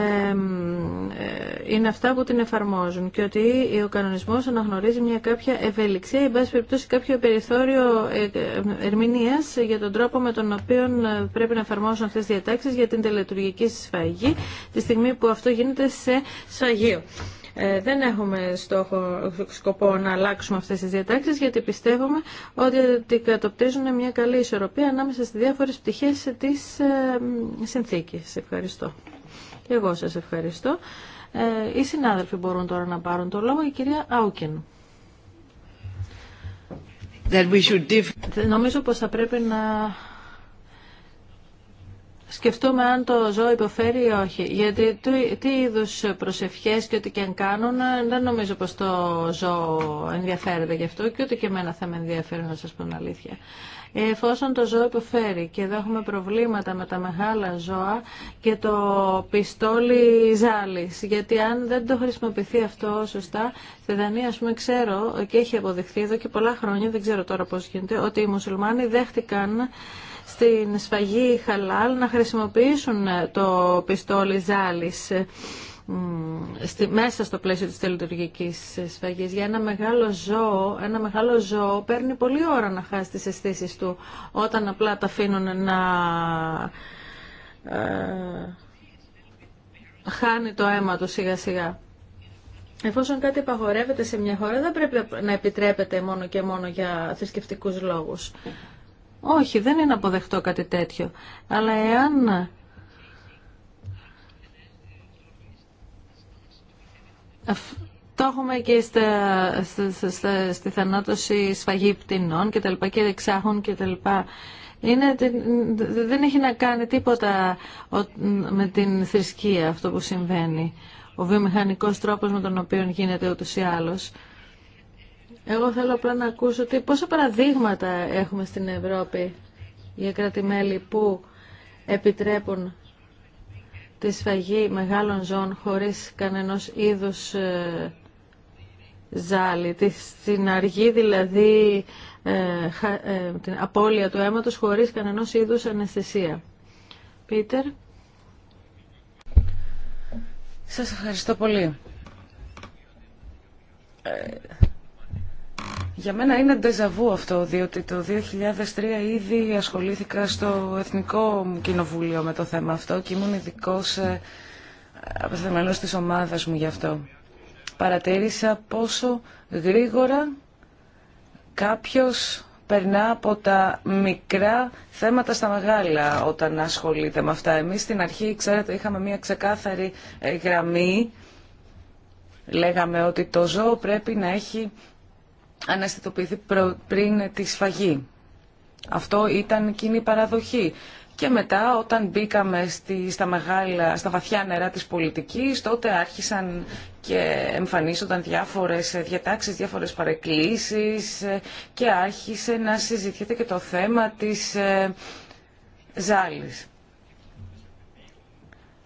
είναι αυτά που την εφαρμόζουν και ότι ο κανονισμός αναγνωρίζει μια κάποια ευελιξία ή πάση περιπτώσει κάποιο περιθώριο ερμηνείας για τον τρόπο με τον οποίο πρέπει να εφαρμόσουν αυτές τις διατάξεις για την τελετουργική σφαγή τη στιγμή που αυτό γίνεται σε σφαγείο. Ε, δεν έχουμε στόχο, σκοπό να αλλάξουμε αυτές τις διατάξεις γιατί πιστεύουμε ότι κατοπτρίζουν μια καλή ισορροπία ανάμεσα στις διάφορες πτυχές της ε, συνθήκης. Ευχαριστώ. Και εγώ σας ευχαριστώ. Ε, οι συνάδελφοι μπορούν τώρα να πάρουν το λόγο. Η κυρία Άουκεν. That Νομίζω πως θα πρέπει να σκεφτούμε αν το ζώο υποφέρει ή όχι. Γιατί τι είδου προσευχές και ό,τι και αν κάνουν, δεν νομίζω πως το ζώο ενδιαφέρεται γι' αυτό και ούτε και εμένα θα με ενδιαφέρει να σα πω την αλήθεια. Εφόσον το ζώο υποφέρει και εδώ έχουμε προβλήματα με τα μεγάλα ζώα και το πιστόλι ζάλης, γιατί αν δεν το χρησιμοποιηθεί αυτό σωστά, στη Δανία α πούμε ξέρω και έχει αποδειχθεί εδώ και πολλά χρόνια, δεν ξέρω τώρα πώ γίνεται, ότι οι μουσουλμάνοι δέχτηκαν στην σφαγή χαλάλ να χρησιμοποιήσουν το πιστόλι ζάλης ε, μέσα στο πλαίσιο της τελειτουργικής σφαγής για ένα μεγάλο ζώο ένα μεγάλο ζώο παίρνει πολλή ώρα να χάσει τις αισθήσεις του όταν απλά τα αφήνουν να ε, χάνει το αίμα του σιγά σιγά εφόσον κάτι απαγορεύεται σε μια χώρα δεν πρέπει να επιτρέπεται μόνο και μόνο για θρησκευτικού λόγους όχι, δεν είναι αποδεκτό κάτι τέτοιο. Αλλά εάν το έχουμε και στα, στη θανάτωση σφαγή πτηνών και τα λοιπά και εξάχων και τα λοιπά. Είναι, δεν έχει να κάνει τίποτα με την θρησκεία αυτό που συμβαίνει. Ο βιομηχανικός τρόπος με τον οποίο γίνεται ούτως ή άλλως. Εγώ θέλω απλά να ακούσω τι, πόσα παραδείγματα έχουμε στην Ευρώπη για κράτη-μέλη που επιτρέπουν τη σφαγή μεγάλων ζώων χωρίς κανένας είδους ε, ζάλι. Στην αργή δηλαδή ε, ε, την απώλεια του αίματος χωρίς κανένας είδους αναισθησία. Πίτερ. Σας ευχαριστώ πολύ. Για μένα είναι ντεζαβού αυτό, διότι το 2003 ήδη ασχολήθηκα στο Εθνικό Κοινοβούλιο με το θέμα αυτό και ήμουν ειδικό ε, απευθεμελός της ομάδας μου γι' αυτό. Παρατήρησα πόσο γρήγορα κάποιος περνά από τα μικρά θέματα στα μεγάλα όταν ασχολείται με αυτά. Εμείς στην αρχή, ξέρετε, είχαμε μια ξεκάθαρη ε, γραμμή. Λέγαμε ότι το ζώο πρέπει να έχει αναισθητοποιηθεί πριν τη σφαγή. Αυτό ήταν κοινή παραδοχή. Και μετά όταν μπήκαμε στη, στα, μεγάλα, στα βαθιά νερά της πολιτικής, τότε άρχισαν και εμφανίζονταν διάφορες διατάξεις, διάφορες παρεκκλήσεις και άρχισε να συζητιέται και το θέμα της ε, ζάλης.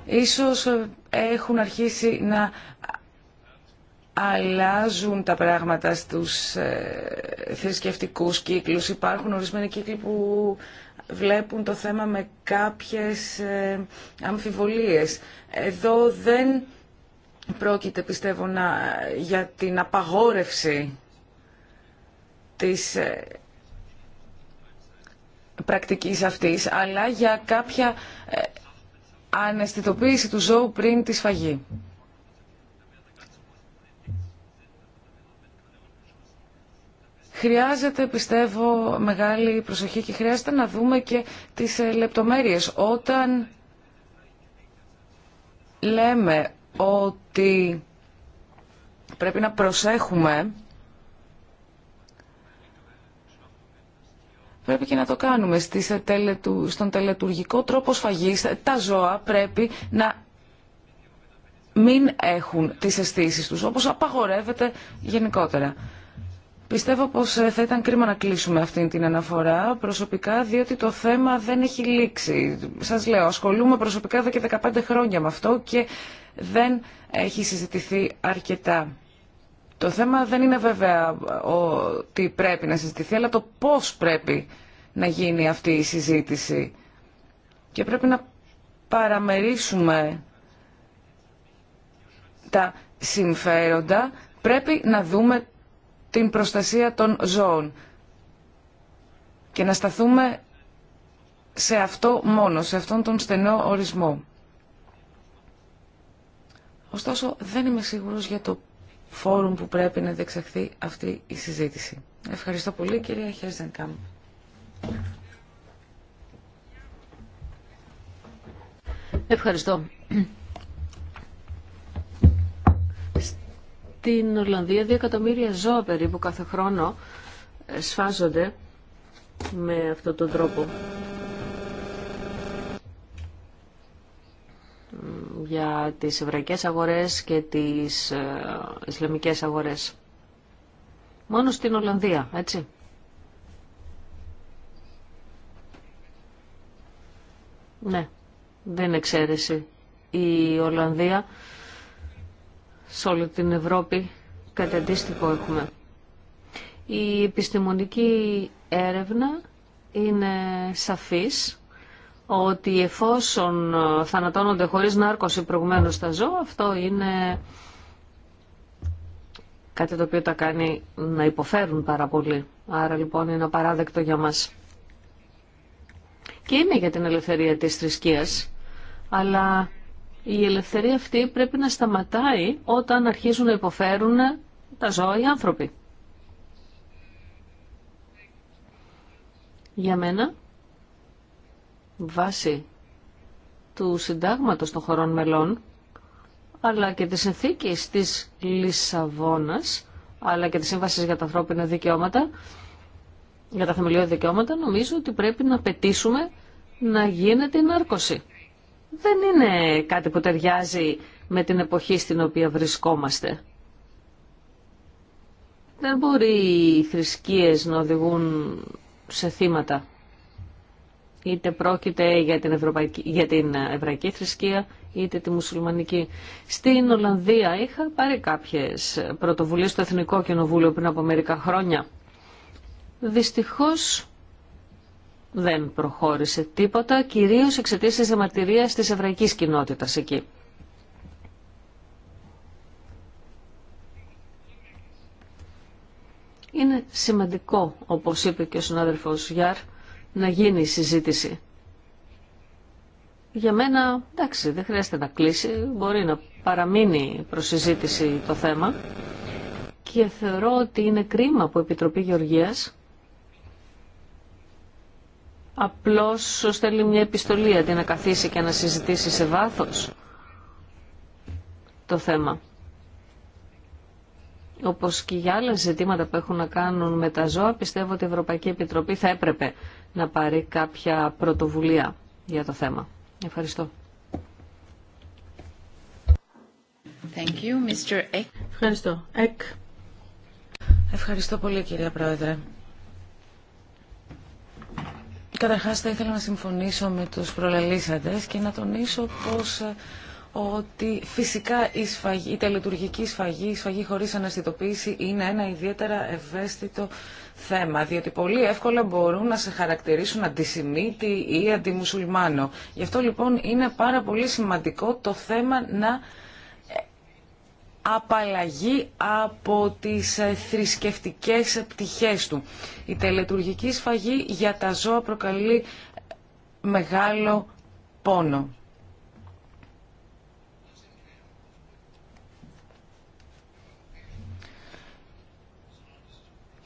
Ίσως ε, έχουν αρχίσει να αλλάζουν τα πράγματα στους ε, θρησκευτικούς κύκλους. Υπάρχουν ορισμένοι κύκλοι που βλέπουν το θέμα με κάποιες ε, αμφιβολίες. Εδώ δεν πρόκειται, πιστεύω, να, για την απαγόρευση της ε, πρακτικής αυτής, αλλά για κάποια αναισθητοποίηση του ζώου πριν τη σφαγή. Χρειάζεται, πιστεύω, μεγάλη προσοχή και χρειάζεται να δούμε και τις ε, λεπτομέρειες. Όταν λέμε ότι πρέπει να προσέχουμε, πρέπει και να το κάνουμε. Στις ε, στον τελετουργικό τρόπο σφαγής ε, τα ζώα πρέπει να μην έχουν τις αισθήσει τους, όπως απαγορεύεται γενικότερα. Πιστεύω πως ε, θα ήταν κρίμα να κλείσουμε αυτή την αναφορά προσωπικά διότι το θέμα δεν έχει λήξει. Σας λέω, ασχολούμαι προσωπικά εδώ και 15 χρόνια με αυτό και δεν έχει συζητηθεί αρκετά. Το θέμα δεν είναι βέβαια ότι ε, πρέπει να συζητηθεί, αλλά το πώς πρέπει να γίνει αυτή η συζήτηση. Και πρέπει να παραμερίσουμε τα συμφέροντα, πρέπει να δούμε την προστασία των ζώων και να σταθούμε σε αυτό μόνο, σε αυτόν τον στενό ορισμό. Ωστόσο, δεν είμαι σίγουρος για το φόρουμ που πρέπει να διεξαχθεί αυτή η συζήτηση. Ευχαριστώ πολύ, κυρία Χέρζενκαμ. Ευχαριστώ. Στην Ολλανδία δύο εκατομμύρια ζώα περίπου κάθε χρόνο ε, σφάζονται με αυτόν τον τρόπο. για τις εβραϊκές αγορές και τις ε, ισλαμικές αγορές. Μόνο στην Ολλανδία, έτσι. Ναι, δεν εξαίρεση. Η Ολλανδία σε όλη την Ευρώπη κάτι αντίστοιχο έχουμε. Η επιστημονική έρευνα είναι σαφής ότι εφόσον θανατώνονται χωρίς νάρκωση προηγουμένως τα ζώα, αυτό είναι κάτι το οποίο τα κάνει να υποφέρουν πάρα πολύ. Άρα λοιπόν είναι απαράδεκτο για μας. Και είναι για την ελευθερία της θρησκείας, αλλά η ελευθερία αυτή πρέπει να σταματάει όταν αρχίζουν να υποφέρουν τα ζώα οι άνθρωποι. Για μένα, βάσει του συντάγματος των χωρών μελών, αλλά και της συνθήκης της Λισαβόνας, αλλά και της Σύμβασης για τα ανθρώπινα δικαιώματα, για τα θεμελιώδη δικαιώματα, νομίζω ότι πρέπει να πετήσουμε να γίνεται η νάρκωση δεν είναι κάτι που ταιριάζει με την εποχή στην οποία βρισκόμαστε. Δεν μπορεί οι θρησκείες να οδηγούν σε θύματα. Είτε πρόκειται για την, ευρωπαϊκή, για την εβραϊκή θρησκεία, είτε τη μουσουλμανική. Στην Ολλανδία είχα πάρει κάποιες πρωτοβουλίες στο Εθνικό Κοινοβούλιο πριν από μερικά χρόνια. Δυστυχώς δεν προχώρησε τίποτα, κυρίως εξαιτίας της διαμαρτυρίας της εβραϊκής κοινότητας εκεί. Είναι σημαντικό, όπως είπε και ο συνάδελφος Γιάρ, να γίνει η συζήτηση. Για μένα, εντάξει, δεν χρειάζεται να κλείσει, μπορεί να παραμείνει προς συζήτηση το θέμα και θεωρώ ότι είναι κρίμα που η Επιτροπή Γεωργίας απλώς στέλνει μια επιστολή αντί να καθίσει και να συζητήσει σε βάθος το θέμα. Όπως και για άλλα ζητήματα που έχουν να κάνουν με τα ζώα, πιστεύω ότι η Ευρωπαϊκή Επιτροπή θα έπρεπε να πάρει κάποια πρωτοβουλία για το θέμα. Ευχαριστώ. Thank you, Mr. Ευχαριστώ. Ευχαριστώ πολύ κυρία Πρόεδρε. Καταρχά θα ήθελα να συμφωνήσω με τους προλαλήσαντες και να τονίσω πως ε, ότι φυσικά η, σφαγή, τελετουργική σφαγή, η σφαγή χωρίς ανασυντοποίηση είναι ένα ιδιαίτερα ευαίσθητο θέμα, διότι πολύ εύκολα μπορούν να σε χαρακτηρίσουν αντισημίτη ή αντιμουσουλμάνο. Γι' αυτό λοιπόν είναι πάρα πολύ σημαντικό το θέμα να απαλλαγή από τις ε, θρησκευτικές πτυχές του. Η τελετουργική σφαγή για τα ζώα προκαλεί ε, μεγάλο πόνο.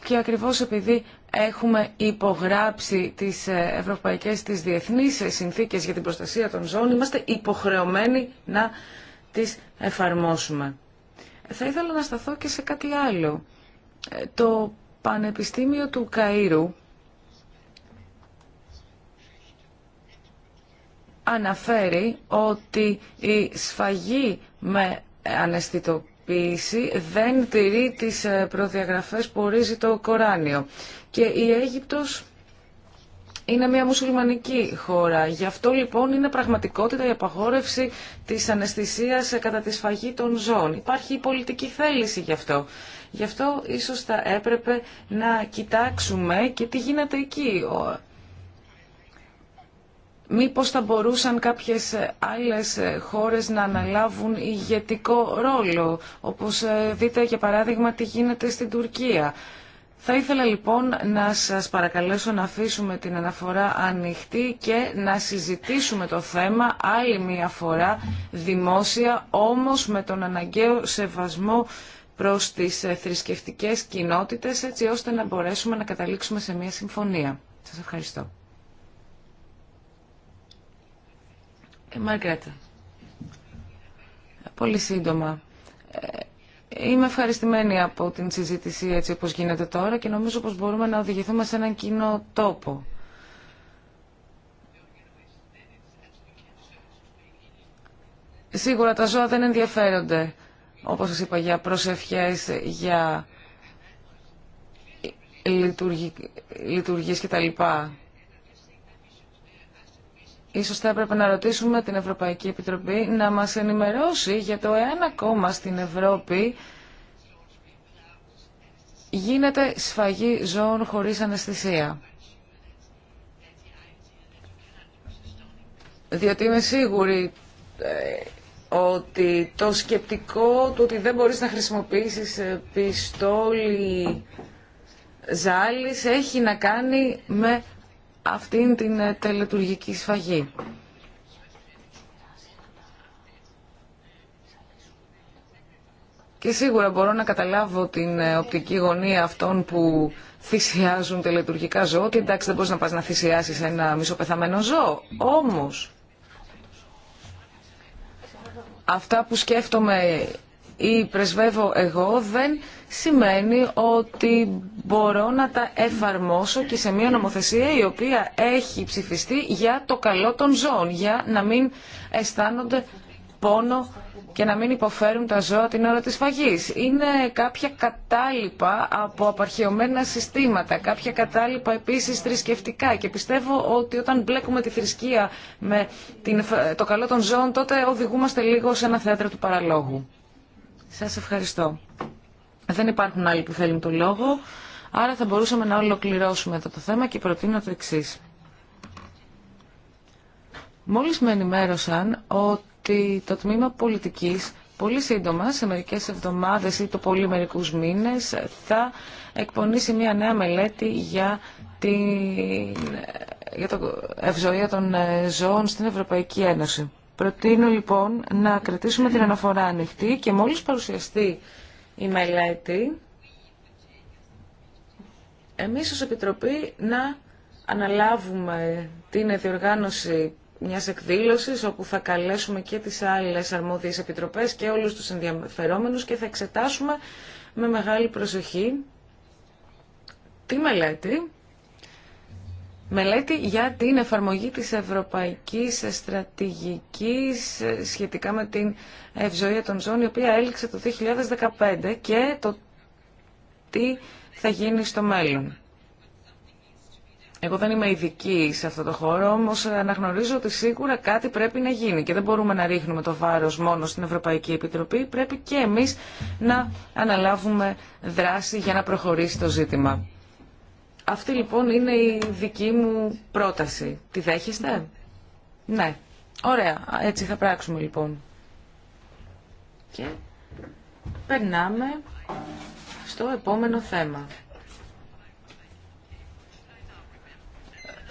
Και ακριβώς επειδή έχουμε υπογράψει τις ε, ευρωπαϊκές, τις διεθνείς συνθήκες για την προστασία των ζώων, είμαστε υποχρεωμένοι να τις εφαρμόσουμε. Θα ήθελα να σταθώ και σε κάτι άλλο. Ε, το Πανεπιστήμιο του Καΐρου αναφέρει ότι η σφαγή με αναισθητοποίηση δεν τηρεί τις ε, προδιαγραφές που ορίζει το Κοράνιο. Και η Αίγυπτος είναι μια μουσουλμανική χώρα. Γι' αυτό λοιπόν είναι πραγματικότητα η απαγόρευση της αναισθησίας κατά τη σφαγή των ζώων. Υπάρχει πολιτική θέληση γι' αυτό. Γι' αυτό ίσως θα έπρεπε να κοιτάξουμε και τι γίνεται εκεί. Μήπως θα μπορούσαν κάποιες άλλες χώρες να αναλάβουν ηγετικό ρόλο, όπως ε, δείτε για παράδειγμα τι γίνεται στην Τουρκία. Θα ήθελα λοιπόν να σας παρακαλέσω να αφήσουμε την αναφορά ανοιχτή και να συζητήσουμε το θέμα άλλη μία φορά δημόσια, όμως με τον αναγκαίο σεβασμό προς τις ε, θρησκευτικές κοινότητες, έτσι ώστε να μπορέσουμε να καταλήξουμε σε μία συμφωνία. Σας ευχαριστώ. Ε, Πολύ σύντομα. Ε, Είμαι ευχαριστημένη από την συζήτηση έτσι όπως γίνεται τώρα και νομίζω πως μπορούμε να οδηγηθούμε σε έναν κοινό τόπο. Σίγουρα τα ζώα δεν ενδιαφέρονται, όπως σας είπα, για προσευχές, για λειτουργίες κτλ. Ίσως θα έπρεπε να ρωτήσουμε την Ευρωπαϊκή Επιτροπή να μας ενημερώσει για το εάν ακόμα στην Ευρώπη γίνεται σφαγή ζώων χωρίς αναισθησία. Διότι είμαι σίγουρη ε, ότι το σκεπτικό του ότι δεν μπορείς να χρησιμοποιήσεις ε, πιστόλι ζάλης έχει να κάνει με αυτήν την ε, τελετουργική σφαγή. Και σίγουρα μπορώ να καταλάβω την ε, οπτική γωνία αυτών που θυσιάζουν τελετουργικά ζώα, και εντάξει δεν μπορείς να πας να θυσιάσεις ένα μισοπεθαμένο ζώο. Όμως, αυτά που σκέφτομαι ή πρεσβεύω εγώ δεν σημαίνει ότι μπορώ να τα εφαρμόσω και σε μια νομοθεσία η οποία έχει ψηφιστεί για το καλό των ζώων, για να μην αισθάνονται πόνο και να μην υποφέρουν τα ζώα την ώρα της φαγής. Είναι κάποια κατάλοιπα από απαρχαιωμένα συστήματα, κάποια κατάλοιπα επίσης θρησκευτικά και πιστεύω ότι όταν μπλέκουμε τη θρησκεία με το καλό των ζώων τότε οδηγούμαστε λίγο σε ένα θέατρο του παραλόγου. Σας ευχαριστώ. Δεν υπάρχουν άλλοι που θέλουν το λόγο, άρα θα μπορούσαμε να ολοκληρώσουμε το θέμα και προτείνω το εξή. Μόλις με ενημέρωσαν ότι το τμήμα πολιτικής πολύ σύντομα, σε μερικές εβδομάδες ή το πολύ μερικούς μήνες, θα εκπονήσει μια νέα μελέτη για, την, για το ευζοία των ε, ζώων στην Ευρωπαϊκή Ένωση. Προτείνω λοιπόν να κρατήσουμε την αναφορά ανοιχτή και μόλις παρουσιαστεί η μελέτη, εμείς ως Επιτροπή να αναλάβουμε την διοργάνωση μιας εκδήλωσης όπου θα καλέσουμε και τις άλλες αρμόδιες επιτροπές και όλους τους ενδιαφερόμενους και θα εξετάσουμε με μεγάλη προσοχή τη μελέτη μελέτη για την εφαρμογή της Ευρωπαϊκής Στρατηγικής σχετικά με την ευζοία των ζώων, η οποία έληξε το 2015 και το τι θα γίνει στο μέλλον. Εγώ δεν είμαι ειδική σε αυτό το χώρο, όμω αναγνωρίζω ότι σίγουρα κάτι πρέπει να γίνει και δεν μπορούμε να ρίχνουμε το βάρο μόνο στην Ευρωπαϊκή Επιτροπή. Πρέπει και εμεί να αναλάβουμε δράση για να προχωρήσει το ζήτημα. Αυτή λοιπόν είναι η δική μου πρόταση. Τη δέχεστε? Ναι. Ωραία. Έτσι θα πράξουμε λοιπόν. Και περνάμε στο επόμενο θέμα.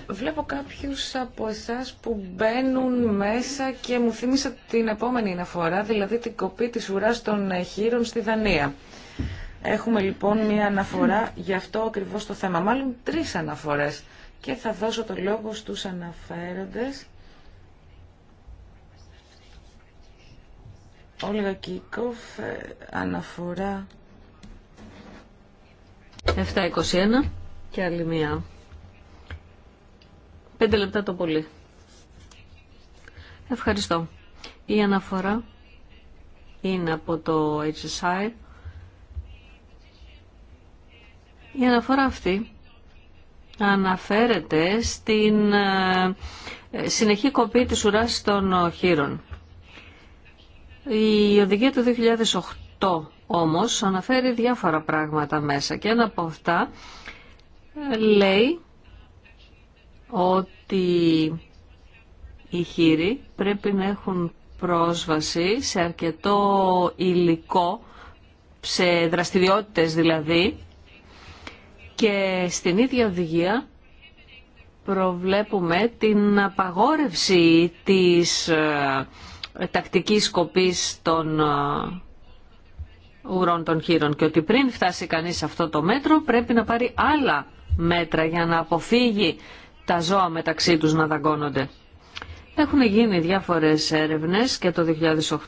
Βλέπω κάποιους από εσάς που μπαίνουν μέσα και μου θυμίσα την επόμενη αναφορά, δηλαδή την κοπή της ουράς των ε, χείρων στη Δανία. Έχουμε λοιπόν μία αναφορά για αυτό ακριβώς το θέμα. Μάλλον τρεις αναφορές. Και θα δώσω το λόγο στους αναφέροντες. Όλγα Κίκοφ, ε, αναφορά 721 και άλλη μία. Πέντε λεπτά το πολύ. Ευχαριστώ. Η αναφορά είναι από το HSI Η αναφορά αυτή αναφέρεται στην ε, συνεχή κοπή της ουράς των χείρων. Η οδηγία του 2008 όμως αναφέρει διάφορα πράγματα μέσα και ένα από αυτά ε, λέει ότι οι χείροι πρέπει να έχουν πρόσβαση σε αρκετό υλικό, σε δραστηριότητες δηλαδή, και στην ίδια οδηγία προβλέπουμε την απαγόρευση της ε, τακτικής σκοπής των ε, ουρών των χείρων και ότι πριν φτάσει κανείς σε αυτό το μέτρο πρέπει να πάρει άλλα μέτρα για να αποφύγει τα ζώα μεταξύ τους να δαγκώνονται. Έχουν γίνει διάφορες έρευνες και το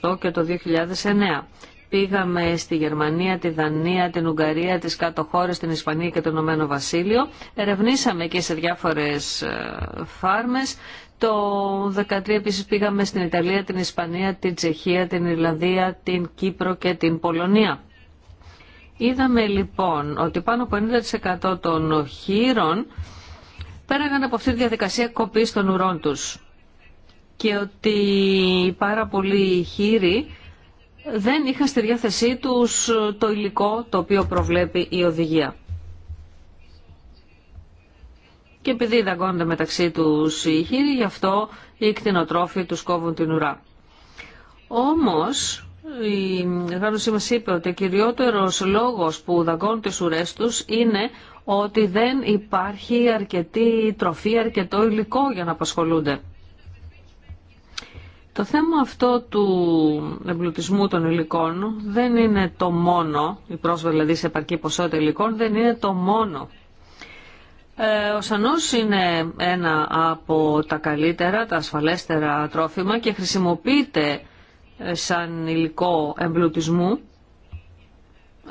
2008 και το 2009 πήγαμε στη Γερμανία, τη Δανία, την Ουγγαρία, τις κάτω χώρες, την Ισπανία και το Ηνωμένο Βασίλειο. Ερευνήσαμε και σε διάφορες ε, φάρμες. Το 2013 επίσης πήγαμε στην Ιταλία, την Ισπανία, την Τσεχία, την Ιρλανδία, την Κύπρο και την Πολωνία. Είδαμε λοιπόν ότι πάνω από 90% των χείρων πέραγαν από αυτή τη διαδικασία κοπής των ουρών τους και ότι πάρα πολλοί χείροι δεν είχαν στη διάθεσή τους ε, το υλικό το οποίο προβλέπει η οδηγία. Και επειδή δαγκώνται μεταξύ τους οι χείροι, γι' αυτό οι κτηνοτρόφοι τους κόβουν την ουρά. Όμως, η οργάνωσή μας είπε ότι ο κυριότερος λόγος που δαγκώνουν τις ουρές τους είναι ότι δεν υπάρχει αρκετή τροφή, αρκετό υλικό για να απασχολούνται. Το θέμα αυτό του εμπλουτισμού των υλικών δεν είναι το μόνο, η πρόσβαση δηλαδή σε επαρκή ποσότητα υλικών δεν είναι το μόνο. Ε, ο σανός είναι ένα από τα καλύτερα, τα ασφαλέστερα τρόφιμα και χρησιμοποιείται ε, σαν υλικό εμπλουτισμού,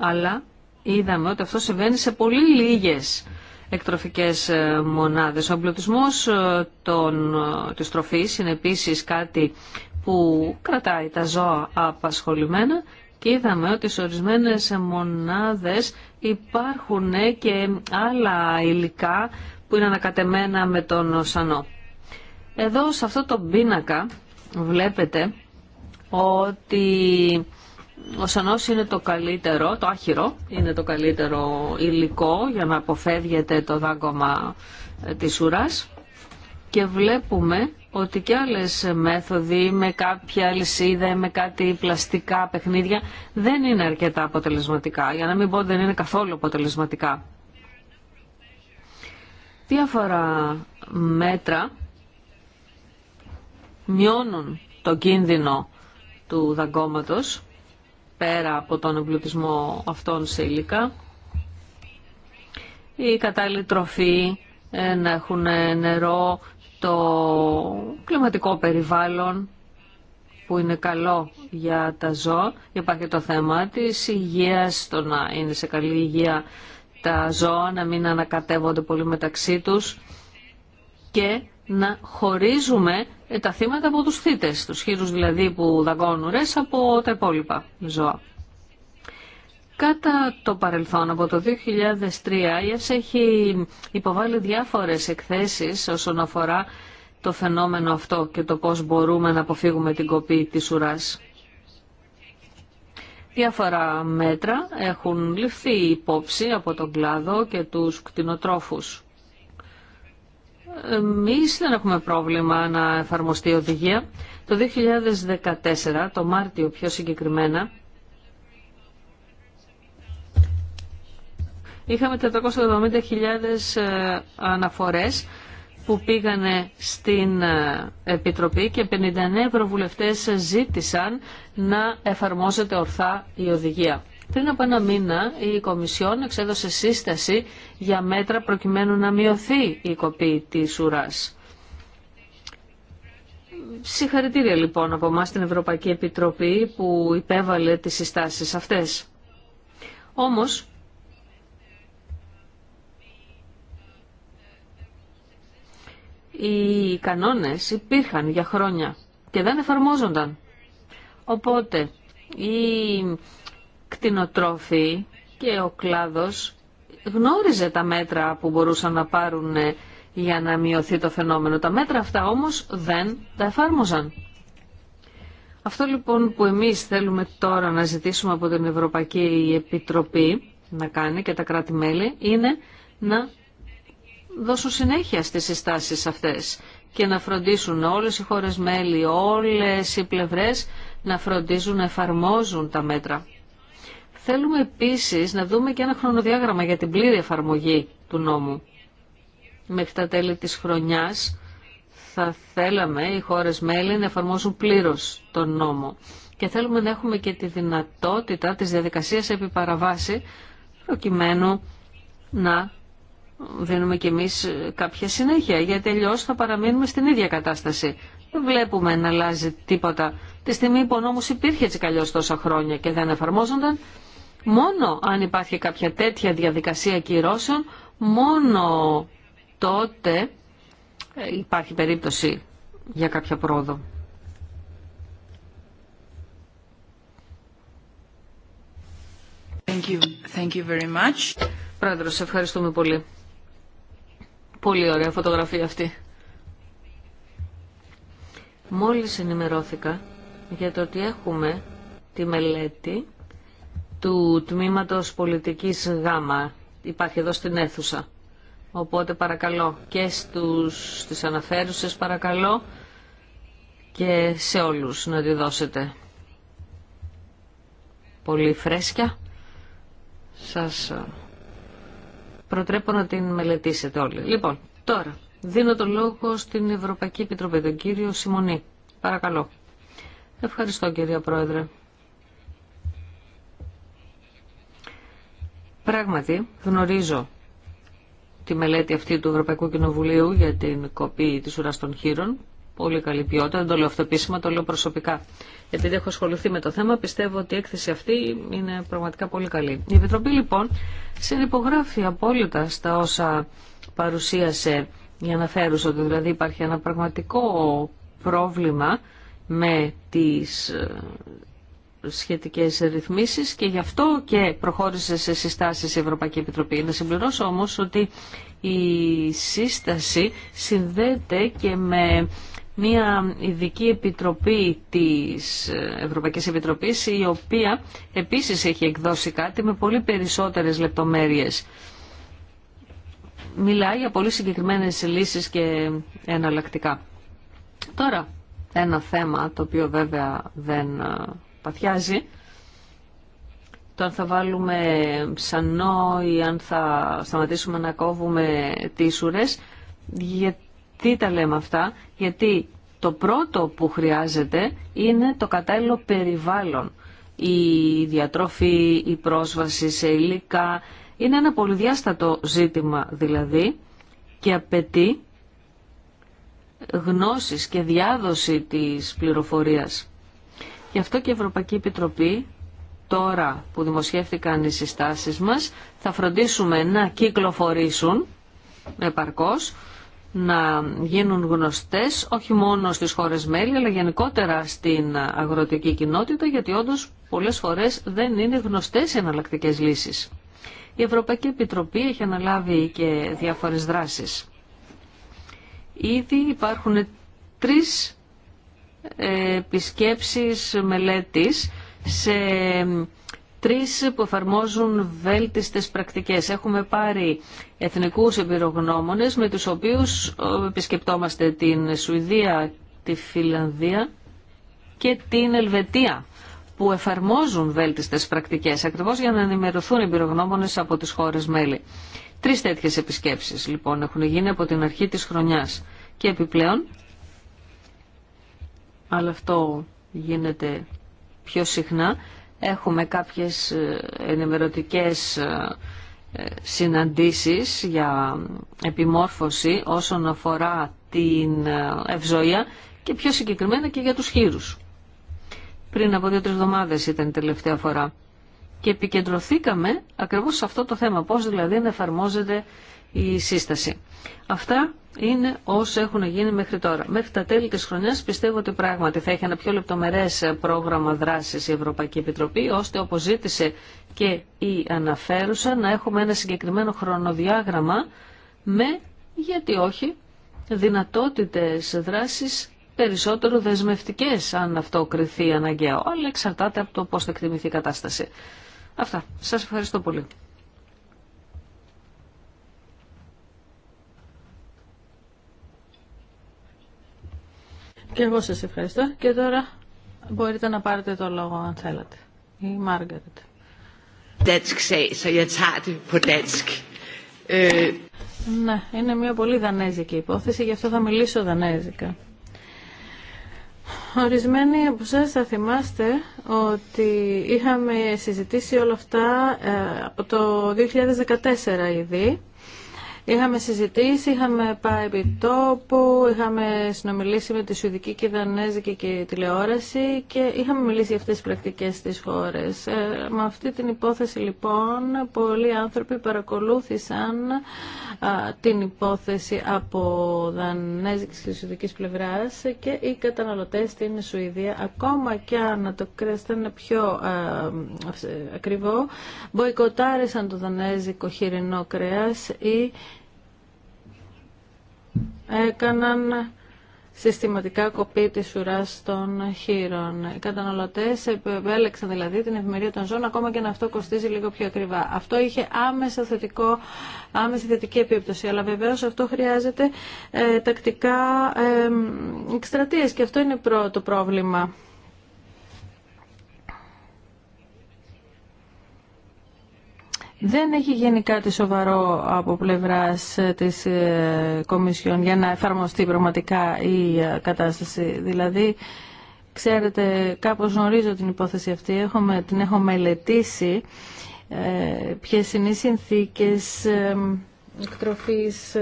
αλλά είδαμε ότι αυτό συμβαίνει σε πολύ λίγες εκτροφικές ε, μονάδες. Ο εμπλουτισμός ε, των, ε, της τροφής είναι επίσης κάτι που κρατάει τα ζώα απασχολημένα και είδαμε ότι σε ορισμένες μονάδες υπάρχουν και άλλα υλικά που είναι ανακατεμένα με τον σανό. Εδώ σε αυτό το πίνακα βλέπετε ότι ο σανός είναι το καλύτερο, το άχυρο είναι το καλύτερο υλικό για να αποφεύγεται το δάγκωμα ε, της ουράς και βλέπουμε ότι και άλλες μέθοδοι με κάποια αλυσίδα, με κάτι πλαστικά παιχνίδια δεν είναι αρκετά αποτελεσματικά, για να μην πω δεν είναι καθόλου αποτελεσματικά. Διάφορα μέτρα μειώνουν το κίνδυνο του δαγκώματος πέρα από τον εμπλουτισμό αυτών σε υλικά, η κατάλληλη τροφή, ε, να έχουν νερό, το κλιματικό περιβάλλον που είναι καλό για τα ζώα. Υπάρχει το θέμα της υγείας, το να είναι σε καλή υγεία τα ζώα, να μην ανακατεύονται πολύ μεταξύ τους και να χωρίζουμε τα θύματα από τους θύτες, τους χείρους δηλαδή που δαγκώνουν ρες από τα υπόλοιπα ζώα. Κατά το παρελθόν, από το 2003, η έχει υποβάλει διάφορες εκθέσεις όσον αφορά το φαινόμενο αυτό και το πώς μπορούμε να αποφύγουμε την κοπή της ουράς. Διάφορα μέτρα έχουν ληφθεί υπόψη από τον κλάδο και τους κτηνοτρόφους. Εμεί δεν έχουμε πρόβλημα να εφαρμοστεί η οδηγία. Το 2014, το Μάρτιο πιο συγκεκριμένα, είχαμε 470.000 ε, αναφορές που πήγανε στην ε, Επιτροπή και 59 ευρωβουλευτές ζήτησαν να εφαρμόζεται ορθά η οδηγία. Πριν από ένα μήνα η Κομισιόν εξέδωσε σύσταση για μέτρα προκειμένου να μειωθεί η κοπή της ουράς. Συγχαρητήρια λοιπόν από εμά την Ευρωπαϊκή Επιτροπή που υπέβαλε τις συστάσεις αυτές. Όμως, οι κανόνες υπήρχαν για χρόνια και δεν εφαρμόζονταν. Οπότε, κτηνοτρόφοι και ο κλάδος γνώριζε τα μέτρα που μπορούσαν να πάρουν ε, για να μειωθεί το φαινόμενο. Τα μέτρα αυτά όμως δεν τα εφάρμοζαν. Αυτό λοιπόν που εμείς θέλουμε τώρα να ζητήσουμε από την Ευρωπαϊκή Επιτροπή να κάνει και τα κράτη-μέλη είναι να δώσουν συνέχεια στις συστάσεις αυτές και να φροντίσουν όλες οι χώρες μέλη, όλες οι πλευρές να φροντίζουν να εφαρμόζουν τα μέτρα. Θέλουμε επίσης να δούμε και ένα χρονοδιάγραμμα για την πλήρη εφαρμογή του νόμου. Μέχρι τα τέλη της χρονιάς θα θέλαμε οι χώρες μέλη να εφαρμόσουν πλήρως τον νόμο. Και θέλουμε να έχουμε και τη δυνατότητα της διαδικασίας επί παραβάση, προκειμένου να δίνουμε κι εμείς κάποια συνέχεια, γιατί αλλιώ θα παραμείνουμε στην ίδια κατάσταση. Δεν βλέπουμε να αλλάζει τίποτα. Τη στιγμή που ο νόμος υπήρχε έτσι καλώς τόσα χρόνια και δεν εφαρμόζονταν, Μόνο αν υπάρχει κάποια τέτοια διαδικασία κυρώσεων, μόνο τότε ε, υπάρχει περίπτωση για κάποια πρόοδο. Thank you. Thank you very much. Πρόεδρος, ευχαριστούμε πολύ. Πολύ ωραία φωτογραφία αυτή. Μόλις ενημερώθηκα για το ότι έχουμε τη μελέτη του τμήματος πολιτικής ΓΑΜΑ. Υπάρχει εδώ στην αίθουσα. Οπότε παρακαλώ και στους, στις αναφέρουσες παρακαλώ και σε όλους να τη δώσετε. Πολύ φρέσκια. Σας ε, προτρέπω να την μελετήσετε όλοι. Λοιπόν, τώρα δίνω το λόγο στην Ευρωπαϊκή Επιτροπή, τον κύριο Σιμονή. Παρακαλώ. Ευχαριστώ κύριε Πρόεδρε. Πράγματι, γνωρίζω τη μελέτη αυτή του Ευρωπαϊκού Κοινοβουλίου για την κοπή της ουράς των χείρων. Πολύ καλή ποιότητα, δεν το λέω αυτοπίσημα, το λέω προσωπικά. Επειδή έχω ασχοληθεί με το θέμα, πιστεύω ότι η έκθεση αυτή είναι πραγματικά πολύ καλή. Η Επιτροπή λοιπόν συνυπογράφει απόλυτα στα όσα παρουσίασε η αναφέρουσα ότι δηλαδή υπάρχει ένα πραγματικό πρόβλημα με τις σχετικές ρυθμίσεις και γι' αυτό και προχώρησε σε συστάσεις η Ευρωπαϊκή Επιτροπή. Να συμπληρώσω όμως ότι η σύσταση συνδέεται και με μια ειδική επιτροπή της Ευρωπαϊκής Επιτροπής η οποία επίσης έχει εκδώσει κάτι με πολύ περισσότερες λεπτομέρειες. Μιλάει για πολύ συγκεκριμένες λύσεις και εναλλακτικά. Τώρα, ένα θέμα το οποίο βέβαια δεν παθιάζει το αν θα βάλουμε ψανό ή αν θα σταματήσουμε να κόβουμε τίσουρες. Γιατί τα λέμε αυτά, γιατί το πρώτο που χρειάζεται είναι το κατάλληλο περιβάλλον. Η διατροφή, η πρόσβαση σε υλικά, είναι ένα πολυδιάστατο ζήτημα δηλαδή και απαιτεί γνώσεις και διάδοση της πληροφορίας. Γι' αυτό και η Ευρωπαϊκή Επιτροπή τώρα που δημοσιεύτηκαν οι συστάσεις μας θα φροντίσουμε να κυκλοφορήσουν επαρκώς να γίνουν γνωστές όχι μόνο στις χώρες μέλη αλλά γενικότερα στην αγροτική κοινότητα γιατί όντως πολλές φορές δεν είναι γνωστές οι εναλλακτικές λύσεις. Η Ευρωπαϊκή Επιτροπή έχει αναλάβει και διάφορες δράσεις. Ήδη υπάρχουν τρεις επισκέψεις μελέτης σε τρεις που εφαρμόζουν βέλτιστες πρακτικές. Έχουμε πάρει εθνικούς εμπειρογνώμονες με τους οποίους ε, επισκεπτόμαστε την Σουηδία, τη Φιλανδία και την Ελβετία που εφαρμόζουν βέλτιστες πρακτικές ακριβώς για να ενημερωθούν οι πυρογνώμονες από τις χώρες μέλη. Τρεις τέτοιες επισκέψεις λοιπόν έχουν γίνει από την αρχή της χρονιάς και επιπλέον αλλά αυτό γίνεται πιο συχνά. Έχουμε κάποιες ε, ενημερωτικές ε, ε, συναντήσεις για επιμόρφωση όσον αφορά την ευζοία και πιο συγκεκριμένα και για τους χείρους. Πριν από δύο-τρεις εβδομάδες ήταν η τελευταία φορά και επικεντρωθήκαμε ακριβώς σε αυτό το θέμα, πώς δηλαδή να εφαρμόζεται η σύσταση. Αυτά είναι όσα έχουν γίνει μέχρι τώρα. Μέχρι τα τέλη της χρονιάς πιστεύω ότι πράγματι θα έχει ένα πιο λεπτομερές πρόγραμμα δράσης η Ευρωπαϊκή Επιτροπή, ώστε όπως ζήτησε και η αναφέρουσα να έχουμε ένα συγκεκριμένο χρονοδιάγραμμα με, γιατί όχι, δυνατότητες δράσης περισσότερο δεσμευτικές αν αυτό κρυθεί αναγκαίο, αλλά εξαρτάται από το πώς θα εκτιμηθεί η κατάσταση. Αυτά. Σας ευχαριστώ πολύ. Και εγώ σας ευχαριστώ. Και τώρα μπορείτε να πάρετε το λόγο αν θέλετε. Η Μάργαρετ. Øh. Ναι, είναι μια πολύ δανέζικη υπόθεση, γι' αυτό θα μιλήσω δανέζικα. Ορισμένοι από εσά θα θυμάστε ότι είχαμε συζητήσει όλα αυτά ε, από το 2014 ήδη Είχαμε συζητήσει, είχαμε πάει επί τόπου, είχαμε συνομιλήσει με τη Σουηδική και Δανέζικη και τηλεόραση και είχαμε μιλήσει για αυτές τις πρακτικές στις χώρες. Ε, με αυτή την υπόθεση λοιπόν πολλοί άνθρωποι παρακολούθησαν την υπόθεση από Δανέζικης και Σουηδικής πλευράς και οι καταναλωτές στην Σουηδία ακόμα και αν το κρέας ήταν πιο ακριβό μποϊκοτάρισαν το δανέζικο χοιρινό κρέας ή έκαναν συστηματικά κοπή τη ουρά των χείρων. Οι καταναλωτέ επέλεξαν δηλαδή την ευημερία των ζώων, ακόμα και αν αυτό κοστίζει λίγο πιο ακριβά. Αυτό είχε άμεσα θετικό, άμεση θετική επίπτωση. Αλλά βεβαίω αυτό χρειάζεται ε, τακτικά ε, εκστρατείε και αυτό είναι το πρόβλημα. Δεν έχει γίνει κάτι σοβαρό από πλευράς ε, της ε, Κομισιόν για να εφαρμοστεί πραγματικά η ε, κατάσταση. Δηλαδή, ξέρετε, κάπως γνωρίζω την υπόθεση αυτή, έχουμε, την έχω μελετήσει, ποιες είναι οι συνθήκες εκτροφής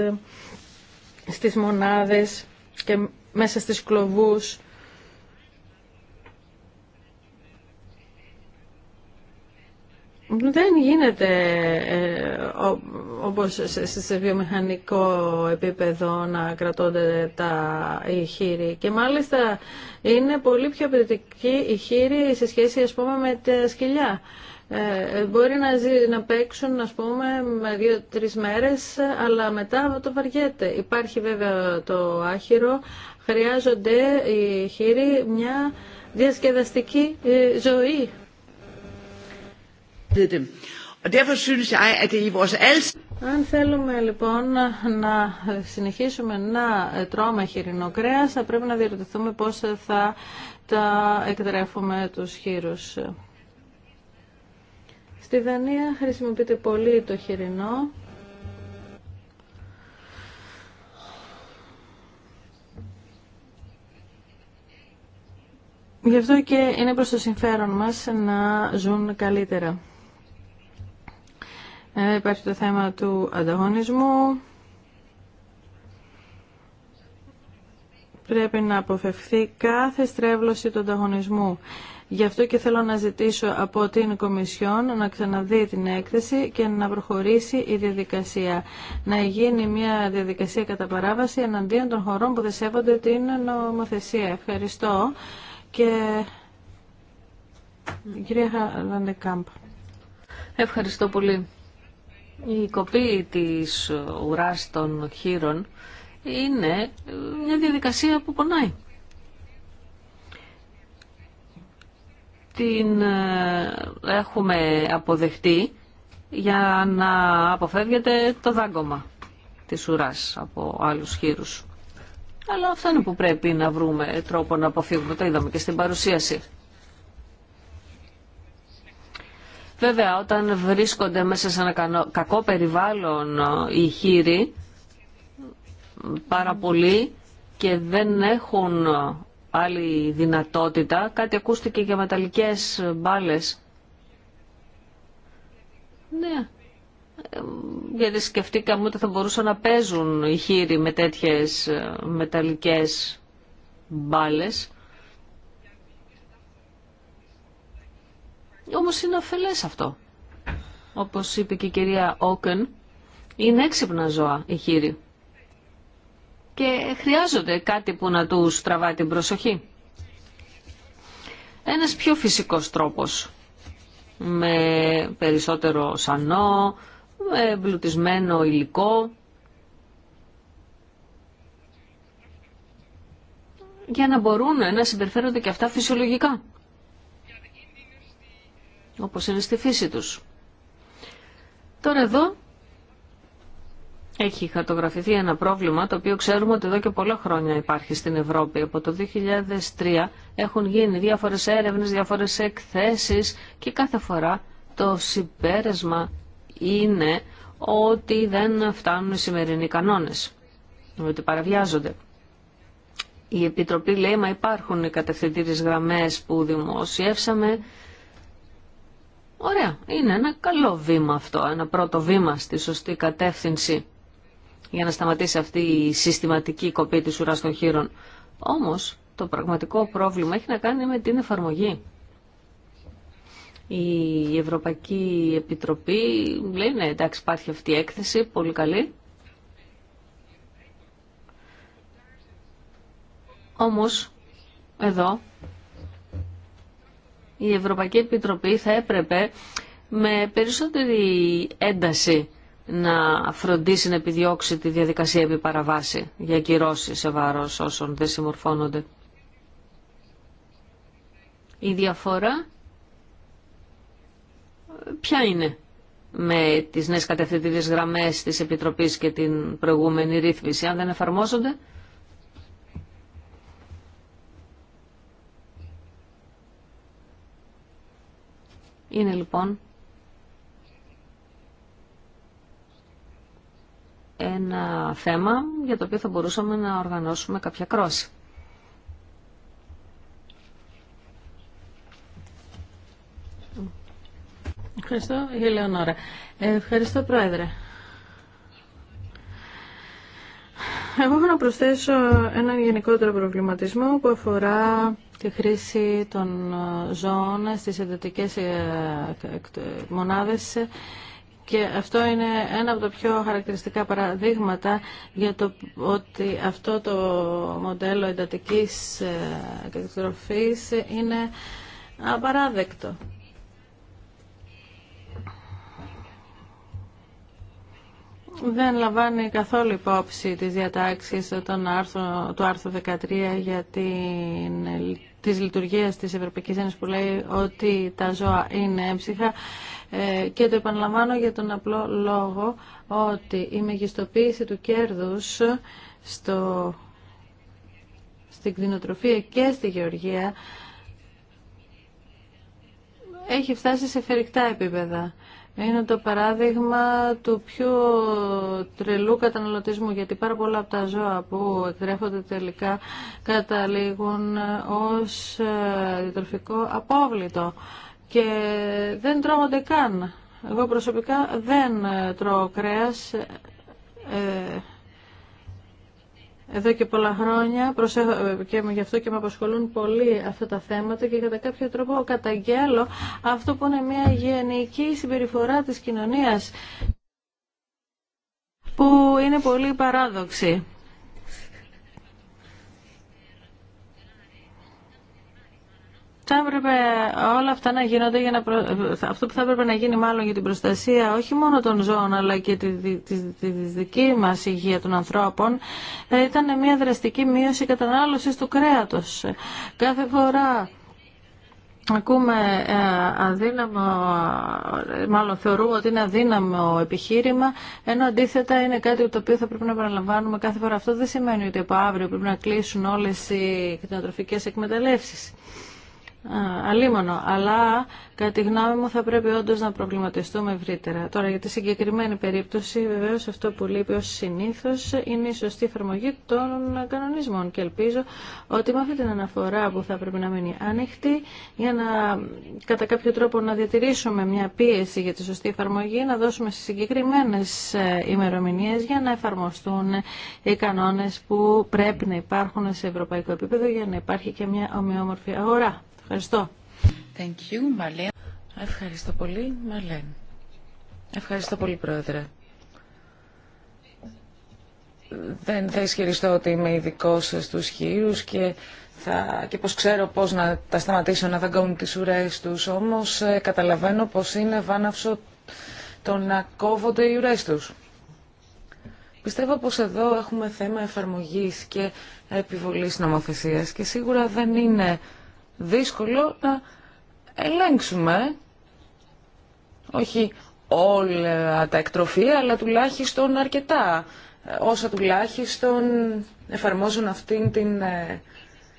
στις μονάδες και μέσα στις κλοβούς Δεν γίνεται ε, όπως σε, βιομηχανικό επίπεδο να κρατώνται τα οι Και μάλιστα είναι πολύ πιο απαιτητικοί οι σε σχέση ας πούμε με τα σκυλιά. Ε, μπορεί να, ζει, να παίξουν ας πούμε με δύο-τρεις μέρες αλλά μετά το βαριέται. Υπάρχει βέβαια το άχυρο, χρειάζονται οι χείροι μια διασκεδαστική ε, ζωή Er Αν θέλουμε λοιπόν να συνεχίσουμε να τρώμε χοιρινό κρέα, θα πρέπει να διερωτηθούμε πώ θα τα εκτρέφουμε τους χείρου. Στη Δανία χρησιμοποιείται πολύ το χοιρινό. Γι' αυτό και είναι προς το συμφέρον μας να ζουν καλύτερα. Ε, υπάρχει το θέμα του ανταγωνισμού. Πρέπει να αποφευθεί κάθε στρέβλωση του ανταγωνισμού. Γι' αυτό και θέλω να ζητήσω από την Κομισιόν να ξαναδεί την έκθεση και να προχωρήσει η διαδικασία. Να γίνει μια διαδικασία κατά παράβαση εναντίον των χωρών που δεσέβονται την νομοθεσία. Ευχαριστώ. Και... Κυρία Ευχαριστώ πολύ. Η κοπή της ουράς των χείρων είναι μια διαδικασία που πονάει. Την ε, έχουμε αποδεχτεί για να αποφεύγεται το δάγκωμα της ουράς από άλλους χείρους. Αλλά αυτό είναι που πρέπει να βρούμε τρόπο να αποφύγουμε. Το είδαμε και στην παρουσίαση. Βέβαια, όταν βρίσκονται μέσα σε ένα κακό περιβάλλον ε, οι χείροι, πάρα πολύ και δεν έχουν ε, άλλη δυνατότητα. Κάτι ακούστηκε για μεταλλικές μπάλες. Ναι, ε, γιατί σκεφτήκαμε ότι θα μπορούσαν να παίζουν οι χείροι με τέτοιες μεταλλικές μπάλες Όμως είναι αφελές αυτό. Όπως είπε και η κυρία Όκεν, είναι έξυπνα ζώα οι χείροι. Και χρειάζονται κάτι που να τους τραβά την προσοχή. Ένας πιο φυσικός τρόπος, με περισσότερο σανό, με εμπλουτισμένο υλικό, για να μπορούν να συμπεριφέρονται και αυτά φυσιολογικά όπως είναι στη φύση τους. Τώρα εδώ έχει χαρτογραφηθεί ένα πρόβλημα το οποίο ξέρουμε ότι εδώ και πολλά χρόνια υπάρχει στην Ευρώπη. Από το 2003 έχουν γίνει διάφορες έρευνες, διάφορες εκθέσεις και κάθε φορά το συμπέρασμα είναι ότι δεν φτάνουν οι σημερινοί κανόνες, ότι παραβιάζονται. Η Επιτροπή λέει, μα υπάρχουν οι κατευθυντήριες γραμμές που δημοσιεύσαμε, Ωραία, είναι ένα καλό βήμα αυτό, ένα πρώτο βήμα στη σωστή κατεύθυνση για να σταματήσει αυτή η συστηματική κοπή της ουράς των χείρων. Όμως, το πραγματικό πρόβλημα έχει να κάνει με την εφαρμογή. Η Ευρωπαϊκή Επιτροπή λέει, ναι, εντάξει, υπάρχει αυτή η έκθεση, πολύ καλή. Όμως, εδώ η Ευρωπαϊκή Επιτροπή θα έπρεπε με περισσότερη ένταση να φροντίσει να επιδιώξει τη διαδικασία επί παραβάση για κυρώσει σε βάρος όσων δεν συμμορφώνονται. Η διαφορά ποια είναι με τις νέες κατευθυντήριες γραμμές της Επιτροπής και την προηγούμενη ρύθμιση. Αν δεν εφαρμόζονται, Είναι λοιπόν ένα θέμα για το οποίο θα μπορούσαμε να οργανώσουμε κάποια κρόση. Ευχαριστώ, Ελεονόρα. Ε, ευχαριστώ, Πρόεδρε. Εγώ έχω να προσθέσω έναν γενικότερο προβληματισμό που αφορά τη χρήση των ε, ζώων στις εντατικές ε, ε, μονάδες και αυτό είναι ένα από τα πιο χαρακτηριστικά παραδείγματα για το ότι αυτό το μοντέλο εντατικής εκτροφή είναι απαράδεκτο. δεν λαμβάνει καθόλου υπόψη τις διατάξεις των του άρθρου 13 για την, της λειτουργίας της Ευρωπαϊκής Ένωσης που λέει ότι τα ζώα είναι έμψυχα ε, και το επαναλαμβάνω για τον απλό λόγο ότι η μεγιστοποίηση του κέρδους στο, στην κτηνοτροφία και στη γεωργία έχει φτάσει σε φερικτά επίπεδα είναι το παράδειγμα του πιο τρελού καταναλωτισμού, γιατί πάρα πολλά από τα ζώα που εκτρέφονται τελικά καταλήγουν ως ε, διατροφικό απόβλητο και δεν τρώγονται καν. Εγώ προσωπικά δεν ε, τρώω κρέας, ε, εδώ και πολλά χρόνια προσέχω, και γι' αυτό και με απασχολούν πολύ αυτά τα θέματα και κατά κάποιο τρόπο καταγγέλλω αυτό που είναι μια γενική συμπεριφορά της κοινωνίας που είναι πολύ παράδοξη. θα έπρεπε όλα αυτά να γίνονται για να αυτό που θα έπρεπε να γίνει μάλλον για την προστασία όχι μόνο των ζώων αλλά και τη, τη, τη, δική μας υγεία των ανθρώπων ε, ήταν μια δραστική μείωση κατανάλωσης του κρέατος. Κάθε φορά Ακούμε ε, αδύναμο, ε, μάλλον θεωρούμε ότι είναι αδύναμο επιχείρημα, ενώ αντίθετα είναι κάτι το οποίο θα πρέπει να παραλαμβάνουμε κάθε φορά. Αυτό δεν σημαίνει ότι από αύριο πρέπει να κλείσουν όλες οι κτηνοτροφικές εκμεταλλεύσεις. Αλίμονο, αλλά κατά τη γνώμη μου θα πρέπει όντω να προβληματιστούμε ευρύτερα. Τώρα για τη συγκεκριμένη περίπτωση βεβαίω αυτό που λείπει ω συνήθω είναι η σωστή εφαρμογή των κανονισμών και ελπίζω ότι με αυτή την αναφορά που θα πρέπει να μείνει άνοιχτη για να κατά κάποιο τρόπο να διατηρήσουμε μια πίεση για τη σωστή εφαρμογή, να δώσουμε συγκεκριμένε ε, ημερομηνίε για να εφαρμοστούν οι κανόνε που πρέπει να υπάρχουν σε ευρωπαϊκό επίπεδο για να υπάρχει και μια ομοιόμορφη αγορά. Ευχαριστώ. Thank you, Ευχαριστώ πολύ, Μαλέν. Ευχαριστώ πολύ, Πρόεδρε. Δεν θα ισχυριστώ ότι είμαι ειδικό τους χείρους και, θα, και πώς ξέρω πώς να τα σταματήσω να δαγκώνουν τις ουρέ τους. Όμως ε, καταλαβαίνω πως είναι βάναυσο το να κόβονται οι ουρές τους. Πιστεύω πως εδώ έχουμε θέμα εφαρμογής και επιβολής νομοθεσία και σίγουρα δεν είναι δύσκολο να ελέγξουμε όχι όλα τα εκτροφία, αλλά τουλάχιστον αρκετά, όσα τουλάχιστον εφαρμόζουν αυτήν την ε,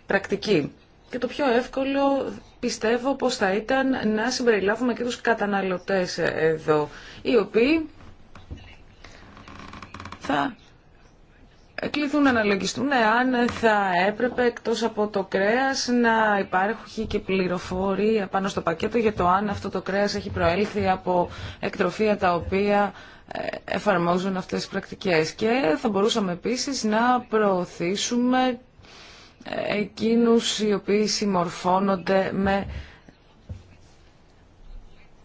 πρακτική. Και το πιο εύκολο πιστεύω πως θα ήταν να συμπεριλάβουμε και τους καταναλωτές εδώ, οι οποίοι θα κληθούν να αναλογιστούν ναι, αν θα έπρεπε εκτός από το κρέας να υπάρχει και πληροφορία πάνω στο πακέτο για το αν αυτό το κρέας έχει προέλθει από εκτροφία τα οποία ε, εφαρμόζουν αυτές τις πρακτικές. Και θα μπορούσαμε επίσης να προωθήσουμε ε, εκείνους οι οποίοι συμμορφώνονται με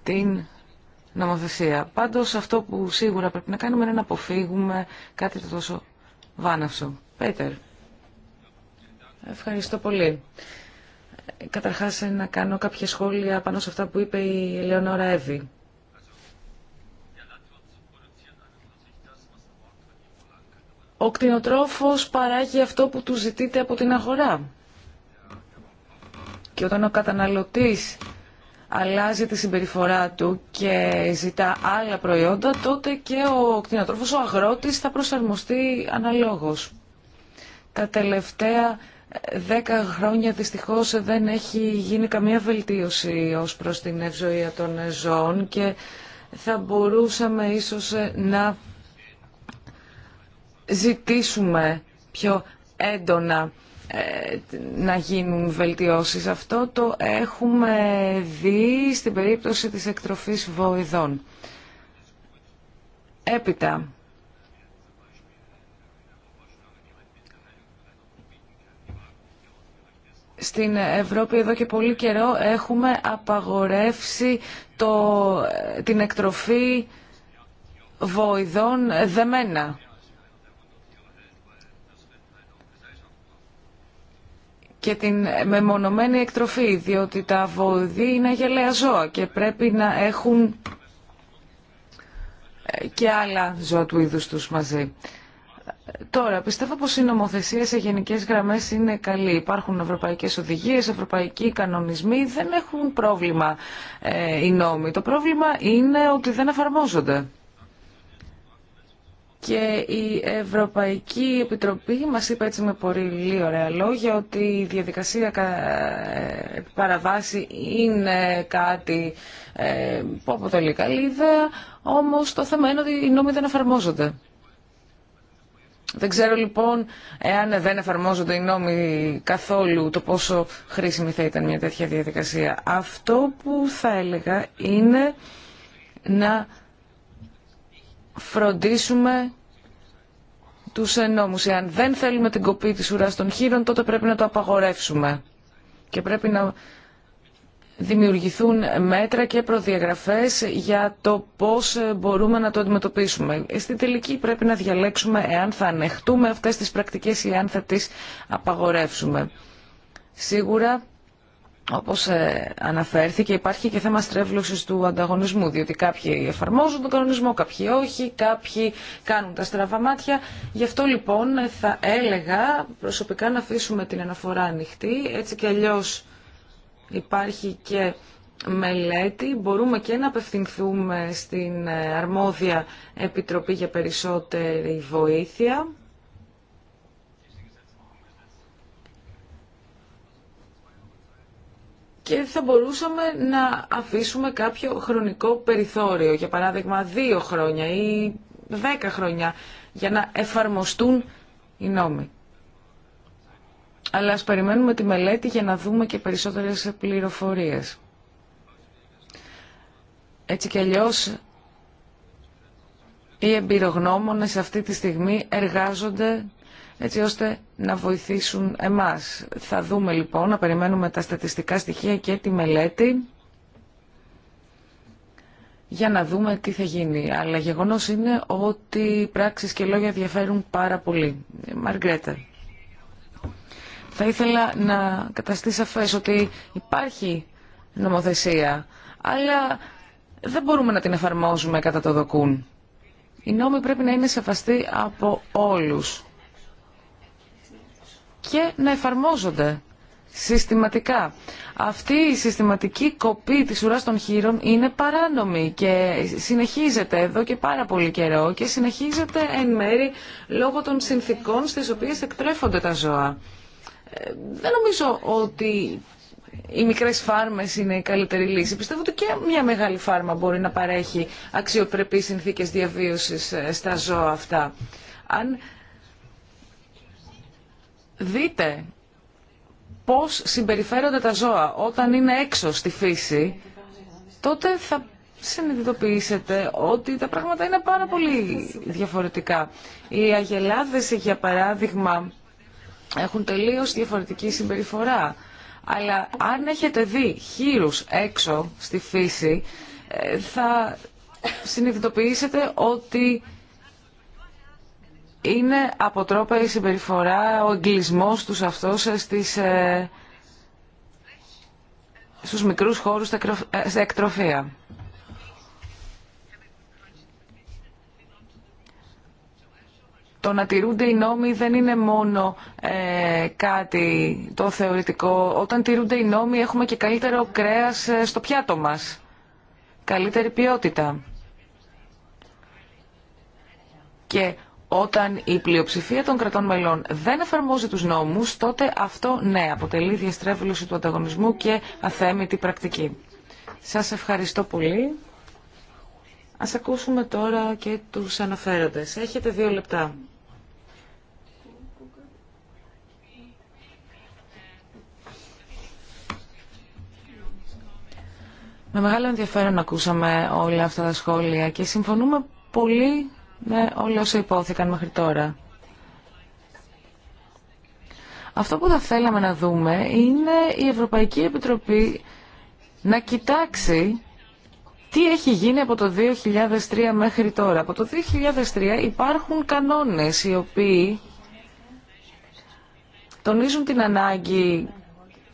την νομοθεσία. Πάντως αυτό που σίγουρα πρέπει να κάνουμε είναι να αποφύγουμε κάτι τόσο Βάναυσο. Πέτερ. Ευχαριστώ πολύ. Καταρχάς να κάνω κάποια σχόλια πάνω σε αυτά που είπε η Ελεονόρα Εύη. Ο κτηνοτρόφος παράγει αυτό που του ζητείται από την αγορά. Και όταν ο καταναλωτής αλλάζει τη συμπεριφορά του και ζητά άλλα προϊόντα, τότε και ο κτηνοτρόφος, ο αγρότης θα προσαρμοστεί αναλόγως. Τα τελευταία δέκα χρόνια δυστυχώς δεν έχει γίνει καμία βελτίωση ως προς την ευζοία των ζώων και θα μπορούσαμε ίσως ε, να ζητήσουμε πιο έντονα ε, να γίνουν βελτιώσεις. Αυτό το έχουμε δει στην περίπτωση της εκτροφής βοηδών. Έπειτα, στην Ευρώπη εδώ και πολύ καιρό έχουμε απαγορεύσει το, την εκτροφή βοηδών δεμένα. και την μεμονωμένη εκτροφή, διότι τα βόδι είναι γελαία ζώα και πρέπει να έχουν ε, και άλλα ζώα του είδους τους μαζί. Τώρα, πιστεύω πως η νομοθεσία σε γενικές γραμμές είναι καλή. Υπάρχουν ευρωπαϊκές οδηγίες, ευρωπαϊκοί κανονισμοί, δεν έχουν πρόβλημα ε, οι νόμοι. Το πρόβλημα είναι ότι δεν εφαρμόζονται και η Ευρωπαϊκή Επιτροπή μας είπε έτσι με πολύ ωραία λόγια ότι η διαδικασία ε, παραβάση είναι κάτι ε, που αποτελεί καλή ιδέα, όμως το θέμα είναι ότι οι νόμοι δεν εφαρμόζονται. Δεν ξέρω λοιπόν εάν δεν εφαρμόζονται οι νόμοι καθόλου το πόσο χρήσιμη θα ήταν μια τέτοια διαδικασία. Αυτό που θα έλεγα είναι να φροντίσουμε τους νόμους. Εάν δεν θέλουμε την κοπή της ουράς των χείρων, τότε πρέπει να το απαγορεύσουμε. Και πρέπει να δημιουργηθούν μέτρα και προδιαγραφές για το πώς μπορούμε να το αντιμετωπίσουμε. Στην τελική πρέπει να διαλέξουμε εάν θα ανεχτούμε αυτές τις πρακτικές ή εάν θα τις απαγορεύσουμε. Σίγουρα όπως ε, αναφέρθηκε υπάρχει και θέμα στρέβλωσης του ανταγωνισμού, διότι κάποιοι εφαρμόζουν τον κανονισμό, κάποιοι όχι, κάποιοι κάνουν τα στραβά μάτια. Γι' αυτό λοιπόν θα έλεγα προσωπικά να αφήσουμε την αναφορά ανοιχτή, έτσι και αλλιώς υπάρχει και μελέτη, μπορούμε και να απευθυνθούμε στην ε, αρμόδια Επιτροπή για περισσότερη βοήθεια. και θα μπορούσαμε να αφήσουμε κάποιο χρονικό περιθώριο, για παράδειγμα δύο χρόνια ή δέκα χρόνια, για να εφαρμοστούν οι νόμοι. Αλλά ας περιμένουμε τη μελέτη για να δούμε και περισσότερες πληροφορίες. Έτσι κι αλλιώς, οι εμπειρογνώμονες αυτή τη στιγμή εργάζονται έτσι ώστε να βοηθήσουν εμάς. Θα δούμε λοιπόν, να περιμένουμε τα στατιστικά στοιχεία και τη μελέτη για να δούμε τι θα γίνει. Αλλά γεγονός είναι ότι οι πράξεις και λόγια διαφέρουν πάρα πολύ. Μαργκρέτα, θα ήθελα να καταστήσω σαφές ότι υπάρχει νομοθεσία, αλλά δεν μπορούμε να την εφαρμόζουμε κατά το δοκούν. Οι νόμοι πρέπει να είναι σεβαστοί από όλους και να εφαρμόζονται συστηματικά. Αυτή η συστηματική κοπή της ουράς των χείρων είναι παράνομη και συνεχίζεται εδώ και πάρα πολύ καιρό και συνεχίζεται εν μέρη λόγω των συνθήκων στις οποίες εκτρέφονται τα ζώα. Ε, δεν νομίζω ότι οι μικρές φάρμες είναι η καλύτερη λύση. Πιστεύω ότι και μια μεγάλη φάρμα μπορεί να παρέχει αξιοπρεπείς συνθήκες διαβίωσης ε, στα ζώα αυτά. Αν δείτε πώς συμπεριφέρονται τα ζώα όταν είναι έξω στη φύση, τότε θα συνειδητοποιήσετε ότι τα πράγματα είναι πάρα πολύ διαφορετικά. Οι αγελάδες, για παράδειγμα, έχουν τελείως διαφορετική συμπεριφορά. Αλλά αν έχετε δει χείρους έξω στη φύση, ε, θα συνειδητοποιήσετε ότι είναι η συμπεριφορά, ο εγκλισμός τους αυτός ε, στις, ε, στους μικρούς χώρους στα ε, εκτροφία. Το να τηρούνται οι νόμοι δεν είναι μόνο ε, κάτι το θεωρητικό. Όταν τηρούνται οι νόμοι έχουμε και καλύτερο κρέας στο πιάτο μας. Καλύτερη ποιότητα. Και όταν η πλειοψηφία των κρατών μελών δεν εφαρμόζει τους νόμους, τότε αυτό ναι, αποτελεί διαστρέβλωση του ανταγωνισμού και αθέμητη πρακτική. Σας ευχαριστώ πολύ. Ας ακούσουμε τώρα και τους αναφέροντες. Έχετε δύο λεπτά. Με μεγάλο ενδιαφέρον ακούσαμε όλα αυτά τα σχόλια και συμφωνούμε πολύ με ναι, όλα όσα υπόθηκαν μέχρι τώρα. Αυτό που θα θέλαμε να δούμε είναι η Ευρωπαϊκή Επιτροπή να κοιτάξει τι έχει γίνει από το 2003 μέχρι τώρα. Από το 2003 υπάρχουν κανόνες οι οποίοι τονίζουν την ανάγκη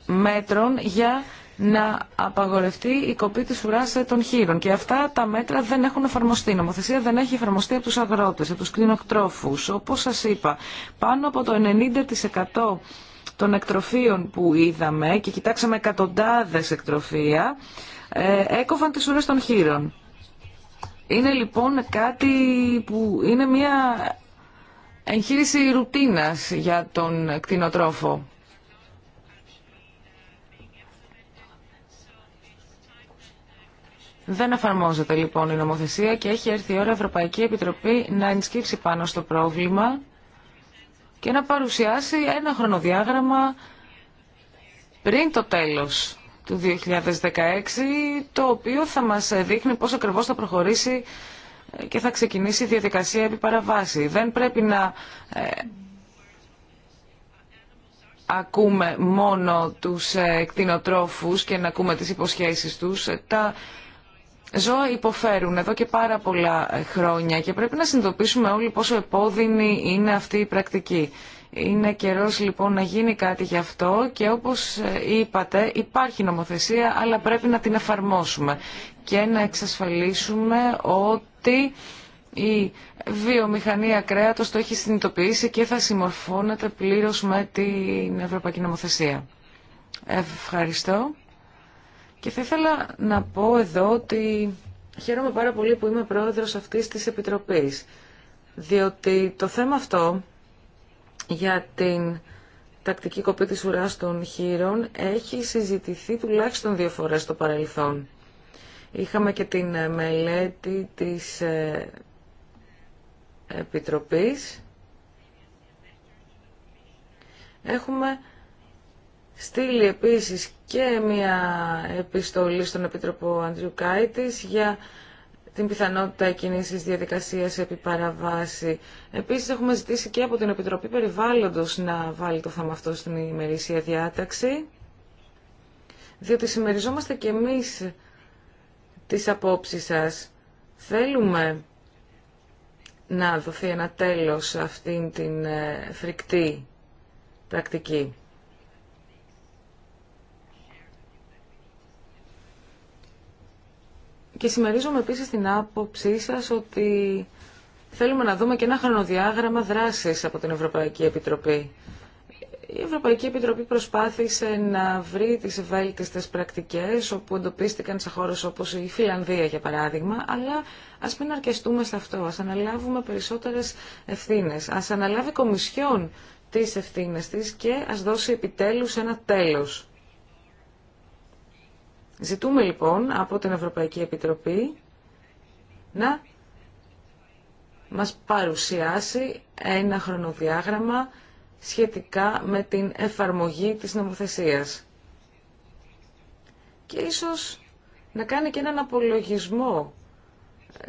μέτρων για να απαγορευτεί η κοπή της ουράς των χείρων. Και αυτά τα μέτρα δεν έχουν εφαρμοστεί. Η νομοθεσία δεν έχει εφαρμοστεί από του αγρότες, από του κτηνοκτρόφους. Όπως σας είπα, πάνω από το 90% των εκτροφίων που είδαμε και κοιτάξαμε εκατοντάδες εκτροφία, ε, έκοβαν τις ουρές των χείρων. Είναι λοιπόν κάτι που είναι μια εγχείρηση ρουτίνας για τον κτηνοτρόφο. Δεν εφαρμόζεται λοιπόν η νομοθεσία και έχει έρθει η ώρα η Ευρωπαϊκή Επιτροπή να ενσκύψει πάνω στο πρόβλημα και να παρουσιάσει ένα χρονοδιάγραμμα πριν το τέλος του 2016, το οποίο θα μας δείχνει πώς ακριβώς θα προχωρήσει και θα ξεκινήσει η διαδικασία επί παραβάση. Δεν πρέπει να ε, ακούμε μόνο τους ε, και να ακούμε τις υποσχέσεις τους. Τα ζώα υποφέρουν εδώ και πάρα πολλά ε, χρόνια και πρέπει να συνειδητοποιήσουμε όλοι πόσο επώδυνη είναι αυτή η πρακτική. Είναι καιρός λοιπόν να γίνει κάτι γι' αυτό και όπως ε, είπατε υπάρχει νομοθεσία αλλά πρέπει να την εφαρμόσουμε και να εξασφαλίσουμε ότι η βιομηχανία κρέατος το έχει συνειδητοποιήσει και θα συμμορφώνεται πλήρως με την Ευρωπαϊκή Νομοθεσία. Ευχαριστώ. Και θα ήθελα να πω εδώ ότι χαίρομαι πάρα πολύ που είμαι πρόεδρος αυτής της Επιτροπής, διότι το θέμα αυτό για την τακτική κοπή της ουράς των χείρων έχει συζητηθεί τουλάχιστον δύο φορές στο παρελθόν. Είχαμε και την μελέτη της ε, Επιτροπής. Έχουμε στείλει επίσης και μια επιστολή στον Επίτροπο Αντριου Κάιτης για την πιθανότητα κινήσεις διαδικασίας επί παραβάση. Επίσης έχουμε ζητήσει και από την Επιτροπή Περιβάλλοντος να βάλει το θέμα αυτό στην ημερήσια διάταξη, διότι συμμεριζόμαστε και εμείς τις απόψεις σας. Θέλουμε να δοθεί ένα τέλος αυτήν την ε, φρικτή πρακτική. Και συμμερίζομαι επίσης την άποψή σα ότι θέλουμε να δούμε και ένα χρονοδιάγραμμα δράση από την Ευρωπαϊκή Επιτροπή. Η Ευρωπαϊκή Επιτροπή προσπάθησε να βρει τις βέλτιστες πρακτικές όπου εντοπίστηκαν σε χώρες όπως η Φιλανδία για παράδειγμα, αλλά ας μην αρκεστούμε σε αυτό, ας αναλάβουμε περισσότερες ευθύνες, ας αναλάβει κομισιόν τις ευθύνες της και ας δώσει επιτέλους ένα τέλος Ζητούμε λοιπόν από την Ευρωπαϊκή Επιτροπή να μας παρουσιάσει ένα χρονοδιάγραμμα σχετικά με την εφαρμογή της νομοθεσίας. Και ίσως να κάνει και έναν απολογισμό,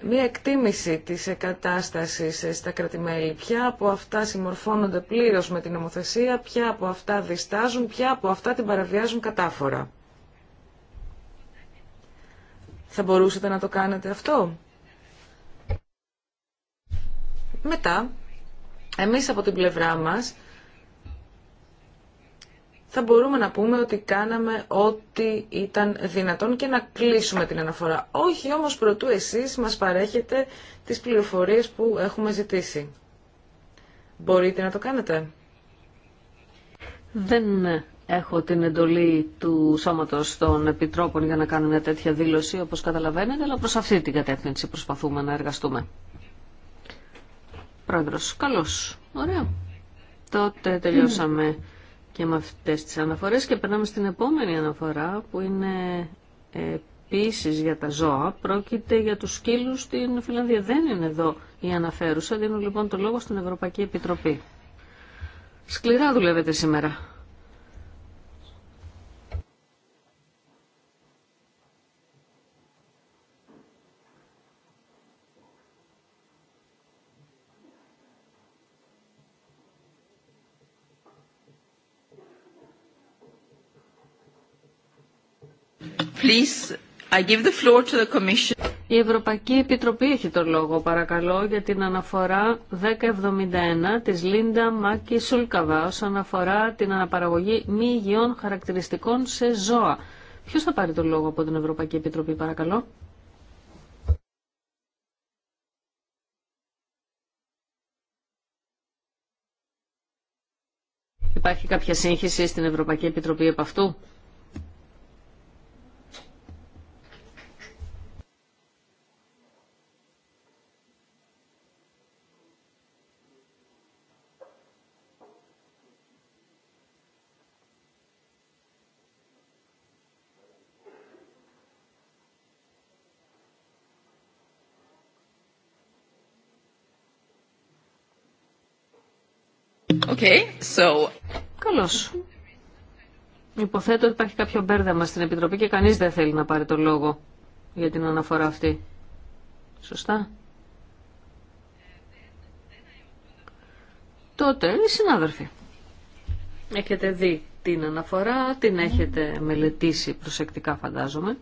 μία εκτίμηση της κατάστασης στα κρατημέλη. Ποια από αυτά συμμορφώνονται πλήρως με την νομοθεσία, ποια από αυτά διστάζουν, ποια από αυτά την παραβιάζουν κατάφορα. Θα μπορούσατε να το κάνετε αυτό. Μετά, εμείς από την πλευρά μας θα μπορούμε να πούμε ότι κάναμε ό,τι ήταν δυνατόν και να κλείσουμε την αναφορά. Όχι όμως προτού εσείς μας παρέχετε τις πληροφορίες που έχουμε ζητήσει. Μπορείτε να το κάνετε. Δεν έχω την εντολή του Σώματος των Επιτρόπων για να κάνω μια τέτοια δήλωση, όπως καταλαβαίνετε, αλλά προς αυτή την κατεύθυνση προσπαθούμε να εργαστούμε. Πρόεδρος, καλώς. Ωραία. Τότε τελειώσαμε και με αυτές τις αναφορές και περνάμε στην επόμενη αναφορά που είναι επίση για τα ζώα. Πρόκειται για τους σκύλους στην Φιλανδία. Δεν είναι εδώ η αναφέρουσα. Δίνω λοιπόν το λόγο στην Ευρωπαϊκή Επιτροπή. Σκληρά δουλεύετε σήμερα. Η Ευρωπαϊκή Επιτροπή έχει το λόγο, παρακαλώ, για την αναφορά 1071 της Λίντα Μάκη Σούλκαβα όσον αφορά την αναπαραγωγή μη υγιών χαρακτηριστικών σε ζώα. Ποιος θα πάρει το λόγο από την Ευρωπαϊκή Επιτροπή, παρακαλώ. Υπάρχει κάποια σύγχυση στην Ευρωπαϊκή Επιτροπή επ' αυτού. Okay, so... Καλώς. Υποθέτω ότι υπάρχει κάποιο μπέρδεμα στην Επιτροπή και κανείς δεν θέλει να πάρει το λόγο για την αναφορά αυτή. Σωστά. Τότε, οι συνάδελφοι, έχετε δει την αναφορά, την έχετε μελετήσει προσεκτικά φαντάζομαι.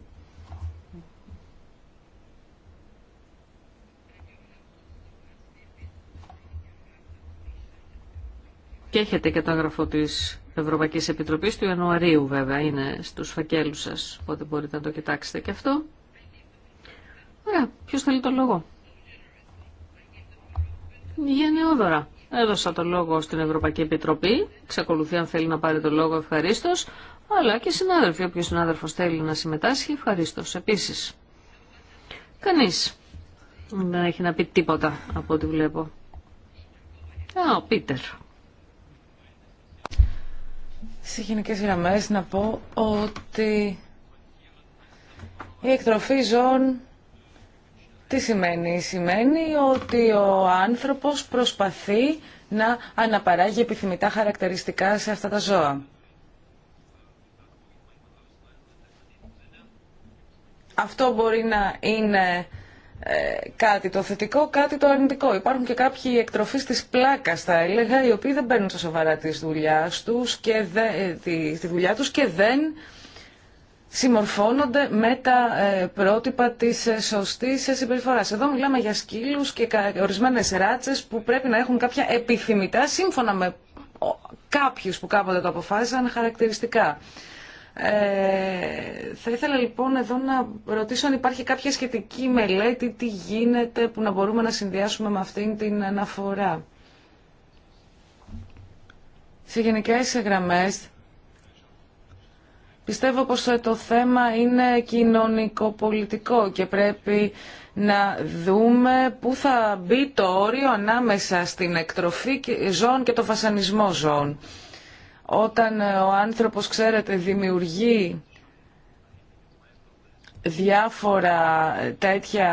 και έχετε και το έγγραφο της Ευρωπαϊκής Επιτροπής του Ιανουαρίου βέβαια είναι στους φακέλους σας, οπότε μπορείτε να το κοιτάξετε και αυτό. Ωραία, ποιος θέλει το λόγο. Γενναιόδωρα. Έδωσα το λόγο στην Ευρωπαϊκή Επιτροπή, ξεκολουθεί αν θέλει να πάρει το λόγο ευχαρίστω, αλλά και συνάδελφοι, οποίο συνάδελφος θέλει να συμμετάσχει ευχαρίστω επίσης. Κανεί δεν έχει να πει τίποτα από ό,τι βλέπω. Α, ο Πίτερ. Σε γενικέ γραμμέ να πω ότι η εκτροφή ζώων τι σημαίνει. Σημαίνει ότι ο άνθρωπος προσπαθεί να αναπαράγει επιθυμητά χαρακτηριστικά σε αυτά τα ζώα. Αυτό μπορεί να είναι ε, κάτι το θετικό, κάτι το αρνητικό. Υπάρχουν και κάποιοι εκτροφείς της πλάκας, θα έλεγα, οι οποίοι δεν παίρνουν τα σοβαρά και ε, τη, δουλειά τους και δεν συμμορφώνονται με τα ε, πρότυπα της σωστής συμπεριφοράς. Εδώ μιλάμε για σκύλους και ορισμένες ράτσες που πρέπει να έχουν κάποια επιθυμητά, σύμφωνα με κάποιους που κάποτε το αποφάσισαν, χαρακτηριστικά. Ε, θα ήθελα λοιπόν εδώ να ρωτήσω αν υπάρχει κάποια σχετική μελέτη, τι γίνεται, που να μπορούμε να συνδυάσουμε με αυτήν την αναφορά. Σε γενικές γραμμές, πιστεύω πως το θέμα είναι κοινωνικοπολιτικό και πρέπει να δούμε πού θα μπει το όριο ανάμεσα στην εκτροφή ζώων και το φασανισμό ζώων. Όταν ε, ο άνθρωπος, ξέρετε, δημιουργεί διάφορα ε, τέτοια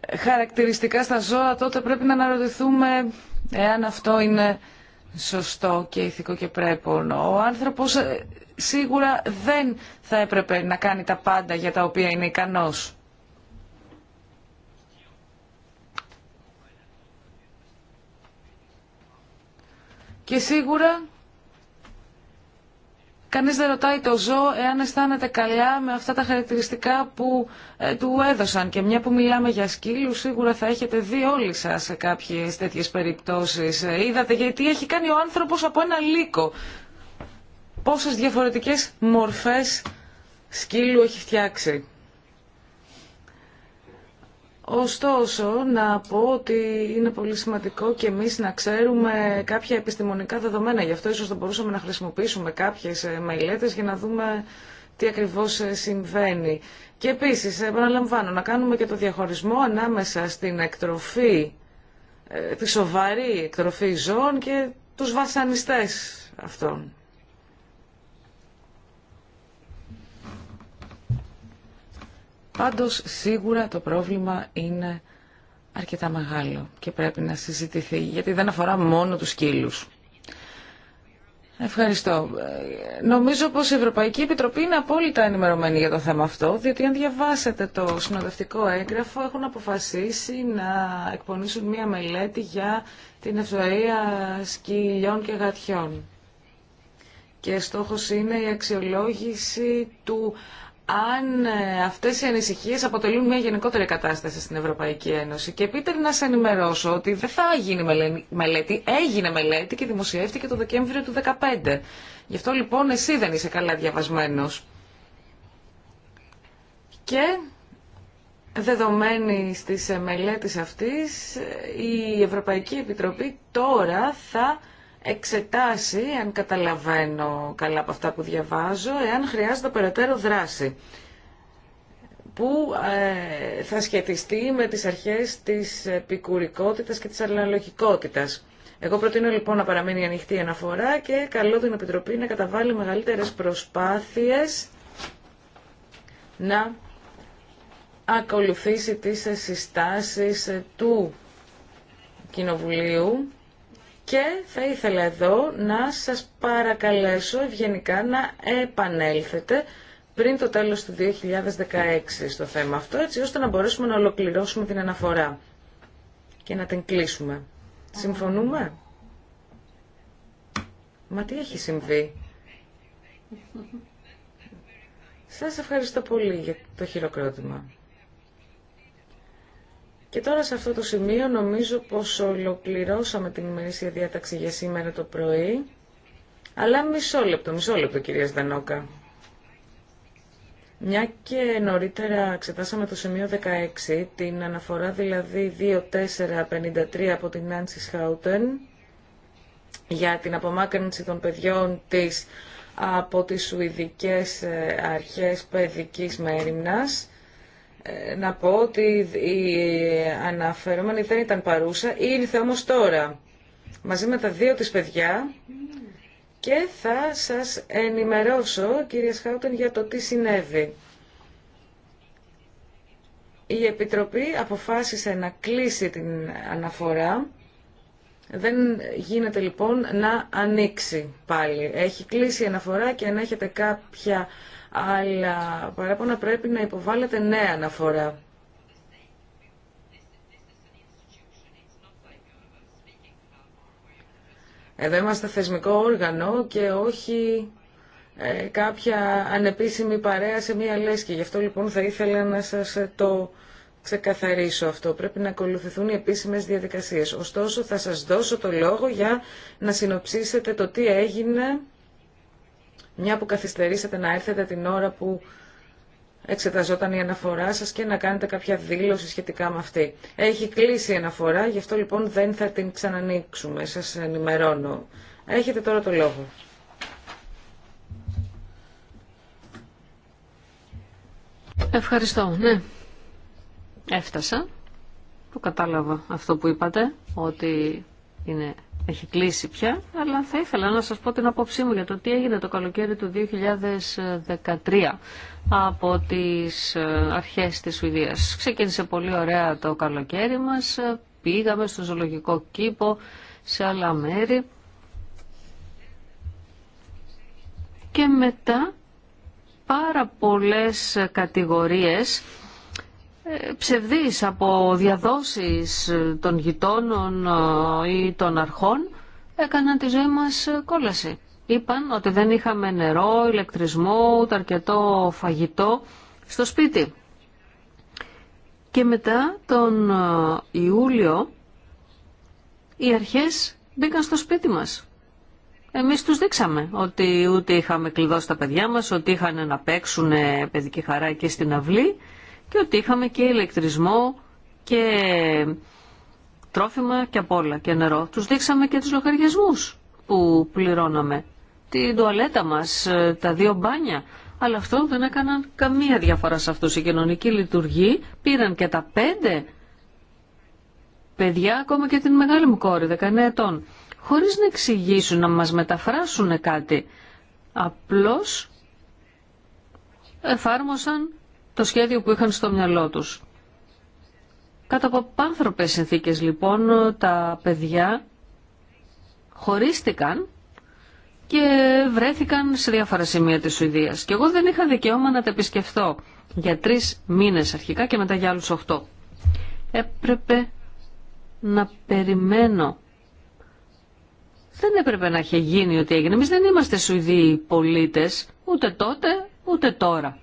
ε, χαρακτηριστικά στα ζώα, τότε πρέπει να αναρωτηθούμε εάν αυτό είναι σωστό και ηθικό και πρέπον. Ο άνθρωπος σίγουρα δεν θα έπρεπε να κάνει τα πάντα για τα οποία είναι ικανός. Και σίγουρα Κανείς δεν ρωτάει το ζώο εάν αισθάνεται καλά με αυτά τα χαρακτηριστικά που ε, του έδωσαν. Και μια που μιλάμε για σκύλους, σίγουρα θα έχετε δει όλοι σας σε κάποιες τέτοιες περιπτώσεις. Ε, είδατε γιατί έχει κάνει ο άνθρωπος από ένα λύκο. Πόσες διαφορετικές μορφές σκύλου έχει φτιάξει. Ωστόσο, να πω ότι είναι πολύ σημαντικό και εμείς να ξέρουμε κάποια επιστημονικά δεδομένα. Γι' αυτό ίσως θα μπορούσαμε να χρησιμοποιήσουμε κάποιες ε, μελέτες για να δούμε τι ακριβώς ε, συμβαίνει. Και επίσης, επαναλαμβάνω, να κάνουμε και το διαχωρισμό ανάμεσα στην εκτροφή, ε, τη σοβαρή εκτροφή ζώων και τους βασανιστές αυτών. Πάντως σίγουρα το πρόβλημα είναι αρκετά μεγάλο και πρέπει να συζητηθεί γιατί δεν αφορά μόνο τους σκύλους. Ευχαριστώ. Νομίζω πως η Ευρωπαϊκή Επιτροπή είναι απόλυτα ενημερωμένη για το θέμα αυτό, διότι αν διαβάσετε το συνοδευτικό έγγραφο έχουν αποφασίσει να εκπονήσουν μία μελέτη για την ευθορία σκυλιών και γατιών. Και στόχος είναι η αξιολόγηση του αν ε, αυτές οι ανησυχίες αποτελούν μια γενικότερη κατάσταση στην Ευρωπαϊκή Ένωση. Και Πίτερ να σε ενημερώσω ότι δεν θα γίνει μελέτη, έγινε μελέτη και δημοσιεύτηκε το Δεκέμβριο του 2015. Γι' αυτό λοιπόν εσύ δεν είσαι καλά διαβασμένος. Και δεδομένη της μελέτης αυτής, η Ευρωπαϊκή Επιτροπή τώρα θα εξετάσει, αν καταλαβαίνω καλά από αυτά που διαβάζω, εάν χρειάζεται περαιτέρω δράση που ε, θα σχετιστεί με τις αρχές της επικουρικότητας και της αλλαλογικότητας. Εγώ προτείνω λοιπόν να παραμείνει ανοιχτή η αναφορά και καλώ την Επιτροπή να καταβάλει μεγαλύτερες προσπάθειες να ακολουθήσει τις συστάσεις του Κοινοβουλίου και θα ήθελα εδώ να σας παρακαλέσω ευγενικά να επανέλθετε πριν το τέλος του 2016 στο θέμα αυτό, έτσι ώστε να μπορέσουμε να ολοκληρώσουμε την αναφορά και να την κλείσουμε. Συμφωνούμε? Μα τι έχει συμβεί. Σας ευχαριστώ πολύ για το χειροκρότημα. Και τώρα σε αυτό το σημείο νομίζω πως ολοκληρώσαμε την ημερήσια διάταξη για σήμερα το πρωί. Αλλά μισό λεπτό, μισό λεπτό κυρία Στανόκα. Μια και νωρίτερα εξετάσαμε το σημείο 16, την αναφορά δηλαδή 2453 από την Νάνση Σχάουτεν για την απομάκρυνση των παιδιών της από τις Σουηδικές ε, Αρχές Παιδικής Μέριμνας. Ε, να πω ότι η αναφερόμενη δεν ήταν παρούσα, ήρθε όμως τώρα μαζί με τα δύο της παιδιά και θα σας ενημερώσω, κυρία Σχάουτεν, για το τι συνέβη. Η Επιτροπή αποφάσισε να κλείσει την αναφορά. Δεν γίνεται λοιπόν να ανοίξει πάλι. Έχει κλείσει η αναφορά και αν έχετε κάποια αλλά παράπονα πρέπει να υποβάλλεται νέα αναφορά. Εδώ είμαστε θεσμικό όργανο και όχι ε, κάποια ανεπίσημη παρέα σε μία λέσκη. Γι' αυτό λοιπόν θα ήθελα να σας το ξεκαθαρίσω αυτό. Πρέπει να ακολουθηθούν οι επίσημες διαδικασίες. Ωστόσο θα σας δώσω το λόγο για να συνοψίσετε το τι έγινε μια που καθυστερήσατε να έρθετε την ώρα που εξεταζόταν η αναφορά σας και να κάνετε κάποια δήλωση σχετικά με αυτή. Έχει κλείσει η αναφορά, γι' αυτό λοιπόν δεν θα την ξανανοίξουμε. Σας ενημερώνω. Έχετε τώρα το λόγο. Ευχαριστώ. Ναι. Έφτασα. Το κατάλαβα αυτό που είπατε, ότι είναι έχει κλείσει πια, αλλά θα ήθελα να σας πω την απόψή μου για το τι έγινε το καλοκαίρι του 2013 από τις ε, αρχές της Σουηδίας. Ξεκίνησε πολύ ωραία το καλοκαίρι μας, ε, πήγαμε στο ζωολογικό κήπο, σε άλλα μέρη και μετά πάρα πολλές κατηγορίες ε, ψευδείς από διαδόσεις των γειτόνων ε, ή των αρχών έκαναν τη ζωή μας κόλαση. Είπαν ότι δεν είχαμε νερό, ηλεκτρισμό, ούτε αρκετό φαγητό στο σπίτι. Και μετά τον ε, Ιούλιο οι αρχές μπήκαν στο σπίτι μας. Εμείς τους δείξαμε ότι ούτε είχαμε κλειδώσει τα παιδιά μας, ότι είχαν να παίξουν παιδική χαρά εκεί στην αυλή και ότι είχαμε και ηλεκτρισμό και τρόφιμα και απ' όλα και νερό. Τους δείξαμε και τους λογαριασμούς που πληρώναμε, την τουαλέτα μας, ε, τα δύο μπάνια. Αλλά αυτό δεν έκαναν καμία διαφορά σε αυτούς. Οι κοινωνικοί λειτουργοί πήραν και τα πέντε παιδιά, ακόμα και την μεγάλη μου κόρη, 19 ετών, χωρίς να εξηγήσουν, να μας μεταφράσουν κάτι. Απλώς εφάρμοσαν το σχέδιο που είχαν στο μυαλό τους. Κατά από άνθρωπες συνθήκες λοιπόν τα παιδιά χωρίστηκαν και βρέθηκαν σε διάφορα σημεία της Σουηδίας. Και εγώ δεν είχα δικαίωμα να τα επισκεφθώ για τρεις μήνες αρχικά και μετά για άλλους οχτώ. Έπρεπε να περιμένω. Δεν έπρεπε να είχε γίνει ότι έγινε. Εμείς δεν είμαστε Σουηδοί πολίτες ούτε τότε ούτε τώρα.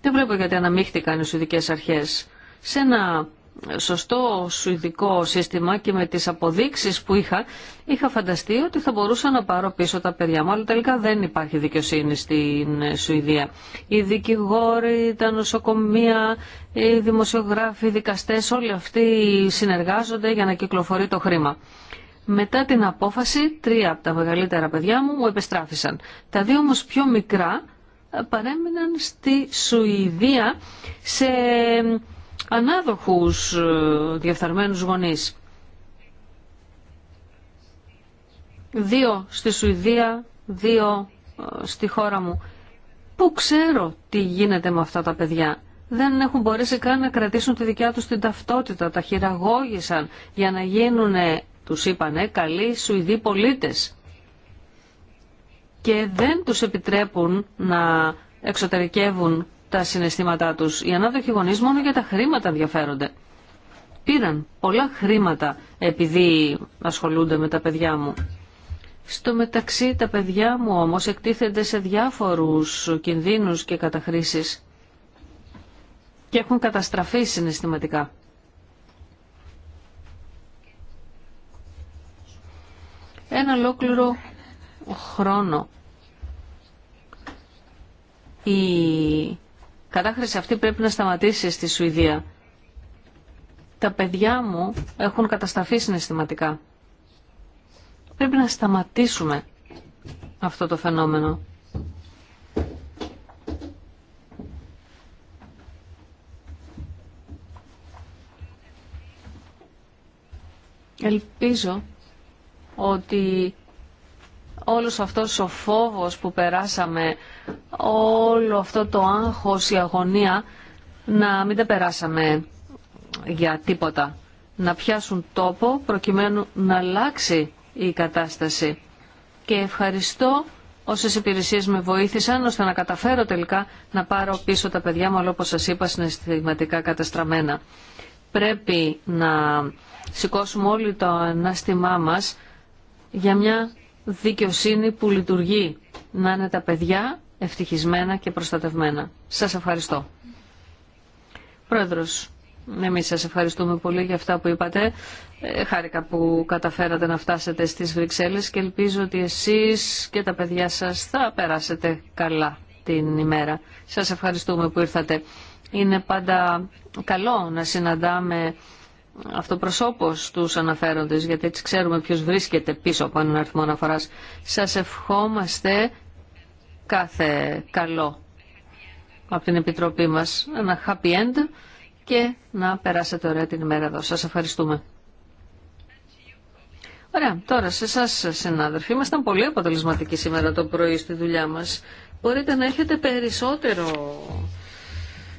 Δεν βλέπω γιατί αναμίχθηκαν οι Σουηδικές αρχές. Σε ένα σωστό σουηδικό σύστημα και με τις αποδείξεις που είχα, είχα φανταστεί ότι θα μπορούσα να πάρω πίσω τα παιδιά μου, αλλά τελικά δεν υπάρχει δικαιοσύνη στην Σουηδία. Οι δικηγόροι, τα νοσοκομεία, οι δημοσιογράφοι, οι δικαστές, όλοι αυτοί συνεργάζονται για να κυκλοφορεί το χρήμα. Μετά την απόφαση, τρία από τα μεγαλύτερα παιδιά μου μου επιστράφησαν. Τα δύο όμως πιο μικρά παρέμειναν στη Σουηδία σε ανάδοχους ε, διεφθαρμένους γονείς. Δύο στη Σουηδία, δύο ε, στη χώρα μου. Πού ξέρω τι γίνεται με αυτά τα παιδιά. Δεν έχουν μπορέσει καν να κρατήσουν τη δικιά τους την ταυτότητα. Τα χειραγώγησαν για να γίνουν, τους είπανε, καλοί Σουηδοί πολίτες και δεν τους επιτρέπουν να εξωτερικεύουν τα συναισθήματά τους. Οι ανάδοχοι γονείς μόνο για τα χρήματα ενδιαφέρονται. Πήραν πολλά χρήματα επειδή ασχολούνται με τα παιδιά μου. Στο μεταξύ τα παιδιά μου όμως εκτίθενται σε διάφορους κινδύνους και καταχρήσεις και έχουν καταστραφεί συναισθηματικά. Ένα ολόκληρο χρόνο. Η κατάχρηση αυτή πρέπει να σταματήσει στη Σουηδία. Τα παιδιά μου έχουν κατασταθεί συναισθηματικά. Πρέπει να σταματήσουμε αυτό το φαινόμενο. Ελπίζω ότι όλος αυτός ο φόβος που περάσαμε, όλο αυτό το άγχος, η αγωνία, να μην τα περάσαμε για τίποτα. Να πιάσουν τόπο προκειμένου να αλλάξει η κατάσταση. Και ευχαριστώ όσες υπηρεσίες με βοήθησαν ώστε να καταφέρω τελικά να πάρω πίσω τα παιδιά μου, αλλά όπως σας είπα συναισθηματικά καταστραμμένα. Πρέπει να σηκώσουμε όλοι το ανάστημά μας για μια δικαιοσύνη που λειτουργεί. Να είναι τα παιδιά ευτυχισμένα και προστατευμένα. Σας ευχαριστώ. Πρόεδρος, εμείς σας ευχαριστούμε πολύ για αυτά που είπατε. Ε, χάρηκα που καταφέρατε να φτάσετε στις Βρυξέλλες και ελπίζω ότι εσείς και τα παιδιά σας θα περάσετε καλά την ημέρα. Σας ευχαριστούμε που ήρθατε. Είναι πάντα καλό να συναντάμε αυτοπροσώπως τους αναφέροντες, γιατί έτσι ξέρουμε ποιος βρίσκεται πίσω από έναν αριθμό αναφοράς. Σας ευχόμαστε κάθε καλό από την Επιτροπή μας, ένα happy end και να περάσετε ωραία την ημέρα εδώ. Σας ευχαριστούμε. Ωραία, τώρα σε εσά συνάδελφοι, ήμασταν πολύ αποτελεσματικοί σήμερα το πρωί στη δουλειά μας. Μπορείτε να έχετε περισσότερο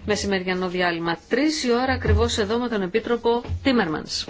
μεσημεριανό διάλειμμα. 3 η ώρα ακριβώς εδώ με τον Επίτροπο Τίμερμανς.